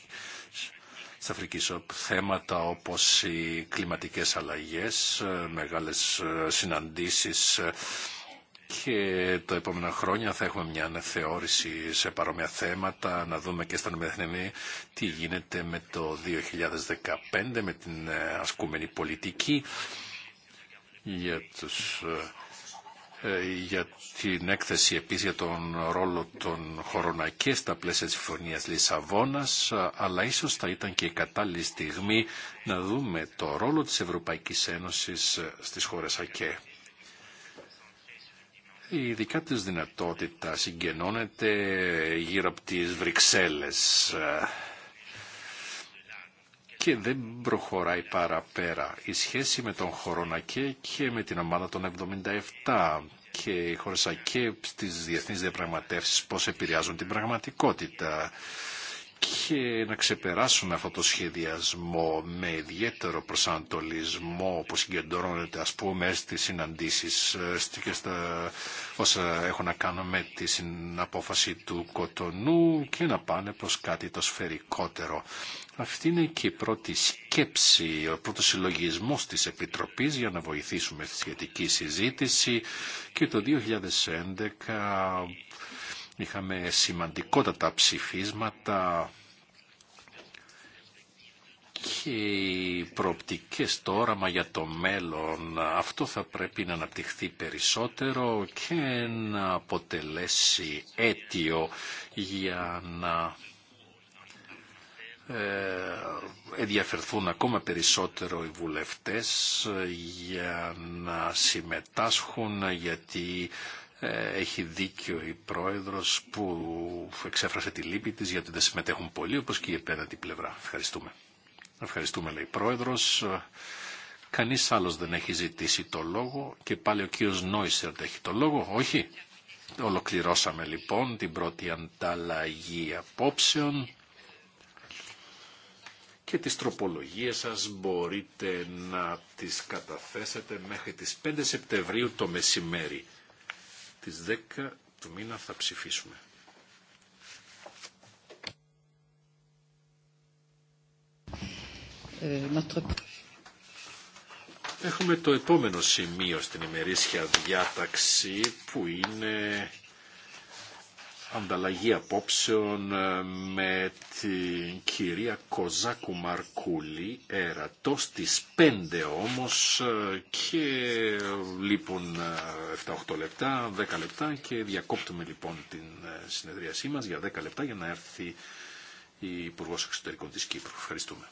στα Αφρικής, θέματα όπως οι κλιματικές αλλαγές, ε, μεγάλες ε, συναντήσεις ε, και τα επόμενα χρόνια θα έχουμε μια αναθεώρηση σε παρόμοια θέματα, να δούμε και στον μέθνενή τι γίνεται με το 2015, με την ασκούμενη πολιτική για τους ε, για την έκθεση επίσης για τον ρόλο των χωρών στα πλαίσια της συμφωνίας Λισαβόνας, ε, αλλά ίσως θα ήταν και η κατάλληλη στιγμή να δούμε το ρόλο της Ευρωπαϊκής Ένωσης ε, στις χώρες ΑΚΕ. Η δικά της δυνατότητα συγκενώνεται γύρω από τις Βρυξέλλες και δεν προχωράει παραπέρα. Η σχέση με τον Χορονακέ και με την ομάδα των 77 και οι χώρες ΑΚΕ στις διεθνείς διαπραγματεύσεις πώς επηρεάζουν την πραγματικότητα και να ξεπεράσουν αυτό το σχεδιασμό με ιδιαίτερο προσανατολισμό που συγκεντρώνεται ας πούμε στις συναντήσεις και στα όσα έχουν να κάνουν με την απόφαση του Κοτονού και να πάνε προς κάτι το σφαιρικότερο. Αυτή είναι και η πρώτη σκέψη, ο πρώτος συλλογισμός της Επιτροπής για να βοηθήσουμε στη σχετική συζήτηση και το 2011 είχαμε σημαντικότατα ψηφίσματα και οι προοπτικές το όραμα για το μέλλον αυτό θα πρέπει να αναπτυχθεί περισσότερο και να αποτελέσει αίτιο για να ε, ενδιαφερθούν ακόμα περισσότερο οι βουλευτές για να συμμετάσχουν γιατί ε, έχει δίκιο η πρόεδρος που εξέφρασε τη λύπη της γιατί δεν συμμετέχουν πολύ όπως και η επέναντι πλευρά. Ευχαριστούμε. Ευχαριστούμε λέει η πρόεδρος. Κανείς άλλος δεν έχει ζητήσει το λόγο και πάλι ο κύριος δεν έχει το λόγο, όχι. Ολοκληρώσαμε λοιπόν την πρώτη ανταλλαγή απόψεων και τις τροπολογίες σας μπορείτε να τις καταθέσετε μέχρι τις 5 Σεπτεμβρίου το μεσημέρι. Τις 10 του μήνα θα ψηφίσουμε. Ε, Έχουμε το επόμενο σημείο στην ημερήσια διάταξη που είναι ανταλλαγή απόψεων ε, με την κυρία Κοζάκου Μαρκούλη έρατο στις 5 όμως ε, και λείπουν λοιπόν, 7-8 ε, λεπτά, 10 λεπτά και διακόπτουμε λοιπόν την συνεδρίασή μας για 10 λεπτά για να έρθει η Υπουργός Εξωτερικών της Κύπρου. Ευχαριστούμε.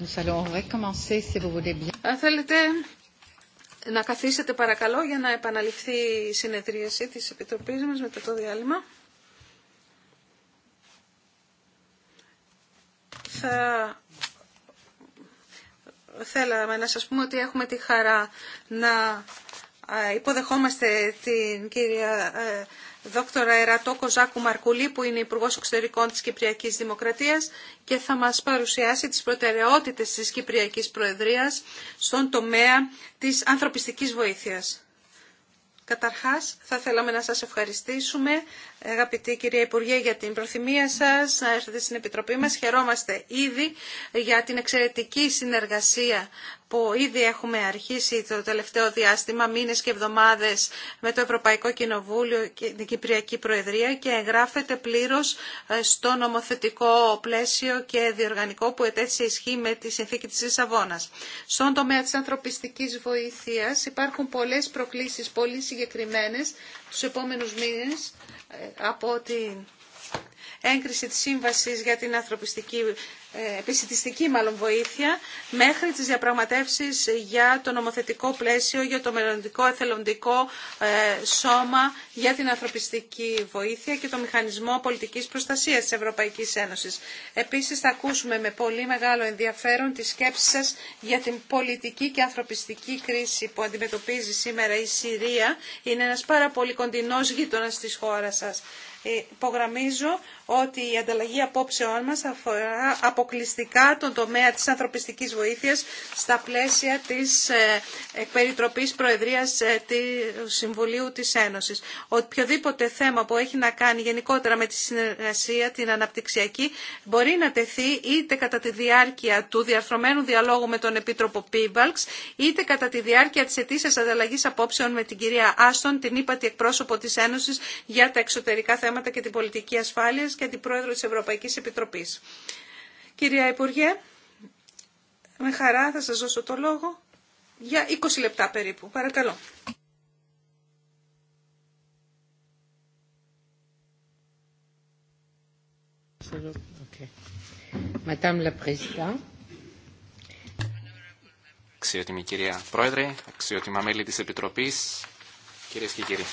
Αν θέλετε να καθίσετε παρακαλώ για να επαναληφθεί η συνεδρίαση της Επιτροπής μας μετά το διάλειμμα. Θα θέλαμε να σας πούμε ότι έχουμε τη χαρά να ε, υποδεχόμαστε την κυρία ε, δόκτωρα Ερατό Κοζάκου Μαρκουλή που είναι Υπουργό Εξωτερικών τη Κυπριακή Δημοκρατία, και θα μα παρουσιάσει τι προτεραιότητε τη Κυπριακή Προεδρία στον τομέα τη ανθρωπιστική βοήθεια. Καταρχάς θα θέλαμε να σας ευχαριστήσουμε αγαπητή κυρία Υπουργέ για την προθυμία σας να έρθετε στην Επιτροπή μας. Χαιρόμαστε ήδη για την εξαιρετική συνεργασία που ήδη έχουμε αρχίσει το τελευταίο διάστημα, μήνες και εβδομάδες με το Ευρωπαϊκό Κοινοβούλιο και την Κυπριακή Προεδρία και εγγράφεται πλήρως ε, στο νομοθετικό πλαίσιο και διοργανικό που ετέθησε ισχύ με τη συνθήκη της Λισαβόνας. Στον τομέα της ανθρωπιστικής βοήθειας υπάρχουν πολλές προκλήσεις, πολύ συγκεκριμένες τους επόμενους μήνες ε, από την έγκριση της Σύμβασης για την ανθρωπιστική, ε, επισητιστική μάλλον βοήθεια, μέχρι τις διαπραγματεύσεις για το νομοθετικό πλαίσιο, για το μελλοντικό εθελοντικό ε, σώμα για την ανθρωπιστική βοήθεια και το μηχανισμό πολιτικής προστασίας της Ευρωπαϊκής Ένωσης. Επίσης θα ακούσουμε με πολύ μεγάλο ενδιαφέρον τη σκέψη σας για την πολιτική και ανθρωπιστική κρίση που αντιμετωπίζει σήμερα η Συρία. Είναι ένας πάρα πολύ κοντινός γείτονας της χώρας σας. Ε, υπογραμμίζω ότι η ανταλλαγή απόψεών μας αφορά αποκλειστικά τον τομέα της ανθρωπιστικής βοήθειας στα πλαίσια της περιτροπής προεδρίας ε, του Συμβουλίου της Ένωσης. Οποιοδήποτε θέμα που έχει να κάνει γενικότερα με τη συνεργασία, την αναπτυξιακή, μπορεί να τεθεί είτε κατά τη διάρκεια του διαρθρωμένου διαλόγου με τον Επίτροπο Πίμπαλξ, είτε κατά τη διάρκεια της ετήσιας ανταλλαγής απόψεων με την κυρία Άστον, την ύπατη εκπρόσωπο της Ένωσης για τα εξωτερικά θέματα και την πολιτική ασφάλεια και Αντιπρόεδρο της Ευρωπαϊκής Επιτροπής. Κυρία Υπουργέ, με χαρά θα σας δώσω το λόγο για 20 λεπτά περίπου. Παρακαλώ. Αξιότιμη κυρία Πρόεδρε, αξιότιμα μέλη της Επιτροπής, κυρίες και κύριοι.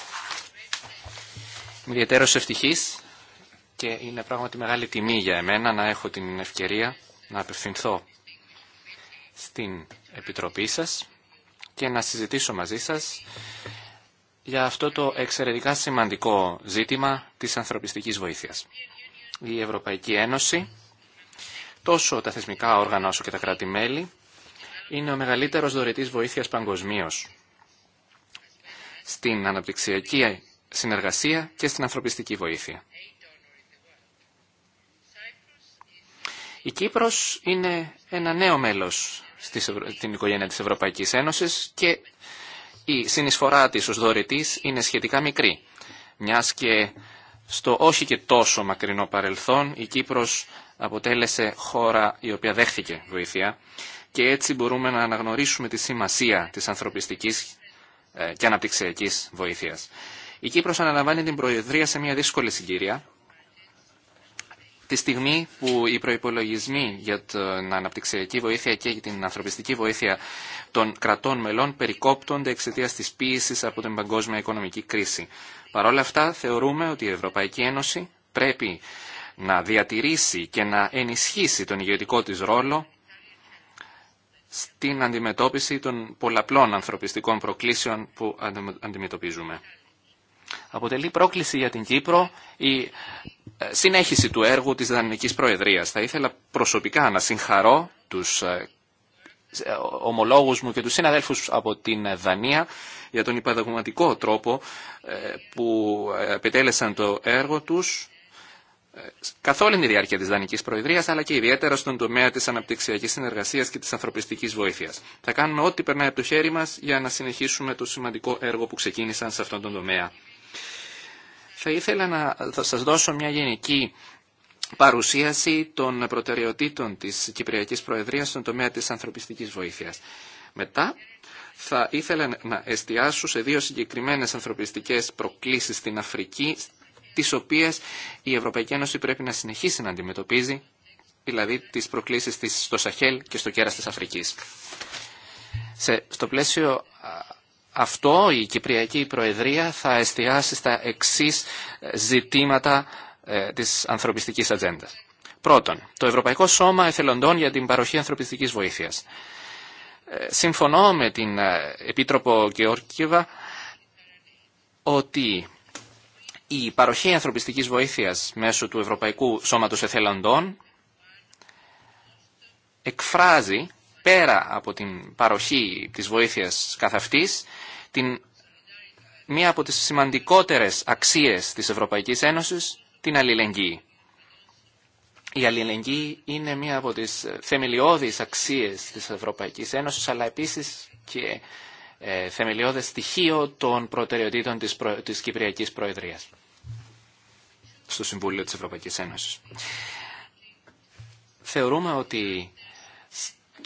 Είμαι ιδιαίτερος ευτυχής και είναι πράγματι μεγάλη τιμή για εμένα να έχω την ευκαιρία να απευθυνθώ στην Επιτροπή σας και να συζητήσω μαζί σας για αυτό το εξαιρετικά σημαντικό ζήτημα της ανθρωπιστικής βοήθειας. Η Ευρωπαϊκή Ένωση, τόσο τα θεσμικά όργανα όσο και τα κράτη-μέλη, είναι ο μεγαλύτερος δωρητής βοήθειας παγκοσμίω στην αναπτυξιακή συνεργασία και στην ανθρωπιστική βοήθεια. Η Κύπρος είναι ένα νέο μέλος στην οικογένεια της Ευρωπαϊκής Ένωσης και η συνεισφορά της ως δωρητής είναι σχετικά μικρή. Μιας και στο όχι και τόσο μακρινό παρελθόν η Κύπρος αποτέλεσε χώρα η οποία δέχθηκε βοήθεια και έτσι μπορούμε να αναγνωρίσουμε τη σημασία της ανθρωπιστικής ε, και αναπτυξιακής βοήθειας. Η Κύπρος αναλαμβάνει την προεδρία σε μια δύσκολη συγκυρία Τη στιγμή που οι προϋπολογισμοί για ε, την αναπτυξιακή βοήθεια και για την ανθρωπιστική βοήθεια των κρατών μελών περικόπτονται εξαιτίας της πίεσης από την παγκόσμια οικονομική κρίση. Παρ' όλα αυτά θεωρούμε ότι η Ευρωπαϊκή Ένωση πρέπει να διατηρήσει και να ενισχύσει τον ηγετικό της ρόλο στην αντιμετώπιση των πολλαπλών ανθρωπιστικών προκλήσεων που αντιμετωπίζουμε αποτελεί πρόκληση για την Κύπρο η ε, συνέχιση του έργου της Δανεικής Προεδρίας. Θα ήθελα προσωπικά να συγχαρώ τους ε, ε, ομολόγους μου και τους συναδέλφους από την Δανία για τον υπαδογματικό τρόπο που επιτέλεσαν το έργο τους καθ' όλη τη διάρκεια της Δανικής Προεδρίας, αλλά και ιδιαίτερα στον τομέα της αναπτυξιακής συνεργασίας και της ανθρωπιστικής βοήθειας. Θα κάνουμε ό,τι περνάει από το χέρι μας για να συνεχίσουμε το σημαντικό έργο που ξεκίνησαν σε αυτόν τον τομέα θα ήθελα να σας δώσω μια γενική παρουσίαση των προτεραιοτήτων της Κυπριακής Προεδρίας στον τομέα της ανθρωπιστικής βοήθειας. Μετά θα ήθελα να εστιάσω σε δύο συγκεκριμένες ανθρωπιστικές προκλήσεις στην Αφρική, τις οποίες η Ευρωπαϊκή Ένωση πρέπει να συνεχίσει να αντιμετωπίζει, δηλαδή τις προκλήσεις στο Σαχέλ και στο κέρας της Αφρικής. στο πλαίσιο αυτό η Κυπριακή Προεδρία θα εστιάσει στα εξής ε, ζητήματα ε, της ανθρωπιστικής ατζέντα. Πρώτον, το Ευρωπαϊκό Σώμα Εθελοντών για την παροχή ανθρωπιστικής βοήθειας. Ε, συμφωνώ με την Επίτροπο Γεώργιεβα ότι η παροχή ανθρωπιστικής βοήθειας μέσω του Ευρωπαϊκού Σώματος Εθελοντών εκφράζει πέρα από την παροχή της βοήθειας καθ' αυτής, την, μία από τις σημαντικότερες αξίες της Ευρωπαϊκής Ένωσης, την αλληλεγγύη. Η αλληλεγγύη είναι μία από τις θεμελιώδεις αξίες της Ευρωπαϊκής Ένωσης, αλλά επίσης και ε, θεμελιώδες στοιχείο των προτεραιοτήτων της, της Κυπριακής Προεδρίας στο Συμβούλιο της Ευρωπαϊκής Ένωσης. Θεωρούμε ότι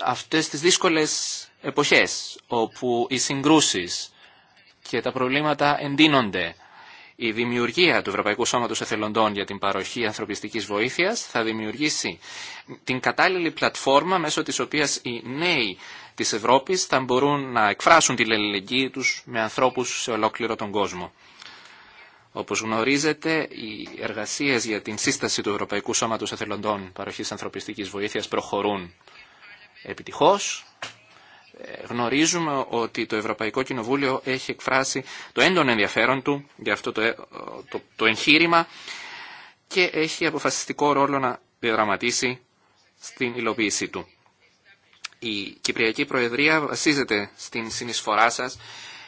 αυτές τις δύσκολες εποχές όπου οι συγκρούσεις και τα προβλήματα εντείνονται. Η δημιουργία του Ευρωπαϊκού Σώματος Εθελοντών για την παροχή ανθρωπιστικής βοήθειας θα δημιουργήσει την κατάλληλη πλατφόρμα μέσω της οποίας οι νέοι της Ευρώπης θα μπορούν να εκφράσουν τη λελεγγύη τους με ανθρώπους σε ολόκληρο τον κόσμο. Όπως γνωρίζετε, οι εργασίες για την σύσταση του Ευρωπαϊκού Σώματος Εθελοντών Παροχής Ανθρωπιστικής Βοήθειας προχωρούν επιτυχώς. Ε, γνωρίζουμε ότι το Ευρωπαϊκό Κοινοβούλιο έχει εκφράσει το έντονο ενδιαφέρον του για αυτό ε, το, το, εγχείρημα και έχει αποφασιστικό ρόλο να διαδραματίσει στην υλοποίησή του. Η Κυπριακή Προεδρία βασίζεται στην συνεισφορά σας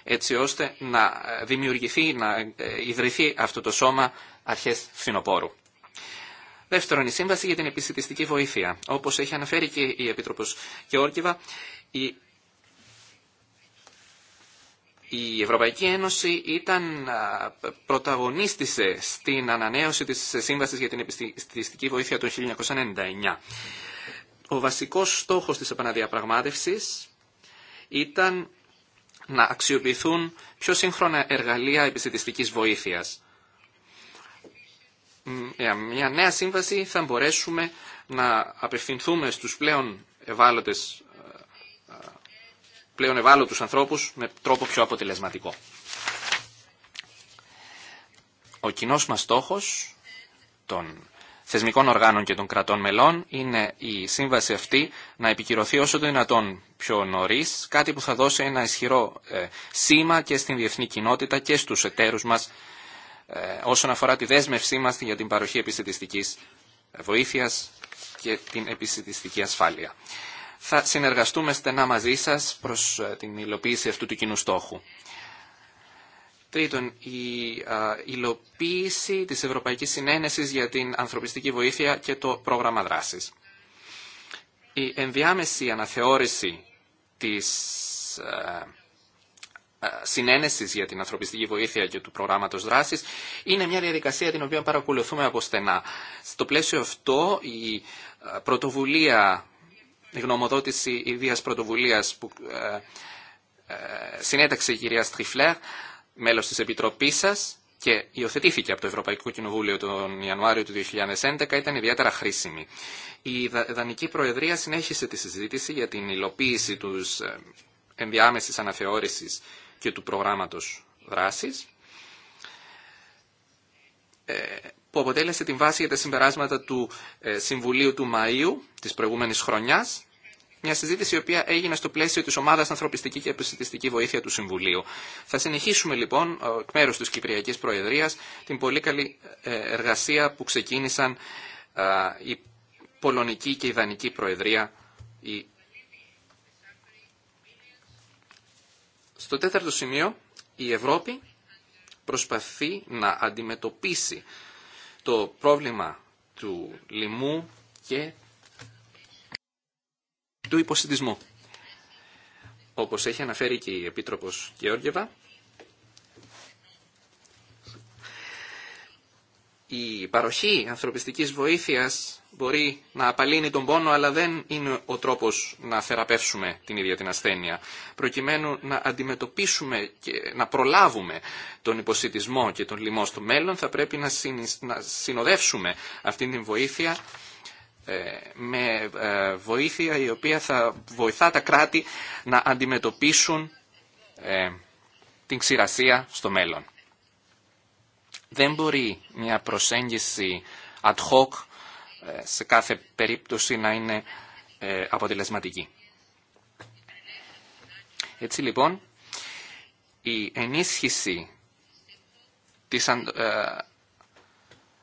έτσι ώστε να δημιουργηθεί, να ε, ιδρυθεί αυτό το σώμα αρχές φθινοπόρου. Δεύτερον, η Σύμβαση για την Επιστημιστική Βοήθεια. Όπω έχει αναφέρει και η Επίτροπο Γεώργιβα, η η Ευρωπαϊκή Ένωση ήταν πρωταγωνίστησε στην ανανέωση της Σύμβασης για την Επιστημιστική Βοήθεια το 1999. Ο βασικός στόχος της επαναδιαπραγμάτευση ήταν να αξιοποιηθούν πιο σύγχρονα εργαλεία επιστημιστικής βοήθειας. Ε, μια νέα σύμβαση θα μπορέσουμε να απευθυνθούμε στους πλέον ευάλωτες ε, ε, πλέον ευάλωτους ανθρώπους με τρόπο πιο αποτελεσματικό. Ο κοινό μας στόχος των θεσμικών οργάνων και των κρατών μελών είναι η σύμβαση αυτή να επικυρωθεί όσο το δυνατόν πιο νωρίς, κάτι που θα δώσει ένα ισχυρό σήμα και στην διεθνή κοινότητα και στους εταίρους μας ε, όσον αφορά τη δέσμευσή μας για την παροχή επιστημιστικής βοήθειας και την επιστημιστική ασφάλεια. Θα συνεργαστούμε στενά μαζί σας προς ε, την υλοποίηση αυτού του κοινού στόχου. Τρίτον, η υλοποίηση της Ευρωπαϊκής Συνένεσης για την ανθρωπιστική βοήθεια και το πρόγραμμα δράσης. Η ενδιάμεση αναθεώρηση της ε, ε, συνένεση για την ανθρωπιστική βοήθεια και του προγράμματο δράση είναι μια διαδικασία την οποία παρακολουθούμε από στενά. Στο πλαίσιο αυτό η ε, πρωτοβουλία, η γνωμοδότηση ιδίας πρωτοβουλίας που ε, συνέταξε η κυρία Στριφλέρ, μέλος της Επιτροπής σας, και υιοθετήθηκε από το Ευρωπαϊκό Κοινοβούλιο τον Ιανουάριο του 2011 ήταν ιδιαίτερα χρήσιμη. Η Δανική Προεδρία συνέχισε τη συζήτηση για την υλοποίηση τους ενδιάμεση αναθεώρηση και του προγράμματος δράσης ε, που αποτέλεσε την βάση για τα συμπεράσματα του ε, Συμβουλίου του Μαΐου της προηγούμενης χρονιάς μια συζήτηση η οποία έγινε στο πλαίσιο της Ομάδας Ανθρωπιστική και Επιστημιστική Βοήθεια του Συμβουλίου. Θα συνεχίσουμε λοιπόν, εκ μέρους τη Κυπριακή Προεδρία, την πολύ καλή ε, εργασία που ξεκίνησαν η Πολωνική και η Δανική Προεδρία, η Στο τέταρτο σημείο, η Ευρώπη προσπαθεί να αντιμετωπίσει το πρόβλημα του λοιμού και του υποσυντισμού. Όπως έχει αναφέρει και η Επίτροπος Γεώργεβα, Η παροχή ανθρωπιστικής βοήθειας μπορεί να απαλύνει τον πόνο, αλλά δεν είναι ο τρόπος να θεραπεύσουμε την ίδια την ασθένεια. Προκειμένου να αντιμετωπίσουμε και να προλάβουμε τον υποσυτισμό και τον λοιμό στο μέλλον, θα πρέπει να συνοδεύσουμε αυτή την βοήθεια ε, με ε, βοήθεια η οποία θα βοηθά τα κράτη να αντιμετωπίσουν ε, την ξηρασία στο μέλλον. Δεν μπορεί μια προσέγγιση ad hoc ε, σε κάθε περίπτωση να είναι ε, αποτελεσματική. Έτσι λοιπόν, η ενίσχυση της ε,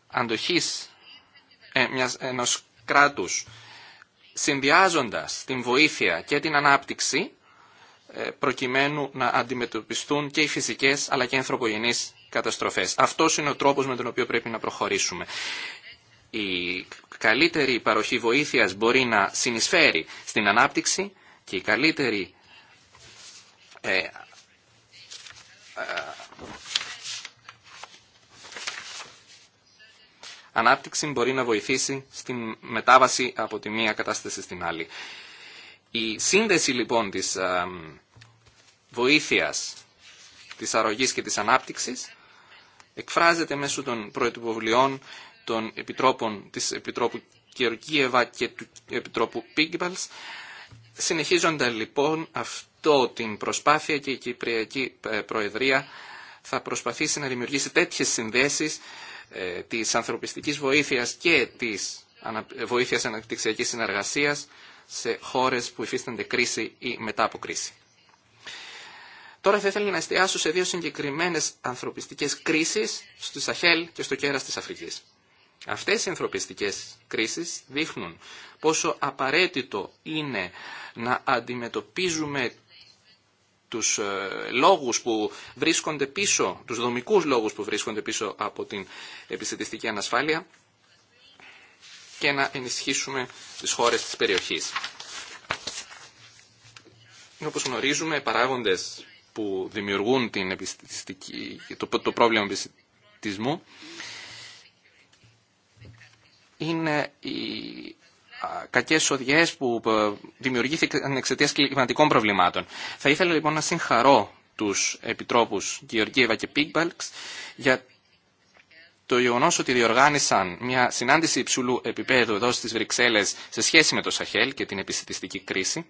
αντοχής ενός κράτους συνδυάζοντας την βοήθεια και την ανάπτυξη ε, προκειμένου να αντιμετωπιστούν και οι φυσικές αλλά και οι ανθρωπογενείς καταστροφές. Αυτός είναι ο τρόπος με τον οποίο πρέπει να προχωρήσουμε. Η καλύτερη παροχή βοήθειας μπορεί να συνεισφέρει στην ανάπτυξη και η καλύτερη ε, ε, ανάπτυξη μπορεί να βοηθήσει στην μετάβαση από τη μία κατάσταση στην άλλη. Η σύνδεση λοιπόν της ε, βοήθειας, της αρρωγής και της ανάπτυξης εκφράζεται μέσω των προετυποβλιών των επιτρόπων της Επιτρόπου Κερκίεβα και του Επιτρόπου Πίγκυπαλς Συνεχίζοντα λοιπόν αυτό την προσπάθεια και η Κυπριακή ε, Προεδρία θα προσπαθήσει να δημιουργήσει τέτοιες συνδέσεις ε, της ανθρωπιστικής βοήθειας και της βοήθειας αναπτυξιακής συνεργασίας σε χώρες που υφίστανται κρίση ή μετά από κρίση. Τώρα θα ήθελα να εστιάσω σε δύο συγκεκριμένες ανθρωπιστικές κρίσεις στη Σαχέλ και στο κέρας της Αφρικής. Αυτές οι ανθρωπιστικές κρίσεις δείχνουν πόσο απαραίτητο είναι να αντιμετωπίζουμε τους ε, λόγους που βρίσκονται πίσω, τους δομικούς λόγους που βρίσκονται πίσω από την επιστημιστική ανασφάλεια και να ενισχύσουμε τις χώρες της περιοχής. Όπως γνωρίζουμε, οι παράγοντες που δημιουργούν την το, το πρόβλημα επιστημισμού είναι οι κακές οδιές που δημιουργήθηκαν εξαιτία κλιματικών προβλημάτων. Θα ήθελα λοιπόν να συγχαρώ τους επιτρόπους Γεωργίευα και Πίγκμπαλξ για το γεγονό ότι διοργάνησαν μια συνάντηση υψηλού επίπεδου εδώ στι Βρυξέλλε σε σχέση με το Σαχέλ και την επιστημιστική κρίση.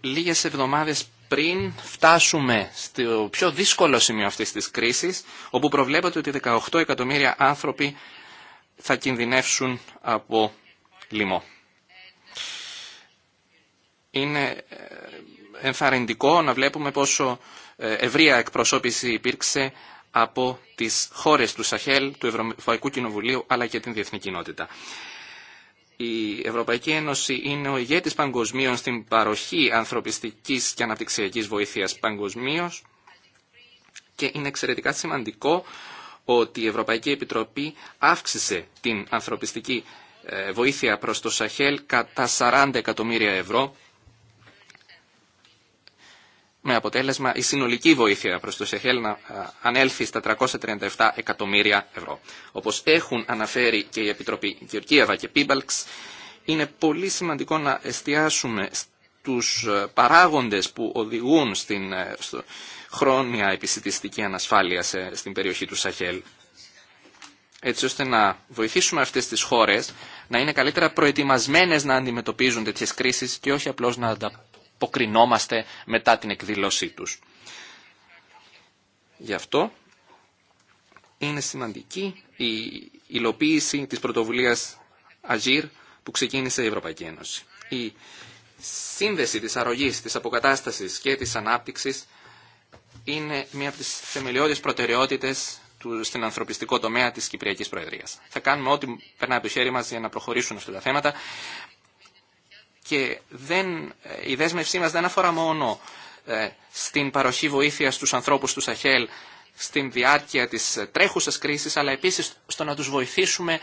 Λίγες εβδομάδες πριν φτάσουμε στο πιο δύσκολο σημείο αυτής της κρίσης, όπου προβλέπεται ότι 18 εκατομμύρια άνθρωποι θα κινδυνεύσουν από λοιμό. Είναι ε, ενθαρρυντικό να βλέπουμε πόσο ε, ευρεία εκπροσώπηση υπήρξε από τις χώρες του Σαχέλ, του Ευρωπαϊκού Κοινοβουλίου αλλά και την διεθνή κοινότητα. Η Ευρωπαϊκή Ένωση είναι ο ηγέτης παγκοσμίων στην παροχή ανθρωπιστικής και αναπτυξιακής βοήθειας παγκοσμίω και είναι εξαιρετικά σημαντικό ότι η Ευρωπαϊκή Επιτροπή αύξησε την ανθρωπιστική ε, βοήθεια προς το Σαχέλ κατά 40 εκατομμύρια ευρώ με αποτέλεσμα η συνολική βοήθεια προς το Σεχέλ να ε, ανέλθει στα 337 εκατομμύρια ευρώ. Όπως έχουν αναφέρει και η Επιτροπή Γεωργίευα και Πίμπαλξ, είναι πολύ σημαντικό να εστιάσουμε τους ε, παράγοντες που οδηγούν στην ε, χρόνια επισητιστική ανασφάλεια στην περιοχή του Σαχέλ. Έτσι ώστε να βοηθήσουμε αυτές τις χώρες να είναι καλύτερα προετοιμασμένες να αντιμετωπίζουν τέτοιες κρίσεις και όχι απλώς να ανταποκριθούν αποκρινόμαστε μετά την εκδήλωσή τους. Γι' αυτό είναι σημαντική η υλοποίηση της πρωτοβουλίας Αγίρ που ξεκίνησε η Ευρωπαϊκή Ένωση. Η σύνδεση της αρρωγής, της αποκατάστασης και της ανάπτυξης είναι μία από τις θεμελιώδεις προτεραιότητες του, στην ανθρωπιστικό τομέα της Κυπριακής Προεδρίας. Θα κάνουμε ό,τι περνάει από το χέρι μας για να προχωρήσουν αυτά τα θέματα και δεν, η δέσμευσή μας δεν αφορά μόνο ε, στην παροχή βοήθειας στους ανθρώπους του Σαχέλ στην διάρκεια της τρέχουσας κρίσης, αλλά επίσης στο να τους βοηθήσουμε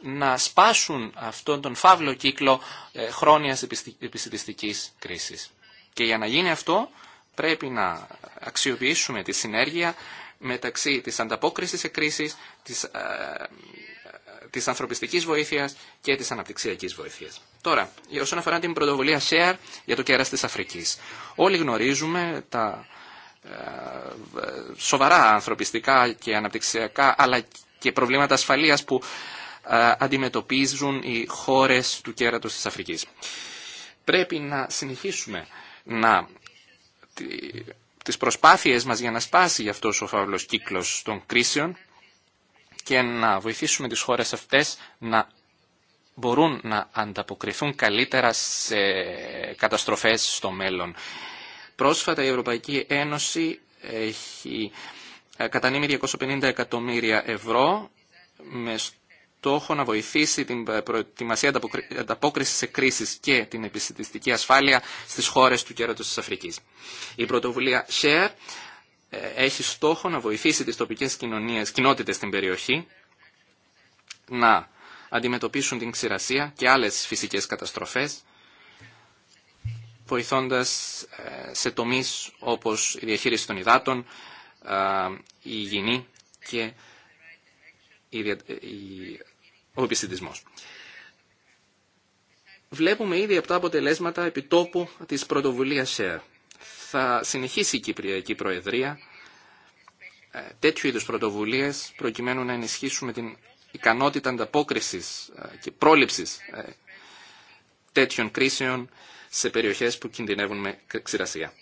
να σπάσουν αυτόν τον φαύλο κύκλο ε, χρόνιας επιστημιστικής κρίσης. Και για να γίνει αυτό πρέπει να αξιοποιήσουμε τη συνέργεια μεταξύ της ανταπόκρισης σε κρίση, της ε, τη ανθρωπιστικής βοήθειας και της αναπτυξιακής βοήθειας. Τώρα, όσον αφορά την πρωτοβουλία SHARE για το κέρα της Αφρική. Όλοι γνωρίζουμε τα ε, σοβαρά ανθρωπιστικά και αναπτυξιακά αλλά και προβλήματα ασφαλείας που ε, αντιμετωπίζουν οι χώρες του κέρατος της Αφρική. Πρέπει να συνεχίσουμε να τις προσπάθειες μας για να σπάσει αυτός ο φαύλος κύκλος των κρίσεων και να βοηθήσουμε τις χώρες αυτές να μπορούν να ανταποκριθούν καλύτερα σε καταστροφές στο μέλλον. Πρόσφατα η Ευρωπαϊκή Ένωση έχει ε, κατανείμει 250 εκατομμύρια ευρώ με στόχο να βοηθήσει την προετοιμασία ανταπόκριση σε κρίσεις και την επιστημιστική ασφάλεια στις χώρες του κέρατος της Αφρικής. Η πρωτοβουλία SHARE ε, έχει στόχο να βοηθήσει τις τοπικές κοινωνίες, κοινότητες στην περιοχή να αντιμετωπίσουν την ξηρασία και άλλες φυσικές καταστροφές, βοηθώντας ε, σε τομείς όπως η διαχείριση των υδάτων, ε, η υγιεινή και ο επιστημισμός. Βλέπουμε ήδη από τα αποτελέσματα επιτόπου της πρωτοβουλίας ΣΕΡ θα συνεχίσει η Κυπριακή Προεδρία ε, τέτοιου είδους πρωτοβουλίες προκειμένου να ενισχύσουμε την ικανότητα ανταπόκρισης ε, και πρόληψης ε, τέτοιων κρίσεων σε περιοχές που κινδυνεύουν με ξηρασία.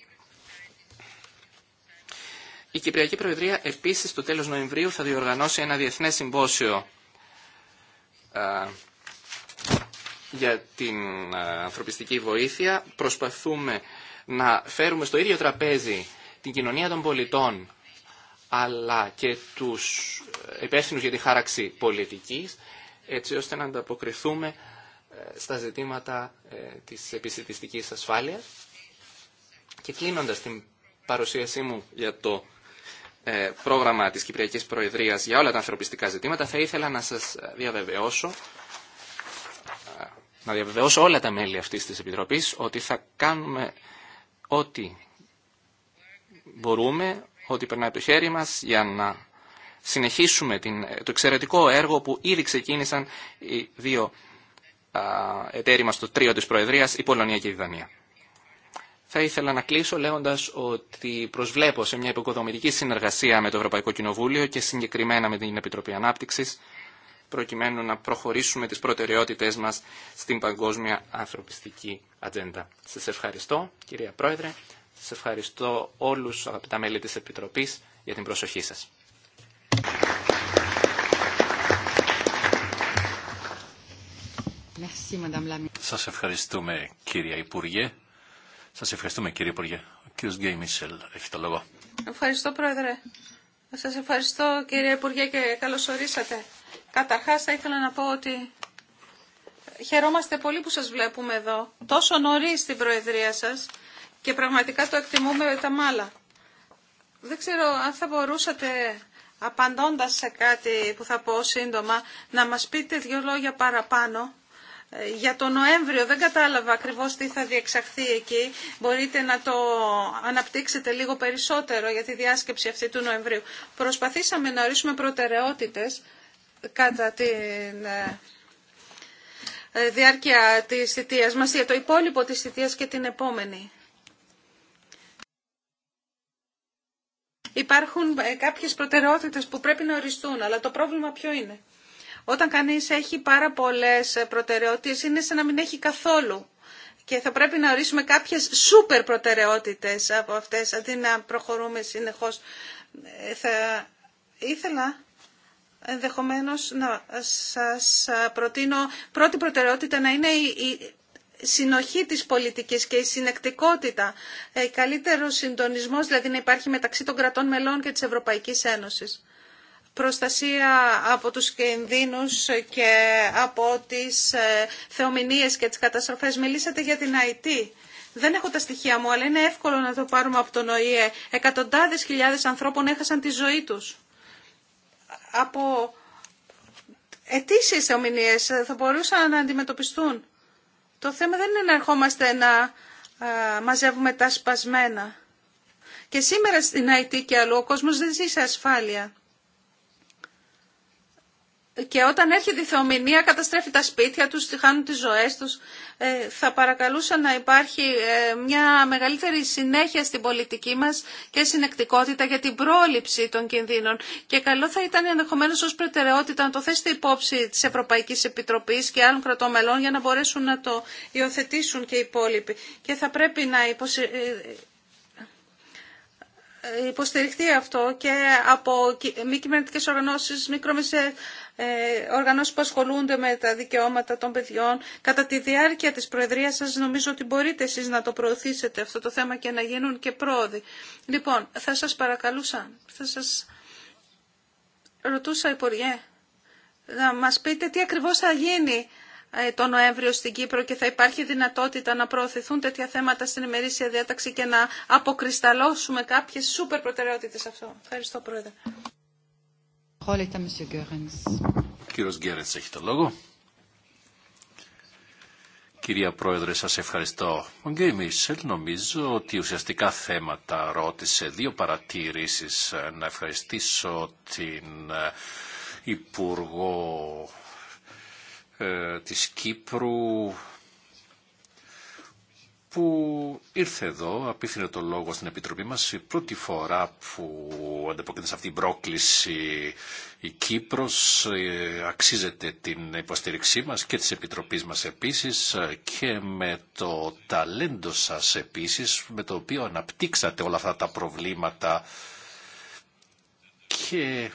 Η Κυπριακή Προεδρία επίσης το τέλος Νοεμβρίου θα διοργανώσει ένα διεθνές συμπόσιο για την ανθρωπιστική βοήθεια. Προσπαθούμε να φέρουμε στο ίδιο τραπέζι την κοινωνία των πολιτών αλλά και τους υπεύθυνου για τη χάραξη πολιτικής έτσι ώστε να ανταποκριθούμε ε, στα ζητήματα ε, της επιστημιστικής ασφάλειας. Και κλείνοντας την παρουσίασή μου για το ε, πρόγραμμα της Κυπριακής Προεδρίας για όλα τα ανθρωπιστικά ζητήματα, θα ήθελα να σας διαβεβαιώσω, να διαβεβαιώσω όλα τα μέλη αυτής της Επιτροπής, ότι θα κάνουμε ό,τι μπορούμε, ό,τι περνάει το χέρι μας για να συνεχίσουμε την, το εξαιρετικό έργο που ήδη ξεκίνησαν οι δύο α, εταίροι μας, το τρίο της Προεδρίας, η Πολωνία και η Δανία. Θα ήθελα να κλείσω λέγοντας ότι προσβλέπω σε μια υποκοδομητική συνεργασία με το Ευρωπαϊκό Κοινοβούλιο και συγκεκριμένα με την Επιτροπή Ανάπτυξης προκειμένου να προχωρήσουμε τις προτεραιότητες μας στην παγκόσμια ανθρωπιστική ατζέντα. Σας ευχαριστώ, κυρία Πρόεδρε. Σας ευχαριστώ όλους, αγαπητά μέλη της Επιτροπής, για την προσοχή σας. Σας ευχαριστούμε, κύρια Υπουργέ. Σας ευχαριστούμε, κύριε Υπουργέ. Ο κύριος Γκέι Μίσελ έχει το λόγο. Ευχαριστώ, Πρόεδρε. Σας ευχαριστώ, κύριε Υπουργέ, και καλώς ορίσατε. Καταρχάς θα ήθελα να πω ότι χαιρόμαστε πολύ που σας βλέπουμε εδώ. Τόσο νωρίς στην Προεδρία σας και πραγματικά το εκτιμούμε τα μάλα. Δεν ξέρω αν θα μπορούσατε απαντώντας σε κάτι που θα πω σύντομα να μας πείτε δύο λόγια παραπάνω. Ε, για το Νοέμβριο δεν κατάλαβα ακριβώς τι θα διεξαχθεί εκεί. Μπορείτε να το αναπτύξετε λίγο περισσότερο για τη διάσκεψη αυτή του Νοεμβρίου. Προσπαθήσαμε να ορίσουμε προτεραιότητες κατά τη ε, ε, διάρκεια της θητείας μας, για το υπόλοιπο της θητείας και την επόμενη. Υπάρχουν ε, κάποιες προτεραιότητες που πρέπει να οριστούν, αλλά το πρόβλημα ποιο είναι. Όταν κανείς έχει πάρα πολλές προτεραιότητες, είναι σαν να μην έχει καθόλου. Και θα πρέπει να ορίσουμε κάποιες σούπερ προτεραιότητες από αυτές, αντί να προχωρούμε συνεχώς. ήθελα ενδεχομένως να σας προτείνω πρώτη προτεραιότητα να είναι η συνοχή της πολιτικής και η συνεκτικότητα, ε, καλύτερο συντονισμός δηλαδή να υπάρχει μεταξύ των κρατών μελών και της Ευρωπαϊκής Ένωσης. Προστασία από τους κινδύνους και από τις ε, θεομηνίες και τις καταστροφές. Μιλήσατε για την ΑΕΤ. Δεν έχω τα στοιχεία μου, αλλά είναι εύκολο να το πάρουμε από τον ΟΗΕ. Εκατοντάδες χιλιάδες ανθρώπων έχασαν τη ζωή τους από αιτήσει ομιλίες ε, θα μπορούσαν να αντιμετωπιστούν. Το θέμα δεν είναι να ερχόμαστε να ε, μαζεύουμε τα σπασμένα. Και σήμερα στην ΑΕΤ και αλλού ο κόσμος δεν ζει σε ασφάλεια. Και όταν έρχεται η θεομηνία, καταστρέφει τα σπίτια τους, χάνουν τις ζωές τους. Ε, θα παρακαλούσα να υπάρχει ε, μια μεγαλύτερη συνέχεια στην πολιτική μας και συνεκτικότητα για την πρόληψη των κινδύνων. Και καλό θα ήταν ενδεχομένω ως προτεραιότητα να το θέσετε υπόψη της Ευρωπαϊκής Επιτροπής και άλλων κρατομελών για να μπορέσουν να το υιοθετήσουν και οι υπόλοιποι. Και θα πρέπει να υποσυ ε, υποστηριχθεί αυτό και από μη κυβερνητικέ οργανώσει, μικρομεσαίε ε, οργανώσεις που ασχολούνται με τα δικαιώματα των παιδιών. Κατά τη διάρκεια της Προεδρίας σας νομίζω ότι μπορείτε εσείς να το προωθήσετε αυτό το θέμα και να γίνουν και πρόοδοι. Λοιπόν, θα σας παρακαλούσα, θα σας ρωτούσα Υπουργέ, να μας πείτε τι ακριβώς θα γίνει ε, το Νοέμβριο στην Κύπρο και θα υπάρχει δυνατότητα να προωθηθούν τέτοια θέματα στην ημερήσια διάταξη και να αποκρισταλώσουμε κάποιες σούπερ προτεραιότητες αυτό. Ευχαριστώ Πρόεδρε. Κύριος Γκέρετς έχει το λόγο. Κυρία Πρόεδρε, σας ευχαριστώ. Ο Γκέι Μίσελ νομίζω ότι ουσιαστικά θέματα ρώτησε δύο παρατήρησεις. Να ευχαριστήσω την ε, Υπουργό ε, της Κύπρου που ήρθε εδώ, απίθυνε το λόγο στην Επιτροπή μας, η πρώτη φορά που ανταποκρίνεται σε αυτή την πρόκληση η Κύπρος, ε, αξίζεται την υποστήριξή μας και της Επιτροπής μας επίσης ε, και με το ταλέντο σας επίσης, με το οποίο αναπτύξατε όλα αυτά τα προβλήματα και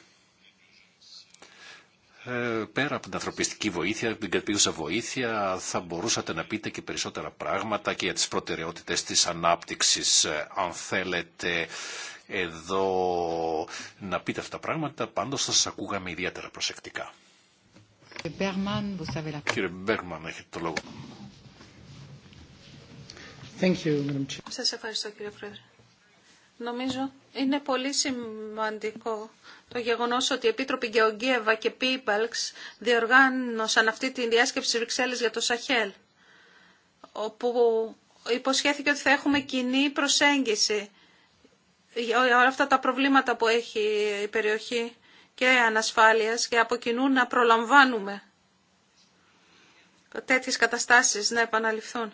ε, πέρα από την ανθρωπιστική βοήθεια, την κατεπίγουσα βοήθεια, θα μπορούσατε να πείτε και περισσότερα πράγματα και για τις προτεραιότητες της ανάπτυξης, ε, αν θέλετε εδώ να πείτε αυτά τα πράγματα, πάντως θα σας ακούγαμε ιδιαίτερα προσεκτικά. Κύριε Μπέρμαν, έχετε το λόγο. Thank Σας ευχαριστώ κύριε Πρόεδρε. Νομίζω είναι πολύ σημαντικό το γεγονός ότι οι Επίτροποι Γεωργίευα και Πίπαλξ διοργάνωσαν αυτή τη διάσκεψη Βρυξέλλες για το Σαχέλ, όπου υποσχέθηκε ότι θα έχουμε κοινή προσέγγιση για όλα αυτά τα προβλήματα που έχει η περιοχή και ανασφάλειας και από κοινού να προλαμβάνουμε τέτοιες καταστάσεις να επαναληφθούν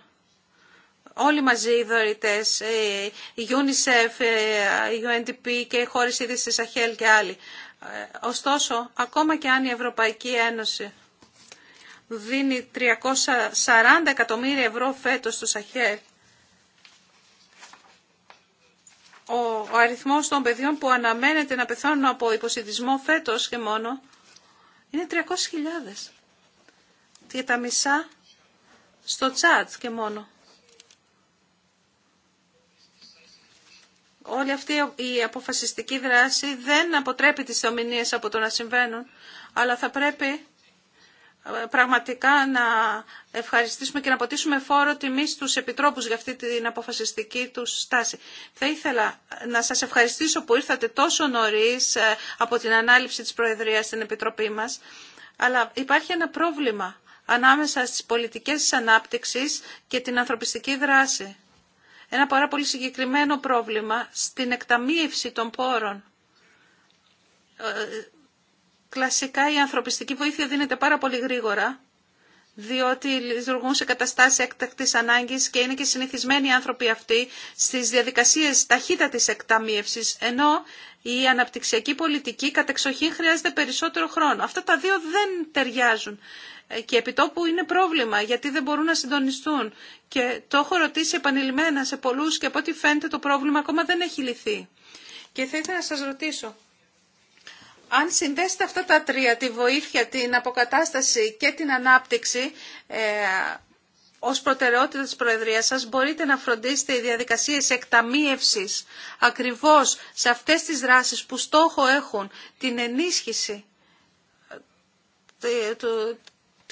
όλοι μαζί οι δωρητές, ε, η UNICEF, ε, η UNDP και οι χώρες ήδη στη Σαχέλ και άλλοι. Ε, ωστόσο, ακόμα και αν η Ευρωπαϊκή Ένωση δίνει 340 εκατομμύρια ευρώ φέτος στο Σαχέλ, ο αριθμός των παιδιών που αναμένεται να πεθάνουν από υποσυντισμό φέτος και μόνο είναι 300.000. Και τα μισά στο τσάτ και μόνο. όλη αυτή η αποφασιστική δράση δεν αποτρέπει τις ομιλίες από το να συμβαίνουν, αλλά θα πρέπει ε, πραγματικά να ευχαριστήσουμε και να ποτίσουμε φόρο τιμή στους επιτρόπους για αυτή την αποφασιστική τους στάση. Θα ήθελα ε, να σας ευχαριστήσω που ήρθατε τόσο νωρίς ε, από την ανάληψη της Προεδρίας στην Επιτροπή μας, αλλά υπάρχει ένα πρόβλημα ανάμεσα στις πολιτικές της ανάπτυξης και την ανθρωπιστική δράση ένα πάρα πολύ συγκεκριμένο πρόβλημα στην εκταμείευση των πόρων. Ε, κλασικά η ανθρωπιστική βοήθεια δίνεται πάρα πολύ γρήγορα, διότι λειτουργούν σε καταστάσεις έκτακτης ανάγκης και είναι και συνηθισμένοι οι άνθρωποι αυτοί στις διαδικασίες ταχύτατης εκταμείευσης, ενώ η αναπτυξιακή πολιτική κατεξοχήν χρειάζεται περισσότερο χρόνο. Αυτά τα δύο δεν ταιριάζουν. Ε, και επιτόπου είναι πρόβλημα γιατί δεν μπορούν να συντονιστούν. Και το έχω ρωτήσει επανειλημμένα σε πολλούς και από ό,τι φαίνεται το πρόβλημα ακόμα δεν έχει λυθεί. Και θα ήθελα να σας ρωτήσω, αν συνδέσετε αυτά τα τρία, τη βοήθεια, την αποκατάσταση και την ανάπτυξη, ε, ως προτεραιότητα της Προεδρίας σας μπορείτε να φροντίσετε οι διαδικασίες εκταμίευσης ακριβώς σε αυτές τις δράσεις που στόχο έχουν την ενίσχυση ε,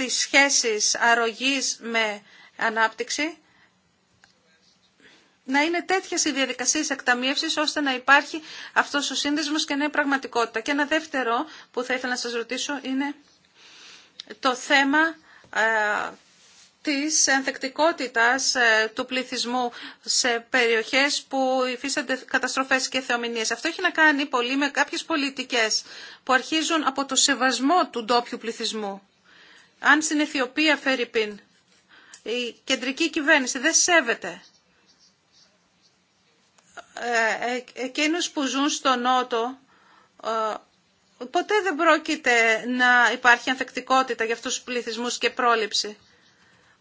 τις σχέσεις αρρωγής με ανάπτυξη, να είναι τέτοιες οι διαδικασίε εκταμίευσης, ώστε να υπάρχει αυτό ο σύνδεσμο και να είναι πραγματικότητα. Και ένα δεύτερο που θα ήθελα να σα ρωτήσω είναι το θέμα ε, της ανθεκτικότητας ε, του πληθυσμού σε περιοχές που υφίστανται καταστροφές και θεομηνίες. Αυτό έχει να κάνει πολύ με κάποιες πολιτικές που αρχίζουν από το σεβασμό του ντόπιου πληθυσμού. Αν στην Αιθιοπία, Φερρυπίν, η κεντρική κυβέρνηση δεν σέβεται ε, ε, εκείνους που ζουν στο Νότο, ε, ποτέ δεν πρόκειται να υπάρχει ανθεκτικότητα για αυτούς τους πληθυσμούς και πρόληψη.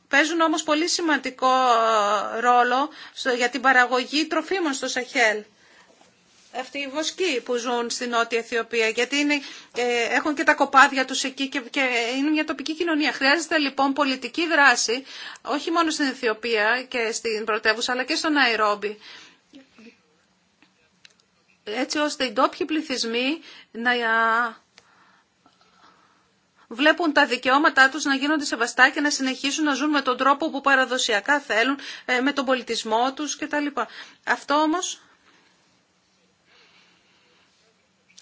Παίζουν όμως πολύ σημαντικό ρόλο για την παραγωγή τροφίμων στο Σαχέλ αυτοί οι βοσκοί που ζουν στην Νότια Αιθιοπία, γιατί ε, έχουν και τα κοπάδια τους εκεί και, είναι μια τοπική κοινωνία. Χρειάζεται λοιπόν πολιτική δράση, όχι μόνο στην Αιθιοπία και στην πρωτεύουσα, αλλά και στον Αϊρόμπι. Έτσι ώστε οι ντόπιοι πληθυσμοί να βλέπουν τα δικαιώματά τους να γίνονται σεβαστά και να συνεχίσουν να ζουν με τον τρόπο που παραδοσιακά θέλουν, ε, με τον πολιτισμό τους κτλ. Αυτό όμως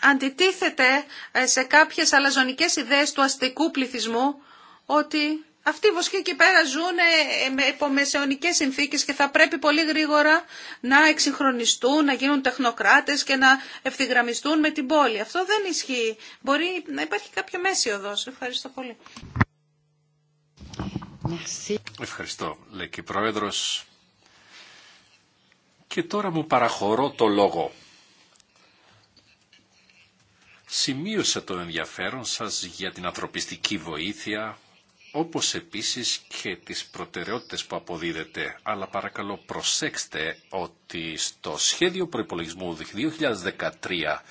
αντιτίθεται ε, σε κάποιες αλαζονικές ιδέες του αστικού πληθυσμού ότι αυτοί οι βοσκοί εκεί πέρα ζουν ε, με υπομεσαιωνικές συνθήκες και θα πρέπει πολύ γρήγορα να εξυγχρονιστούν, να γίνουν τεχνοκράτες και να ευθυγραμμιστούν με την πόλη. Αυτό δεν ισχύει. Μπορεί να υπάρχει κάποιο μέση οδός. Ευχαριστώ πολύ. Ευχαριστώ, λέει και η Πρόεδρος. Και τώρα μου παραχωρώ το λόγο. Σημείωσα το ενδιαφέρον σας για την ανθρωπιστική βοήθεια, όπως επίσης και τις προτεραιότητες που αποδίδεται. Αλλά παρακαλώ προσέξτε ότι στο σχέδιο προϋπολογισμού 2013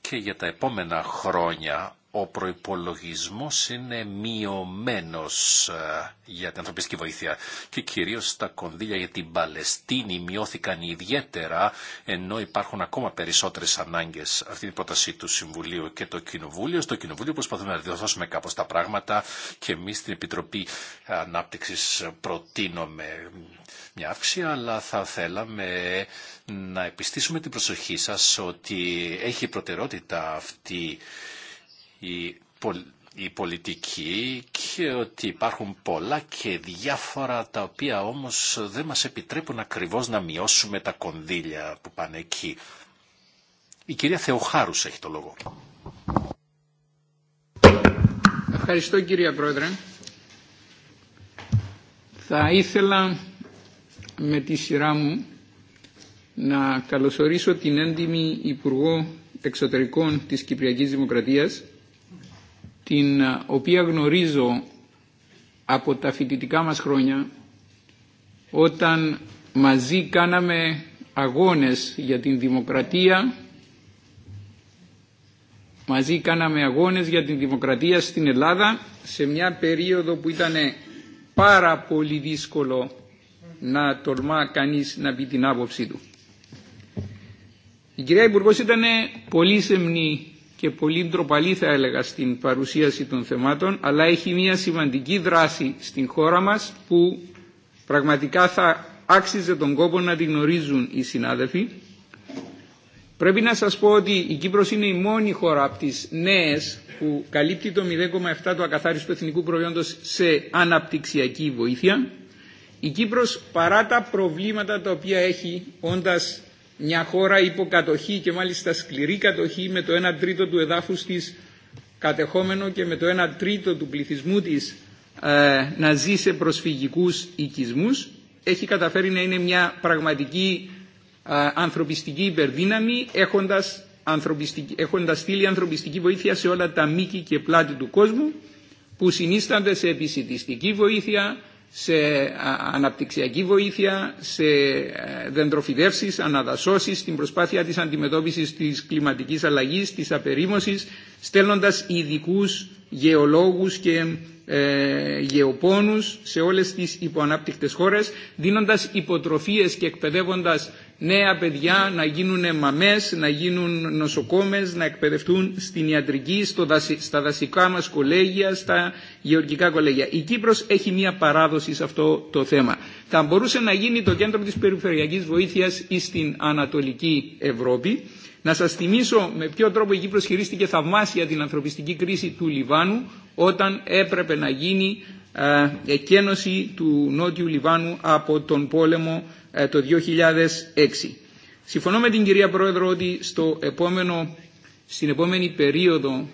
και για τα επόμενα χρόνια ο προϋπολογισμός είναι μειωμένος ε, για την ανθρωπιστική βοήθεια και κυρίως τα κονδύλια για την Παλαιστίνη μειώθηκαν ιδιαίτερα ενώ υπάρχουν ακόμα περισσότερες ανάγκες. Αυτή είναι η πρόταση του Συμβουλίου και το Κοινοβούλιο. Στο Κοινοβούλιο προσπαθούμε να διορθώσουμε κάπως τα πράγματα και εμεί στην Επιτροπή Ανάπτυξης προτείνουμε μια αύξηση αλλά θα θέλαμε να επιστήσουμε την προσοχή σας ότι έχει προτεραιότητα αυτή η πολιτική και ότι υπάρχουν πολλά και διάφορα τα οποία όμως δεν μας επιτρέπουν ακριβώς να μειώσουμε τα κονδύλια που πάνε εκεί. Η κυρία Θεοχάρους έχει το λόγο. Ευχαριστώ κυρία Πρόεδρε. Θα ήθελα με τη σειρά μου να καλωσορίσω την έντιμη Υπουργό Εξωτερικών της Κυπριακής Δημοκρατίας την ε, οποία γνωρίζω από τα φοιτητικά μας χρόνια όταν μαζί κάναμε αγώνες για την δημοκρατία μαζί κάναμε αγώνες για την δημοκρατία στην Ελλάδα σε μια περίοδο που ήταν πάρα πολύ δύσκολο να τολμά κανείς να πει την άποψή του. Η κυρία Υπουργός ήταν πολύ σεμνή και πολύ ντροπαλή θα έλεγα στην παρουσίαση των θεμάτων, αλλά έχει μια σημαντική δράση στην χώρα μας που πραγματικά θα άξιζε τον κόπο να τη γνωρίζουν οι συνάδελφοι. Πρέπει να σας πω ότι η Κύπρος είναι η μόνη χώρα από τις νέες που καλύπτει το 0,7 του ακαθάριστου εθνικού προϊόντος σε αναπτυξιακή βοήθεια. Η Κύπρος παρά τα προβλήματα τα οποία έχει όντας μια χώρα υποκατοχή και μάλιστα σκληρή κατοχή με το 1 τρίτο του εδάφους της κατεχόμενο και με το 1 τρίτο του πληθυσμού της ε, να ζει σε προσφυγικούς οικισμούς έχει καταφέρει να είναι μια πραγματική ε, ανθρωπιστική υπερδύναμη έχοντας, ανθρωπιστική, έχοντας στείλει ανθρωπιστική βοήθεια σε όλα τα μήκη και πλάτη του κόσμου που συνίστανται σε επισητιστική βοήθεια, σε αναπτυξιακή βοήθεια, σε ε, δεντροφιδεύσεις, αναδασώσεις, στην προσπάθεια της αντιμετώπισης της κλιματικής αλλαγής, της απερίμωσης, στέλνοντας ειδικού γεωλόγους και ε, γεωπόνους σε όλες τις υποανάπτυκτες χώρες, δίνοντας υποτροφίες και εκπαιδεύοντας νέα παιδιά να γίνουν μαμές, να γίνουν νοσοκόμες, να εκπαιδευτούν στην ιατρική, στο, στα δασικά μας κολέγια, στα γεωργικά κολέγια. Η Κύπρος έχει μία παράδοση σε αυτό το θέμα. Θα μπορούσε να γίνει το κέντρο της περιφερειακής βοήθειας ή στην Ανατολική Ευρώπη. Να σας θυμίσω με ποιο τρόπο η Κύπρος χειρίστηκε θαυμάσια την ανθρωπιστική κρίση του Λιβάνου όταν έπρεπε να γίνει ε, εκένωση του Νότιου Λιβάνου από τον πόλεμο ε, το 2006. Συμφωνώ με την κυρία Πρόεδρο ότι στο επόμενο, στην επόμενη περίοδο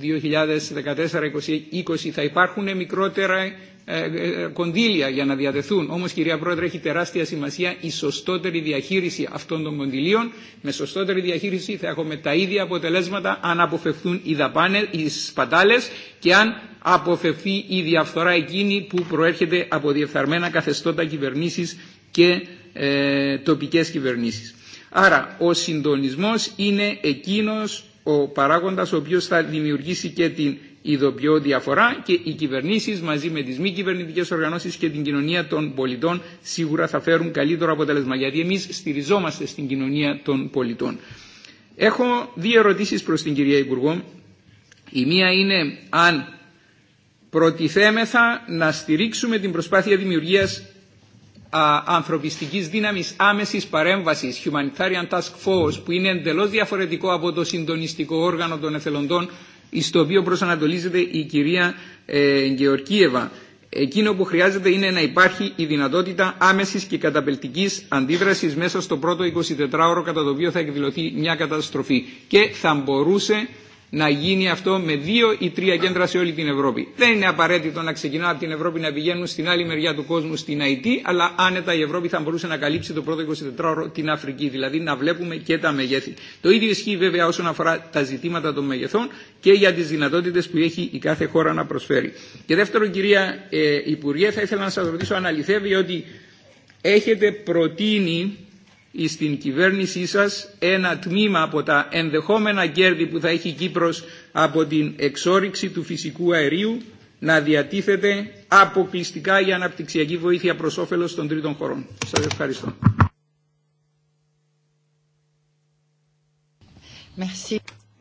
2014-2020 θα υπάρχουν μικρότερα ε, ε, κονδύλια για να διατεθούν. Όμως, κυρία Πρόεδρε, έχει τεράστια σημασία η σωστότερη διαχείριση αυτών των κονδυλίων. Με σωστότερη διαχείριση θα έχουμε τα ίδια αποτελέσματα αν αποφευθούν οι, δαπάνε, οι σπατάλες και αν αποφευθεί η διαφθορά εκείνη που προέρχεται από διεφθαρμένα καθεστώτα κυβερνήσεις και ε, τοπικές κυβερνήσεις. Άρα ο συντονισμός είναι εκείνος ο παράγοντας ο οποίος θα δημιουργήσει και την ειδοποιώ διαφορά και οι κυβερνήσεις μαζί με τις μη κυβερνητικές οργανώσεις και την κοινωνία των πολιτών σίγουρα θα φέρουν καλύτερο αποτέλεσμα γιατί εμείς στηριζόμαστε στην κοινωνία των πολιτών. Έχω δύο ερωτήσεις προς την κυρία Υπουργό. Η μία είναι αν προτιθέμεθα να στηρίξουμε την προσπάθεια δημιουργίας ανθρωπιστικής δύναμης άμεσης παρέμβασης Humanitarian Task Force που είναι εντελώς διαφορετικό από το συντονιστικό όργανο των εθελοντών στο οποίο προσανατολίζεται η κυρία ε, Εκείνο που χρειάζεται είναι να υπάρχει η δυνατότητα άμεσης και καταπελτικής αντίδρασης μέσα στο πρώτο 24ωρο κατά το οποίο θα εκδηλωθεί μια καταστροφή και θα μπορούσε να γίνει αυτό με δύο ή τρία κέντρα σε όλη την Ευρώπη. Δεν είναι απαραίτητο να ξεκινά από την Ευρώπη να πηγαίνουν στην άλλη μεριά του κόσμου, στην ΑΕΤ, αλλά άνετα η Ευρώπη θα μπορούσε να καλύψει το πρώτο 24ωρο την Αφρική, δηλαδή να βλέπουμε και τα μεγέθη. Το ίδιο ισχύει βέβαια όσον αφορά τα ζητήματα των μεγεθών και για τι δυνατότητε που έχει η κάθε χώρα να προσφέρει. Και δεύτερον, κυρία ε, Υπουργέ, θα ήθελα να σα ρωτήσω αν αληθεύει ότι έχετε προτείνει την κυβέρνησή σας ένα τμήμα από τα ενδεχόμενα κέρδη που θα έχει Κύπρος από την εξόριξη του φυσικού αερίου να διατίθεται αποκλειστικά για αναπτυξιακή βοήθεια προς όφελος των τρίτων χωρών. Σας ευχαριστώ.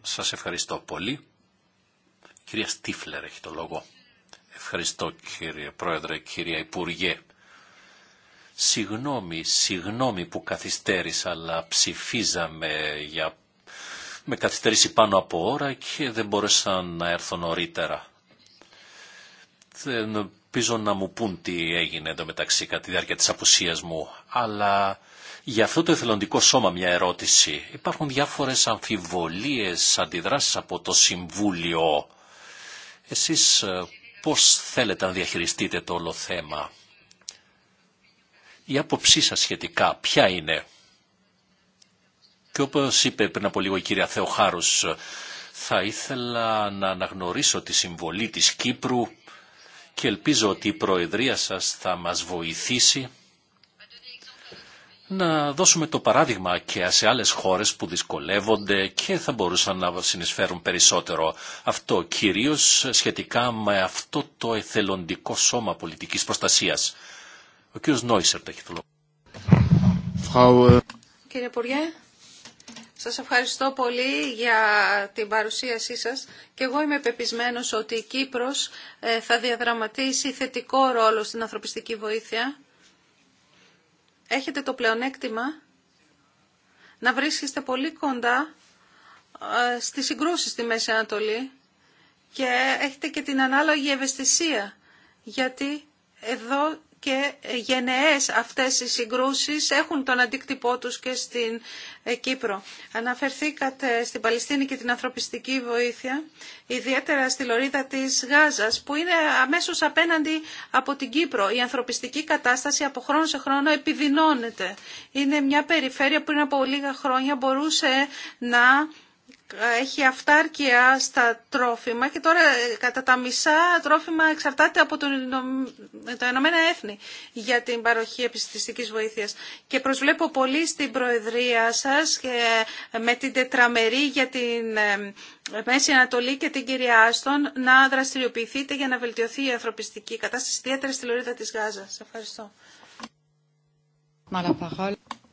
Σας ευχαριστώ πολύ. Κυρία Στίφλερ έχει το λόγο. Ευχαριστώ κύριε Πρόεδρε, κυρία Υπουργέ. Συγγνώμη, συγγνώμη που καθυστέρησα, αλλά ψηφίζαμε για... με καθυστέρηση πάνω από ώρα και δεν μπόρεσα να έρθω νωρίτερα. Δεν πίζω να μου πούν τι έγινε εδώ μεταξύ κατά τη διάρκεια της απουσίας μου, αλλά για αυτό το εθελοντικό σώμα μια ερώτηση. Υπάρχουν διάφορες αμφιβολίες, αντιδράσεις από το Συμβούλιο. Εσείς ε, πώς θέλετε να διαχειριστείτε το όλο θέμα η άποψή σας σχετικά ποια είναι. Και όπως είπε πριν από λίγο η κυρία Θεοχάρους, θα ήθελα να αναγνωρίσω τη συμβολή της Κύπρου και ελπίζω ότι η Προεδρία σας θα μας βοηθήσει να δώσουμε το παράδειγμα και σε άλλες χώρες που δυσκολεύονται και θα μπορούσαν να συνεισφέρουν περισσότερο. Αυτό κυρίως σχετικά με αυτό το εθελοντικό σώμα πολιτικής προστασίας. Ο έχει ε, Κύριε Υπουργέ, σας ευχαριστώ πολύ για την παρουσίασή σας και εγώ είμαι πεπισμένος ότι η Κύπρος ε, θα διαδραματίσει θετικό ρόλο στην ανθρωπιστική βοήθεια. Έχετε το πλεονέκτημα να βρίσκεστε πολύ κοντά ε, στις συγκρούσεις στη Μέση Ανατολή και έχετε και την ανάλογη ευαισθησία γιατί εδώ και γενναίες αυτές οι συγκρούσεις έχουν τον αντίκτυπό τους και στην ε, Κύπρο. Αναφερθήκατε στην Παλαιστίνη και την ανθρωπιστική βοήθεια, ιδιαίτερα στη λωρίδα της Γάζας, που είναι αμέσως απέναντι από την Κύπρο. Η ανθρωπιστική κατάσταση από χρόνο σε χρόνο επιδεινώνεται. Είναι μια περιφέρεια που πριν από λίγα χρόνια μπορούσε να έχει αυτάρκεια στα τρόφιμα και τώρα ε, κατά τα μισά τρόφιμα εξαρτάται από το Ηνωμένα Έθνη για την παροχή επιστηστικής βοήθειας. Και προσβλέπω πολύ στην Προεδρία σας και ε, με την τετραμερή για την ε, Μέση Ανατολή και την κυρία Άστον να δραστηριοποιηθείτε για να βελτιωθεί η ανθρωπιστική κατάσταση ιδιαίτερα στη Λωρίδα της Γάζας. Ευχαριστώ.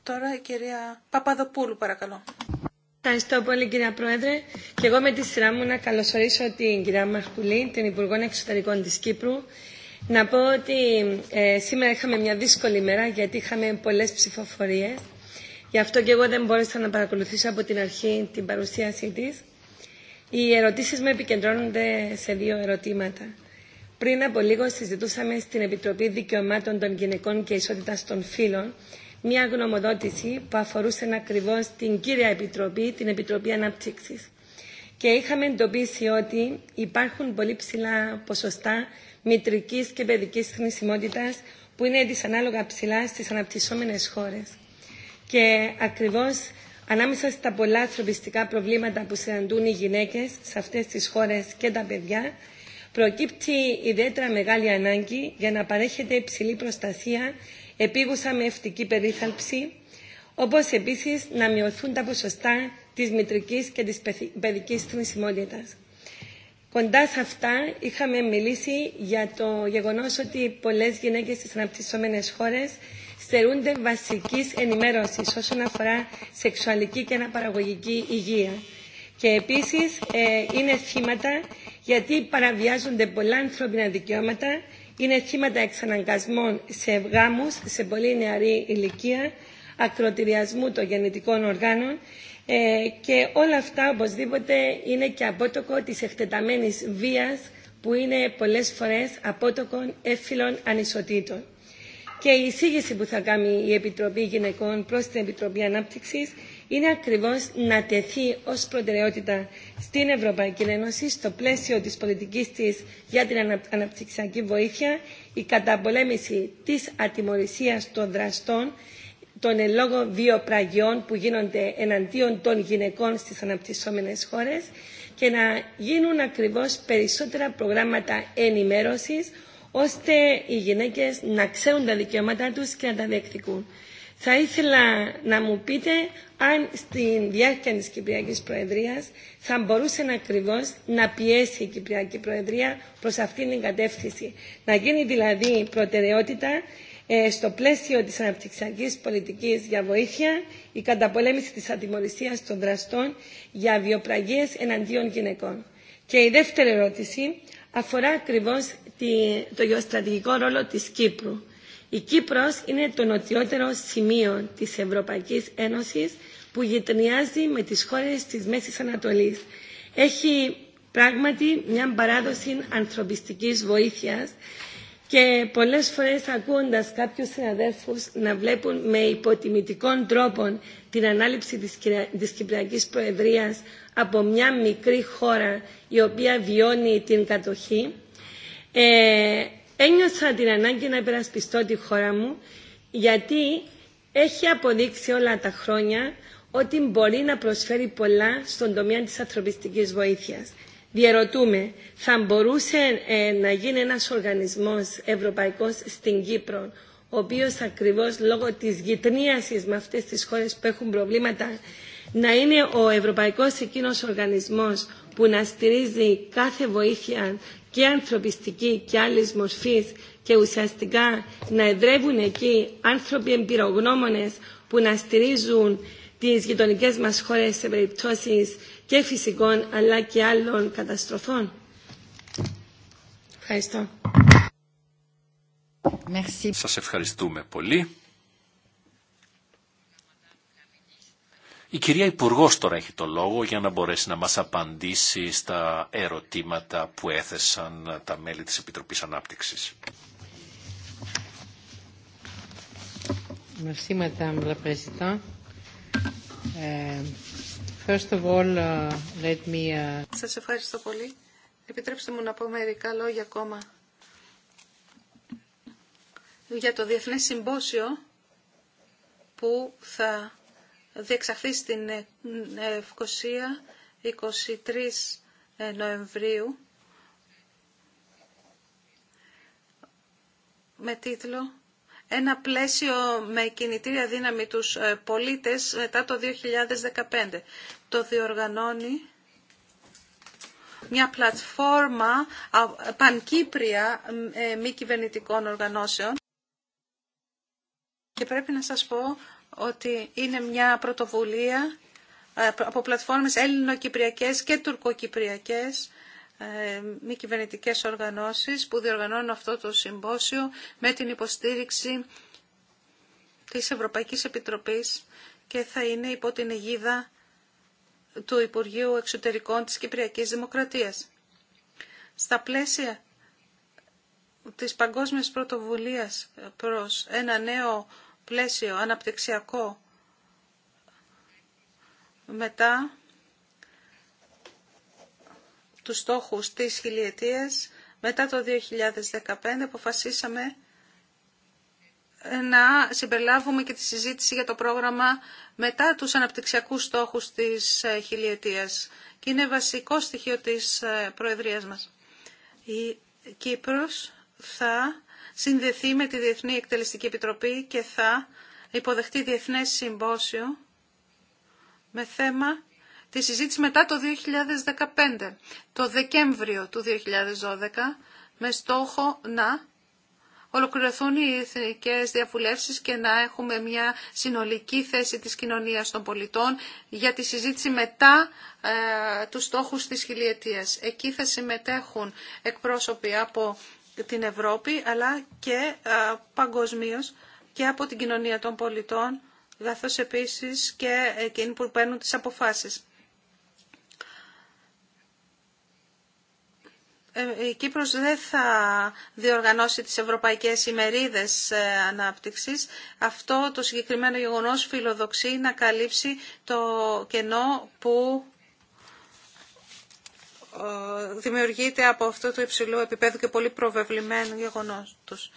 Τώρα η κυρία Παπαδοπούλου παρακαλώ. Ευχαριστώ πολύ κυρία Πρόεδρε. Και εγώ με τη σειρά μου να καλωσορίσω την κυρία Μαρκουλή, την Υπουργό Εξωτερικών της Κύπρου. Να πω ότι ε, σήμερα είχαμε μια δύσκολη μέρα γιατί είχαμε πολλές ψηφοφορίες. Γι' αυτό και εγώ δεν μπόρεσα να παρακολουθήσω από την αρχή την παρουσίασή της. Οι ερωτήσεις με επικεντρώνονται σε δύο ερωτήματα. Πριν από λίγο συζητούσαμε στην Επιτροπή Δικαιωμάτων των Γυναικών και Ισότητας των Φύλων μια γνωμοδότηση που αφορούσε ακριβώ την κύρια επιτροπή, την Επιτροπή Ανάπτυξη. Και είχαμε εντοπίσει ότι υπάρχουν πολύ ψηλά ποσοστά μητρική και παιδική χρησιμότητα που είναι δυσανάλογα ψηλά στι αναπτυσσόμενε χώρε. Και ακριβώ ανάμεσα στα πολλά ανθρωπιστικά προβλήματα που συναντούν οι γυναίκε σε αυτέ τι χώρε και τα παιδιά, προκύπτει ιδιαίτερα μεγάλη ανάγκη για να παρέχεται υψηλή προστασία επίγουσα με ευτική περίθαλψη, όπως επίσης να μειωθούν τα ποσοστά της μητρικής και της παιδικής θνησιμότητας. Κοντά σε αυτά είχαμε μιλήσει για το γεγονός ότι πολλές γυναίκες στις αναπτυσσόμενες χώρες στερούνται βασικής ενημέρωσης όσον αφορά σεξουαλική και αναπαραγωγική υγεία. Και επίσης ε, είναι θύματα γιατί παραβιάζονται πολλά ανθρώπινα δικαιώματα είναι θύματα εξαναγκασμών σε γάμους σε πολύ νεαρή ηλικία, ακροτηριασμού των γεννητικών οργάνων ε, και όλα αυτά οπωσδήποτε είναι και απότοκο της εκτεταμένης βίας που είναι πολλές φορές απότοκων έφυλων ανισοτήτων. Και η εισήγηση που θα κάνει η Επιτροπή Γυναικών προς την Επιτροπή Ανάπτυξης είναι ακριβώς να τεθεί ως προτεραιότητα στην Ευρωπαϊκή Ένωση στο πλαίσιο της πολιτικής της για την αναπτυξιακή βοήθεια η καταπολέμηση της ατιμορρησίας των δραστών των ελόγων βιοπραγιών που γίνονται εναντίον των γυναικών στις αναπτυσσόμενες χώρες και να γίνουν ακριβώς περισσότερα προγράμματα ενημέρωσης ώστε οι γυναίκες να ξέρουν τα δικαιώματά τους και να τα διεκδικούν. Θα ήθελα να μου πείτε αν στη διάρκεια της Κυπριακής Προεδρίας θα μπορούσε να ακριβώς να πιέσει η Κυπριακή Προεδρία προς αυτήν την κατεύθυνση. Να γίνει δηλαδή προτεραιότητα ε, στο πλαίσιο της αναπτυξιακής πολιτικής για βοήθεια η καταπολέμηση της ατιμορρησίας των δραστών για βιοπραγίες εναντίον γυναικών. Και η δεύτερη ερώτηση αφορά ακριβώς το γεωστρατηγικό ρόλο της Κύπρου. Η Κύπρος είναι το νοτιότερο σημείο της Ευρωπαϊκής Ένωσης που γειτονιάζει με τις χώρες της Μέσης Ανατολής. Έχει πράγματι μια παράδοση ανθρωπιστικής βοήθειας και πολλές φορές ακούοντας κάποιους συναδέλφους να βλέπουν με υποτιμητικών τρόπο την ανάληψη της, της Κυπριακής Προεδρίας από μια μικρή χώρα η οποία βιώνει την κατοχή, ε, ένιωσα την ανάγκη να υπερασπιστώ τη χώρα μου γιατί έχει αποδείξει όλα τα χρόνια ότι μπορεί να προσφέρει πολλά στον τομέα της ανθρωπιστικής βοήθειας. Διερωτούμε, θα μπορούσε ε, να γίνει ένας οργανισμός ευρωπαϊκός στην Κύπρο, ο οποίος ακριβώς λόγω της γυτνίασης με αυτές τις χώρες που έχουν προβλήματα, να είναι ο ευρωπαϊκός εκείνος οργανισμός που να στηρίζει κάθε βοήθεια και ανθρωπιστική και άλλη μορφή, και ουσιαστικά να εδρεύουν εκεί άνθρωποι εμπειρογνώμονε που να στηρίζουν τις γειτονικέ μας χώρες σε περιπτώσει και φυσικών αλλά και άλλων καταστροφών. Ευχαριστώ. Σας ευχαριστούμε πολύ. Η κυρία Υπουργό τώρα έχει το λόγο για να μπορέσει να μας απαντήσει στα ερωτήματα που έθεσαν τα μέλη της Επιτροπής Ανάπτυξης. Merci, Madame la ε, First of all, uh, let me... Uh, Σας ευχαριστώ πολύ. Επιτρέψτε μου να πω μερικά λόγια ακόμα για το Διεθνές Συμπόσιο που θα διεξαχθεί στην Ευκοσία ε, 23 ε, Νοεμβρίου με τίτλο «Ένα πλαίσιο με κινητήρια δύναμη τους ε, πολίτες μετά το 2015». Το διοργανώνει μια πλατφόρμα πανκύπρια μη κυβερνητικών οργανώσεων. Και πρέπει να σας πω ότι είναι μια πρωτοβουλία ε, από πλατφόρμες ελληνοκυπριακές και τουρκοκυπριακές ε, μη κυβερνητικέ οργανώσεις που διοργανώνουν αυτό το συμπόσιο με την υποστήριξη της Ευρωπαϊκής Επιτροπής και θα είναι υπό την αιγίδα του Υπουργείου Εξωτερικών της Κυπριακής Δημοκρατίας. Στα πλαίσια της παγκόσμιας πρωτοβουλίας προς ένα νέο πλαίσιο αναπτυξιακό μετά τους στόχους της χιλιετίας μετά το 2015 αποφασίσαμε να συμπεριλάβουμε και τη συζήτηση για το πρόγραμμα μετά τους αναπτυξιακούς στόχους της ε, χιλιετίας και είναι βασικό στοιχείο της ε, Προεδρίας μας. Η Κύπρος θα συνδεθεί με τη Διεθνή Εκτελεστική Επιτροπή και θα υποδεχτεί διεθνές συμπόσιο με θέμα τη συζήτηση μετά το 2015, το Δεκέμβριο του 2012, με στόχο να ολοκληρωθούν οι εθνικές διαβουλεύσεις και να έχουμε μια συνολική θέση της κοινωνίας των πολιτών για τη συζήτηση μετά ε, τους στόχους της χιλιετίας. Εκεί θα συμμετέχουν εκπρόσωποι από την Ευρώπη αλλά και παγκοσμίω και από την κοινωνία των πολιτών, καθώ επίσης και εκείνοι που παίρνουν τις αποφάσεις. Ε, η Κύπρος δεν θα διοργανώσει τις Ευρωπαϊκές ημερίδες ε, ανάπτυξης. Αυτό το συγκεκριμένο γεγονός φιλοδοξεί να καλύψει το κενό που ε, δημιουργείται από αυτό το υψηλό επίπεδο και πολύ προβεβλημένο γεγονός τους.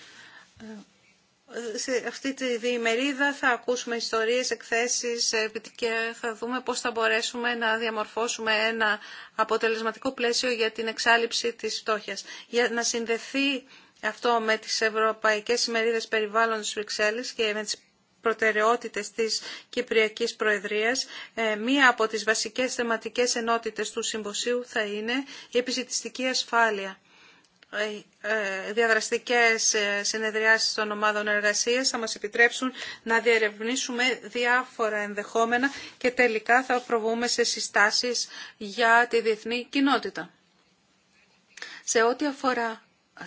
Ε, σε αυτή τη διημερίδα θα ακούσουμε ιστορίες, εκθέσεις ε, και θα δούμε πώς θα μπορέσουμε να διαμορφώσουμε ένα αποτελεσματικό πλαίσιο για την εξάλληψη της φτώχειας. Για να συνδεθεί αυτό με τις Ευρωπαϊκές ημερίδες περιβάλλοντος Βρυξέλλης και με τις προτεραιότητες της Κυπριακής Προεδρίας, ε, μία από τις βασικές θεματικές ενότητες του Συμποσίου θα είναι η επιζητιστική ασφάλεια ε, ε, διαδραστικές συνεδριάσεις των ομάδων εργασίας θα μας επιτρέψουν να διερευνήσουμε διάφορα ενδεχόμενα και τελικά θα προβούμε σε συστάσεις για τη διεθνή κοινότητα. Σε ό,τι αφορά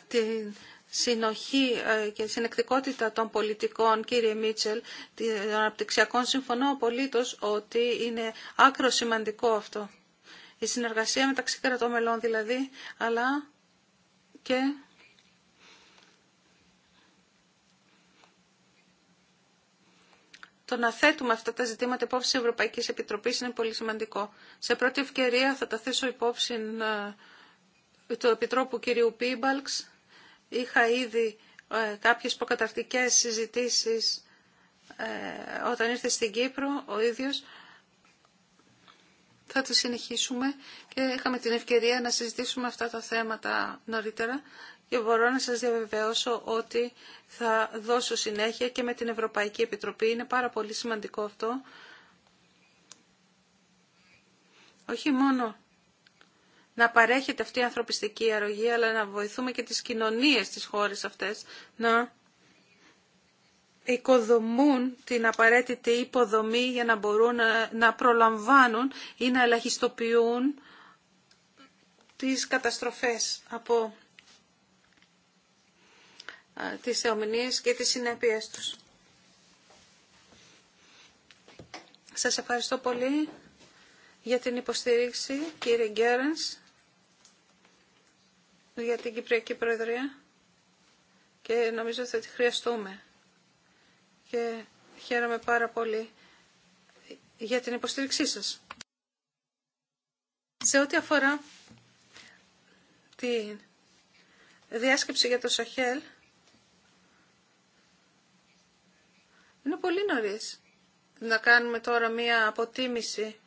την συνοχή ε, και συνεκτικότητα των πολιτικών, κύριε Μίτσελ, των αναπτυξιακών, συμφωνώ απολύτω ότι είναι άκρο σημαντικό αυτό. Η συνεργασία μεταξύ κρατών μελών δηλαδή, αλλά και το να θέτουμε αυτά τα ζητήματα υπόψη της Ευρωπαϊκής Επιτροπής είναι πολύ σημαντικό. Σε πρώτη ευκαιρία θα τα θέσω υπόψη ε, του Επιτρόπου κυρίου Πίμπαλξ, Είχα ήδη ε, κάποιες προκαταρτικές συζητήσεις ε, όταν ήρθε στην Κύπρο ο ίδιος. Θα το συνεχίσουμε και είχαμε την ευκαιρία να συζητήσουμε αυτά τα θέματα νωρίτερα και μπορώ να σας διαβεβαιώσω ότι θα δώσω συνέχεια και με την Ευρωπαϊκή Επιτροπή. Είναι πάρα πολύ σημαντικό αυτό. Όχι μόνο να παρέχεται αυτή η ανθρωπιστική αρρωγή, αλλά να βοηθούμε και τις κοινωνίες της χώρες αυτές να οικοδομούν την απαραίτητη υποδομή για να μπορούν να προλαμβάνουν ή να ελαχιστοποιούν τις καταστροφές από τις θεομηνίες και τις συνέπειες τους. Σας ευχαριστώ πολύ για την υποστήριξη, κύριε Γκέρενς για την Κυπριακή Προεδρία και νομίζω θα τη χρειαστούμε. Και χαίρομαι πάρα πολύ για την υποστήριξή σας. Σε ό,τι αφορά τη διάσκεψη για το Σαχέλ, είναι πολύ νωρίς να κάνουμε τώρα μία αποτίμηση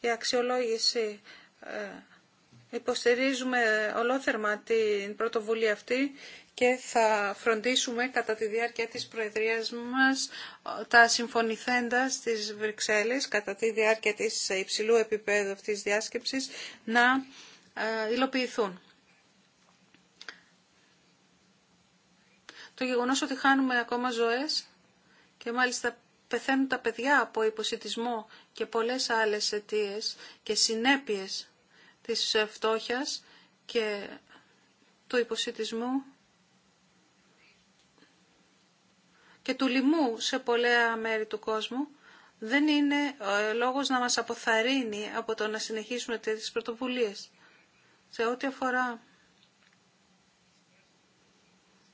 και αξιολόγηση ε, Υποστηρίζουμε ολόθερμα την πρωτοβουλία αυτή και θα φροντίσουμε κατά τη διάρκεια της Προεδρίας μας τα συμφωνηθέντα στις Βρυξέλλες κατά τη διάρκεια της υψηλού επίπεδου αυτής της διάσκεψης να ε, υλοποιηθούν. Το γεγονός ότι χάνουμε ακόμα ζωές και μάλιστα πεθαίνουν τα παιδιά από υποσυτισμό και πολλές άλλες αιτίες και συνέπειες της φτώχειας και του υποσυτισμού και του λοιμού σε πολλά μέρη του κόσμου, δεν είναι ε, λόγος να μας αποθαρρύνει από το να συνεχίσουμε τέτοιες πρωτοβουλίες. Σε ό,τι αφορά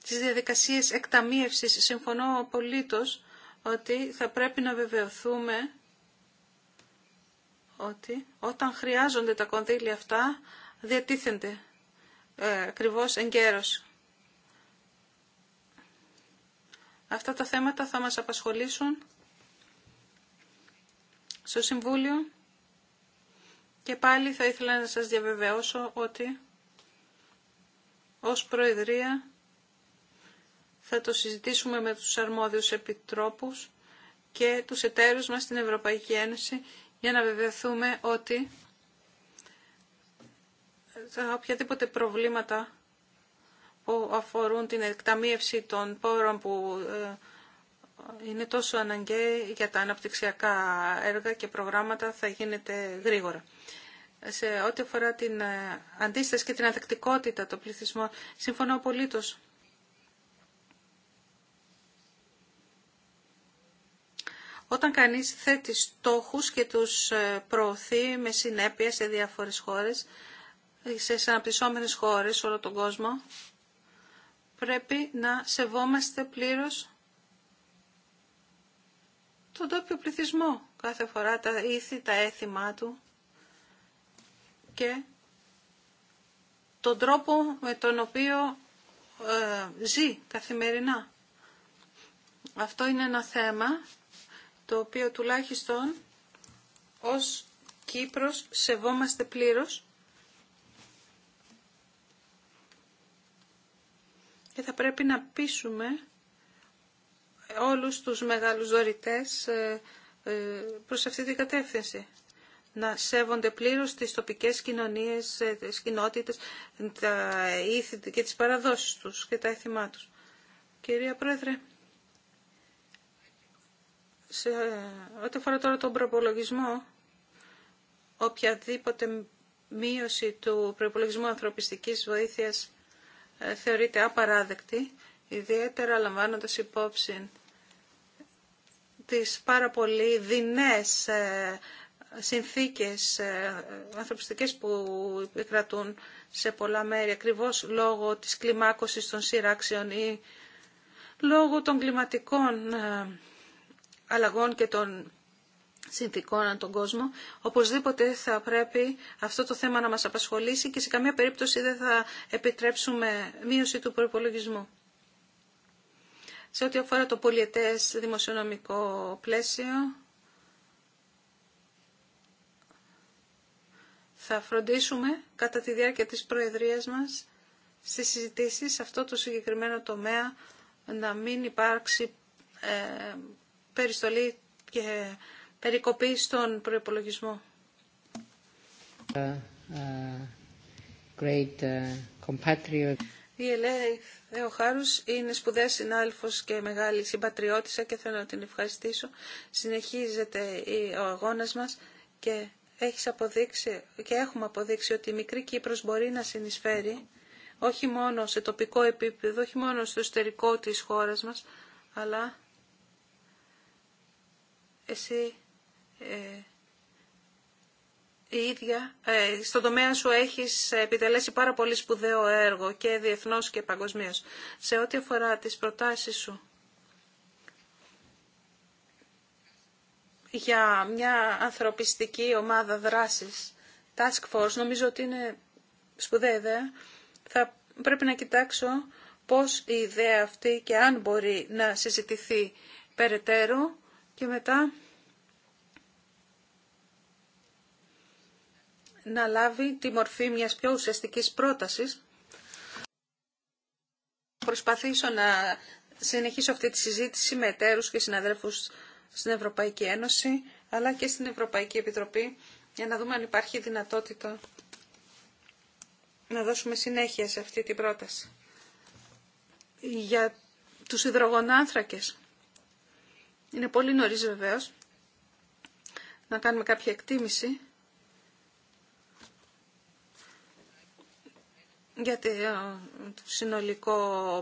τις διαδικασίες εκταμίευσης, συμφωνώ απολύτως ότι θα πρέπει να βεβαιωθούμε ότι όταν χρειάζονται τα κονδύλια αυτά διατίθενται ε, ακριβώς εγκαίρως. Αυτά τα θέματα θα μας απασχολήσουν στο Συμβούλιο και πάλι θα ήθελα να σας διαβεβαιώσω ότι ως Προεδρία θα το συζητήσουμε με τους αρμόδιους επιτρόπους και τους εταίρους μας στην Ευρωπαϊκή Ένωση για να βεβαιωθούμε ότι οποιαδήποτε προβλήματα που αφορούν την εκταμείευση των πόρων που ε, είναι τόσο αναγκαίοι για τα αναπτυξιακά έργα και προγράμματα θα γίνεται γρήγορα. Σε ό,τι αφορά την ε, αντίσταση και την ανθεκτικότητα των πληθυσμών, συμφωνώ απολύτως Όταν κανείς θέτει στόχους και τους ε, προωθεί με συνέπεια σε διάφορες χώρες, σε αναπτυσσόμενες χώρες όλο τον κόσμο, πρέπει να σεβόμαστε πλήρως τον τόπιο πληθυσμό κάθε φορά, τα ήθη, τα έθιμά του και τον τρόπο με τον οποίο ε, ζει καθημερινά. Αυτό είναι ένα θέμα το οποίο τουλάχιστον ως Κύπρος σεβόμαστε πλήρως και θα πρέπει να πείσουμε όλους τους μεγάλους δωρητές ε, ε, προς αυτή την κατεύθυνση. Να σέβονται πλήρως τις τοπικές κοινωνίες, ε, τις κοινότητες, τα ήθη και τις παραδόσεις τους και τα έθιμά τους. Κυρία Πρόεδρε σε ό,τι αφορά τώρα τον προπολογισμό, οποιαδήποτε μείωση του προπολογισμού ανθρωπιστικής βοήθειας ε, θεωρείται απαράδεκτη, ιδιαίτερα λαμβάνοντας υπόψη τις πάρα πολύ δεινές ε, συνθήκες ε, ανθρωπιστικές που επικρατούν σε πολλά μέρη, ακριβώς λόγω της κλιμάκωσης των σειράξεων ή λόγω των κλιματικών αλλαγών και των συνθήκων αν τον κόσμο. Οπωσδήποτε θα πρέπει αυτό το θέμα να μας απασχολήσει και σε καμία περίπτωση δεν θα επιτρέψουμε μείωση του προπολογισμού. Σε ό,τι αφορά το πολιετές δημοσιονομικό πλαίσιο, θα φροντίσουμε κατά τη διάρκεια της Προεδρίας μας στι συζητήσεις σε αυτό το συγκεκριμένο τομέα να μην υπάρξει ε, περιστολή και περικοπή στον προϋπολογισμό. Ε, ε, ε, η Ελέη είναι σπουδαία συνάλφος και μεγάλη συμπατριώτησα και θέλω να την ευχαριστήσω. Συνεχίζεται ο αγώνας μας και έχεις αποδείξει και έχουμε αποδείξει ότι η μικρή Κύπρος μπορεί να συνεισφέρει όχι μόνο σε τοπικό επίπεδο, όχι μόνο στο εσωτερικό της χώρας μας, αλλά εσύ ε, η ίδια ε, στον τομέα σου έχεις επιτελέσει πάρα πολύ σπουδαίο έργο και διεθνώς και παγκοσμίως. Σε ό,τι αφορά τις προτάσεις σου για μια ανθρωπιστική ομάδα δράσης, task force, νομίζω ότι είναι σπουδαία ιδέα, θα πρέπει να κοιτάξω πώς η ιδέα αυτή και αν μπορεί να συζητηθεί περαιτέρω και μετά να λάβει τη μορφή μιας πιο ουσιαστικής πρότασης. Προσπαθήσω να συνεχίσω αυτή τη συζήτηση με εταίρους και συναδέλφους στην Ευρωπαϊκή Ένωση, αλλά και στην Ευρωπαϊκή Επιτροπή, για να δούμε αν υπάρχει δυνατότητα να δώσουμε συνέχεια σε αυτή την πρόταση. Για τους υδρογονάνθρακες. Είναι πολύ νωρίς βεβαίως να κάνουμε κάποια εκτίμηση για ε, το συνολικό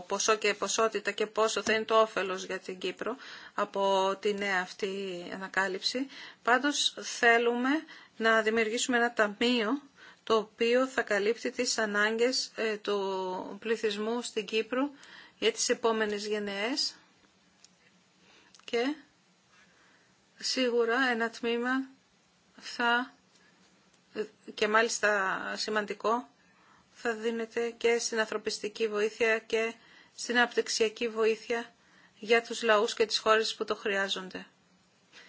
ποσό και ποσότητα και πόσο θα είναι το όφελος για την Κύπρο από τη νέα αυτή ανακάλυψη. Πάντως θέλουμε να δημιουργήσουμε ένα ταμείο το οποίο θα καλύπτει τις ανάγκες ε, του πληθυσμού στην Κύπρο για τις επόμενες γενναίες και σίγουρα ένα τμήμα θα και μάλιστα σημαντικό θα δίνεται και στην ανθρωπιστική βοήθεια και στην απτυξιακή βοήθεια για τους λαούς και τις χώρες που το χρειάζονται.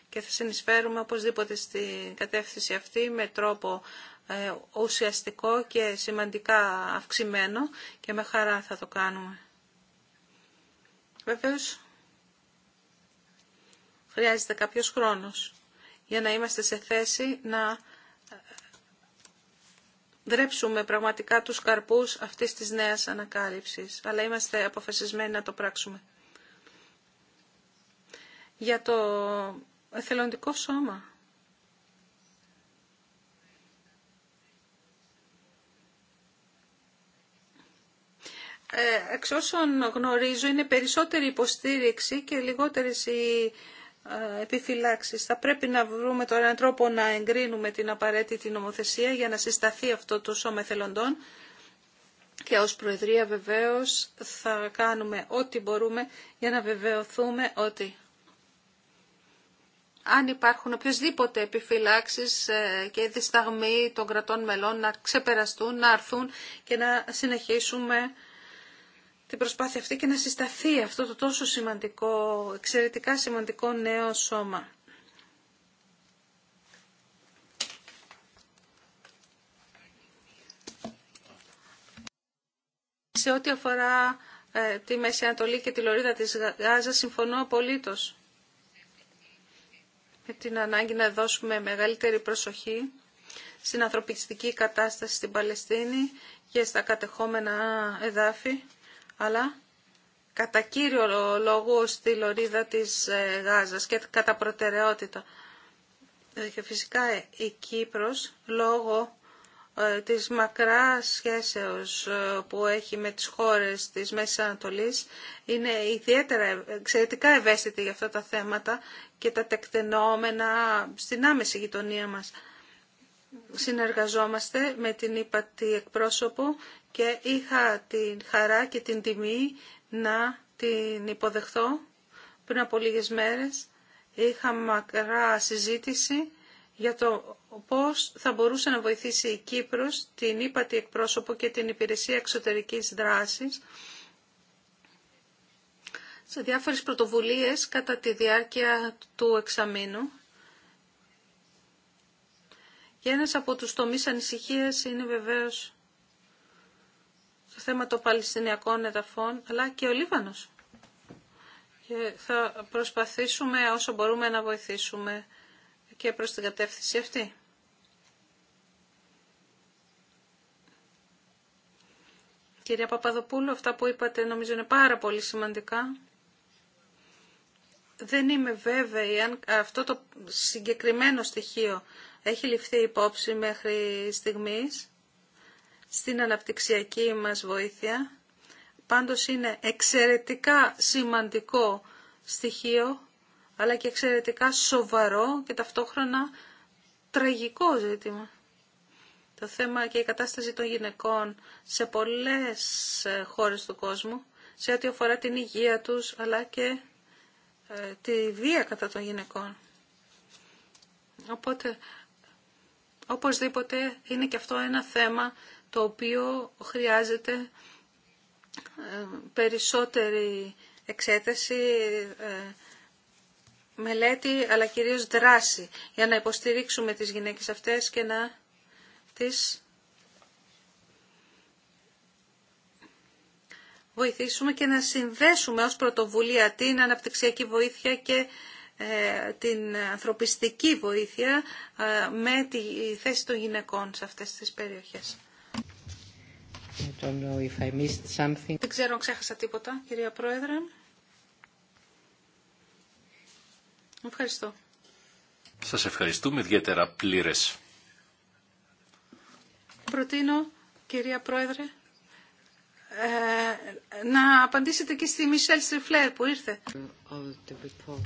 Και θα συνεισφέρουμε οπωσδήποτε στην κατεύθυνση αυτή με τρόπο ε, ουσιαστικό και σημαντικά αυξημένο και με χαρά θα το κάνουμε. Βεβαίως Χρειάζεται κάποιος χρόνος για να είμαστε σε θέση να δρέψουμε πραγματικά τους καρπούς αυτής της νέας ανακάλυψης. Αλλά είμαστε αποφασισμένοι να το πράξουμε. Για το εθελοντικό σώμα. Ε, εξ όσων γνωρίζω είναι περισσότερη υποστήριξη και λιγότερες οι επιφυλάξεις. Θα πρέπει να βρούμε τώρα έναν τρόπο να εγκρίνουμε την απαραίτητη νομοθεσία για να συσταθεί αυτό το σώμα εθελοντών και ως Προεδρία βεβαίως θα κάνουμε ό,τι μπορούμε για να βεβαιωθούμε ότι αν υπάρχουν οποιασδήποτε επιφυλάξεις ε, και δισταγμοί των κρατών μελών να ξεπεραστούν, να αρθούν και να συνεχίσουμε την προσπάθεια αυτή και να συσταθεί αυτό το τόσο σημαντικό, εξαιρετικά σημαντικό νέο σώμα. Σε ό,τι αφορά ε, τη Μέση Ανατολή και τη Λωρίδα της Γάζας, συμφωνώ απολύτως με την ανάγκη να δώσουμε μεγαλύτερη προσοχή στην ανθρωπιστική κατάσταση στην Παλαιστίνη και στα κατεχόμενα εδάφη αλλά κατά κύριο λόγο στη λωρίδα της ε, Γάζας και κατά προτεραιότητα. Ε, και φυσικά ε, η Κύπρος, λόγω της μακράς σχέσεως που έχει με τις χώρες της Μέσης Ανατολής, είναι ιδιαίτερα εξαιρετικά ευαίσθητη για αυτά τα θέματα και τα τεκτενόμενα στην άμεση γειτονία μας συνεργαζόμαστε με την ύπατη εκπρόσωπο και είχα την χαρά και την τιμή να την υποδεχθώ πριν από λίγες μέρες. Είχα μακρά συζήτηση για το πώς θα μπορούσε να βοηθήσει η Κύπρος την ύπατη εκπρόσωπο και την υπηρεσία εξωτερικής δράσης σε διάφορες πρωτοβουλίες κατά τη διάρκεια του εξαμήνου και ένας από τους τομείς ανησυχίας είναι βεβαίως το θέμα των Παλαιστινιακών εδαφών, αλλά και ο Λίβανος. Και θα προσπαθήσουμε όσο μπορούμε να βοηθήσουμε και προς την κατεύθυνση αυτή. Κυρία Παπαδοπούλου, αυτά που είπατε νομίζω είναι πάρα πολύ σημαντικά. Δεν είμαι βέβαιη αν αυτό το συγκεκριμένο στοιχείο έχει ληφθεί υπόψη μέχρι στιγμής στην αναπτυξιακή μας βοήθεια. Πάντως είναι εξαιρετικά σημαντικό στοιχείο, αλλά και εξαιρετικά σοβαρό και ταυτόχρονα τραγικό ζήτημα. Το θέμα και η κατάσταση των γυναικών σε πολλές ε, χώρες του κόσμου, σε ό,τι αφορά την υγεία τους, αλλά και ε, τη βία κατά των γυναικών. Οπότε Οπωσδήποτε είναι και αυτό ένα θέμα το οποίο χρειάζεται ε, περισσότερη εξέταση, ε, μελέτη, αλλά κυρίως δράση για να υποστηρίξουμε τις γυναίκες αυτές και να τις βοηθήσουμε και να συνδέσουμε ως πρωτοβουλία την αναπτυξιακή βοήθεια και ε, την ανθρωπιστική βοήθεια ε, με τη θέση των γυναικών σε αυτές τις περιοχές. Δεν ξέρω αν ξέχασα τίποτα, κυρία Πρόεδρε. Ευχαριστώ. Σας ευχαριστούμε ιδιαίτερα πλήρες. Προτείνω, κυρία Πρόεδρε, ε, να απαντήσετε και στη Μισελ Στριφλέρ που ήρθε.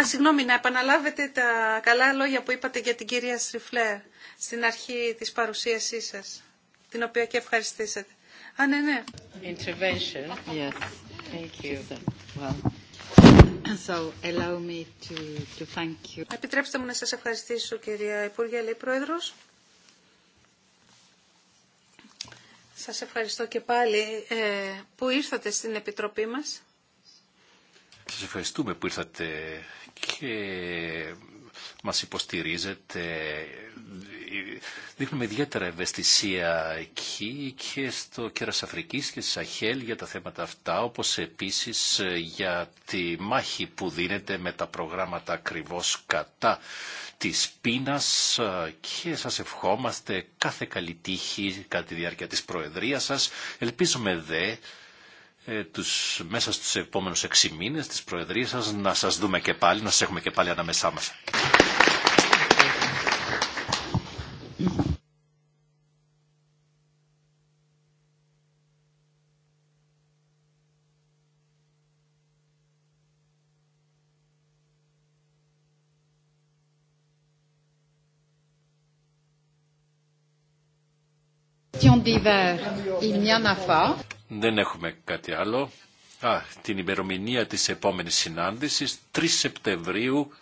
Α, συγγνώμη, να επαναλάβετε τα καλά λόγια που είπατε για την κυρία Στριφλέρ στην αρχή της παρουσίασής σας, την οποία και ευχαριστήσατε. Α, ναι, ναι. Intervention. Yes. Thank you. Well. So, allow me to, to thank you. Επιτρέψτε μου να σας ευχαριστήσω, κυρία Υπουργέ, λέει Πρόεδρος. Σας ευχαριστώ και πάλι ε, που ήρθατε στην Επιτροπή μας. Σας ευχαριστούμε που ήρθατε και μας υποστηρίζετε. Δείχνουμε ιδιαίτερα ευαισθησία εκεί και στο κέρας Αφρικής και στη Σαχέλ για τα θέματα αυτά, όπως επίσης για τη μάχη που δίνεται με τα προγράμματα ακριβώ κατά της πείνας ε, και σας ευχόμαστε κάθε καλή τύχη κατά τη διάρκεια της Προεδρίας σας. Ελπίζουμε δε ε, τους, μέσα στους επόμενους 6 μήνες της Προεδρίας σας να σας δούμε και πάλι, να σας έχουμε και πάλι ανάμεσά μας. Δεν έχουμε κάτι άλλο. Α, την ημερομηνία της επόμενης συνάντησης, 3 Σεπτεμβρίου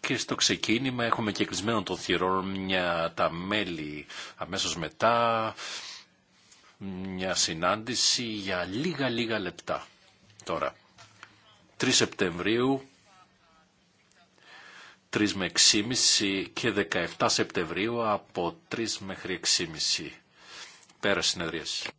και στο ξεκίνημα έχουμε και κλεισμένο το μια, τα μέλη αμέσως μετά μια συνάντηση για λίγα λίγα λεπτά τώρα. 3 Σεπτεμβρίου 3 με 6,5 και 17 Σεπτεμβρίου από 3 μέχρι 6,5. Πέρα συνεδρίαση.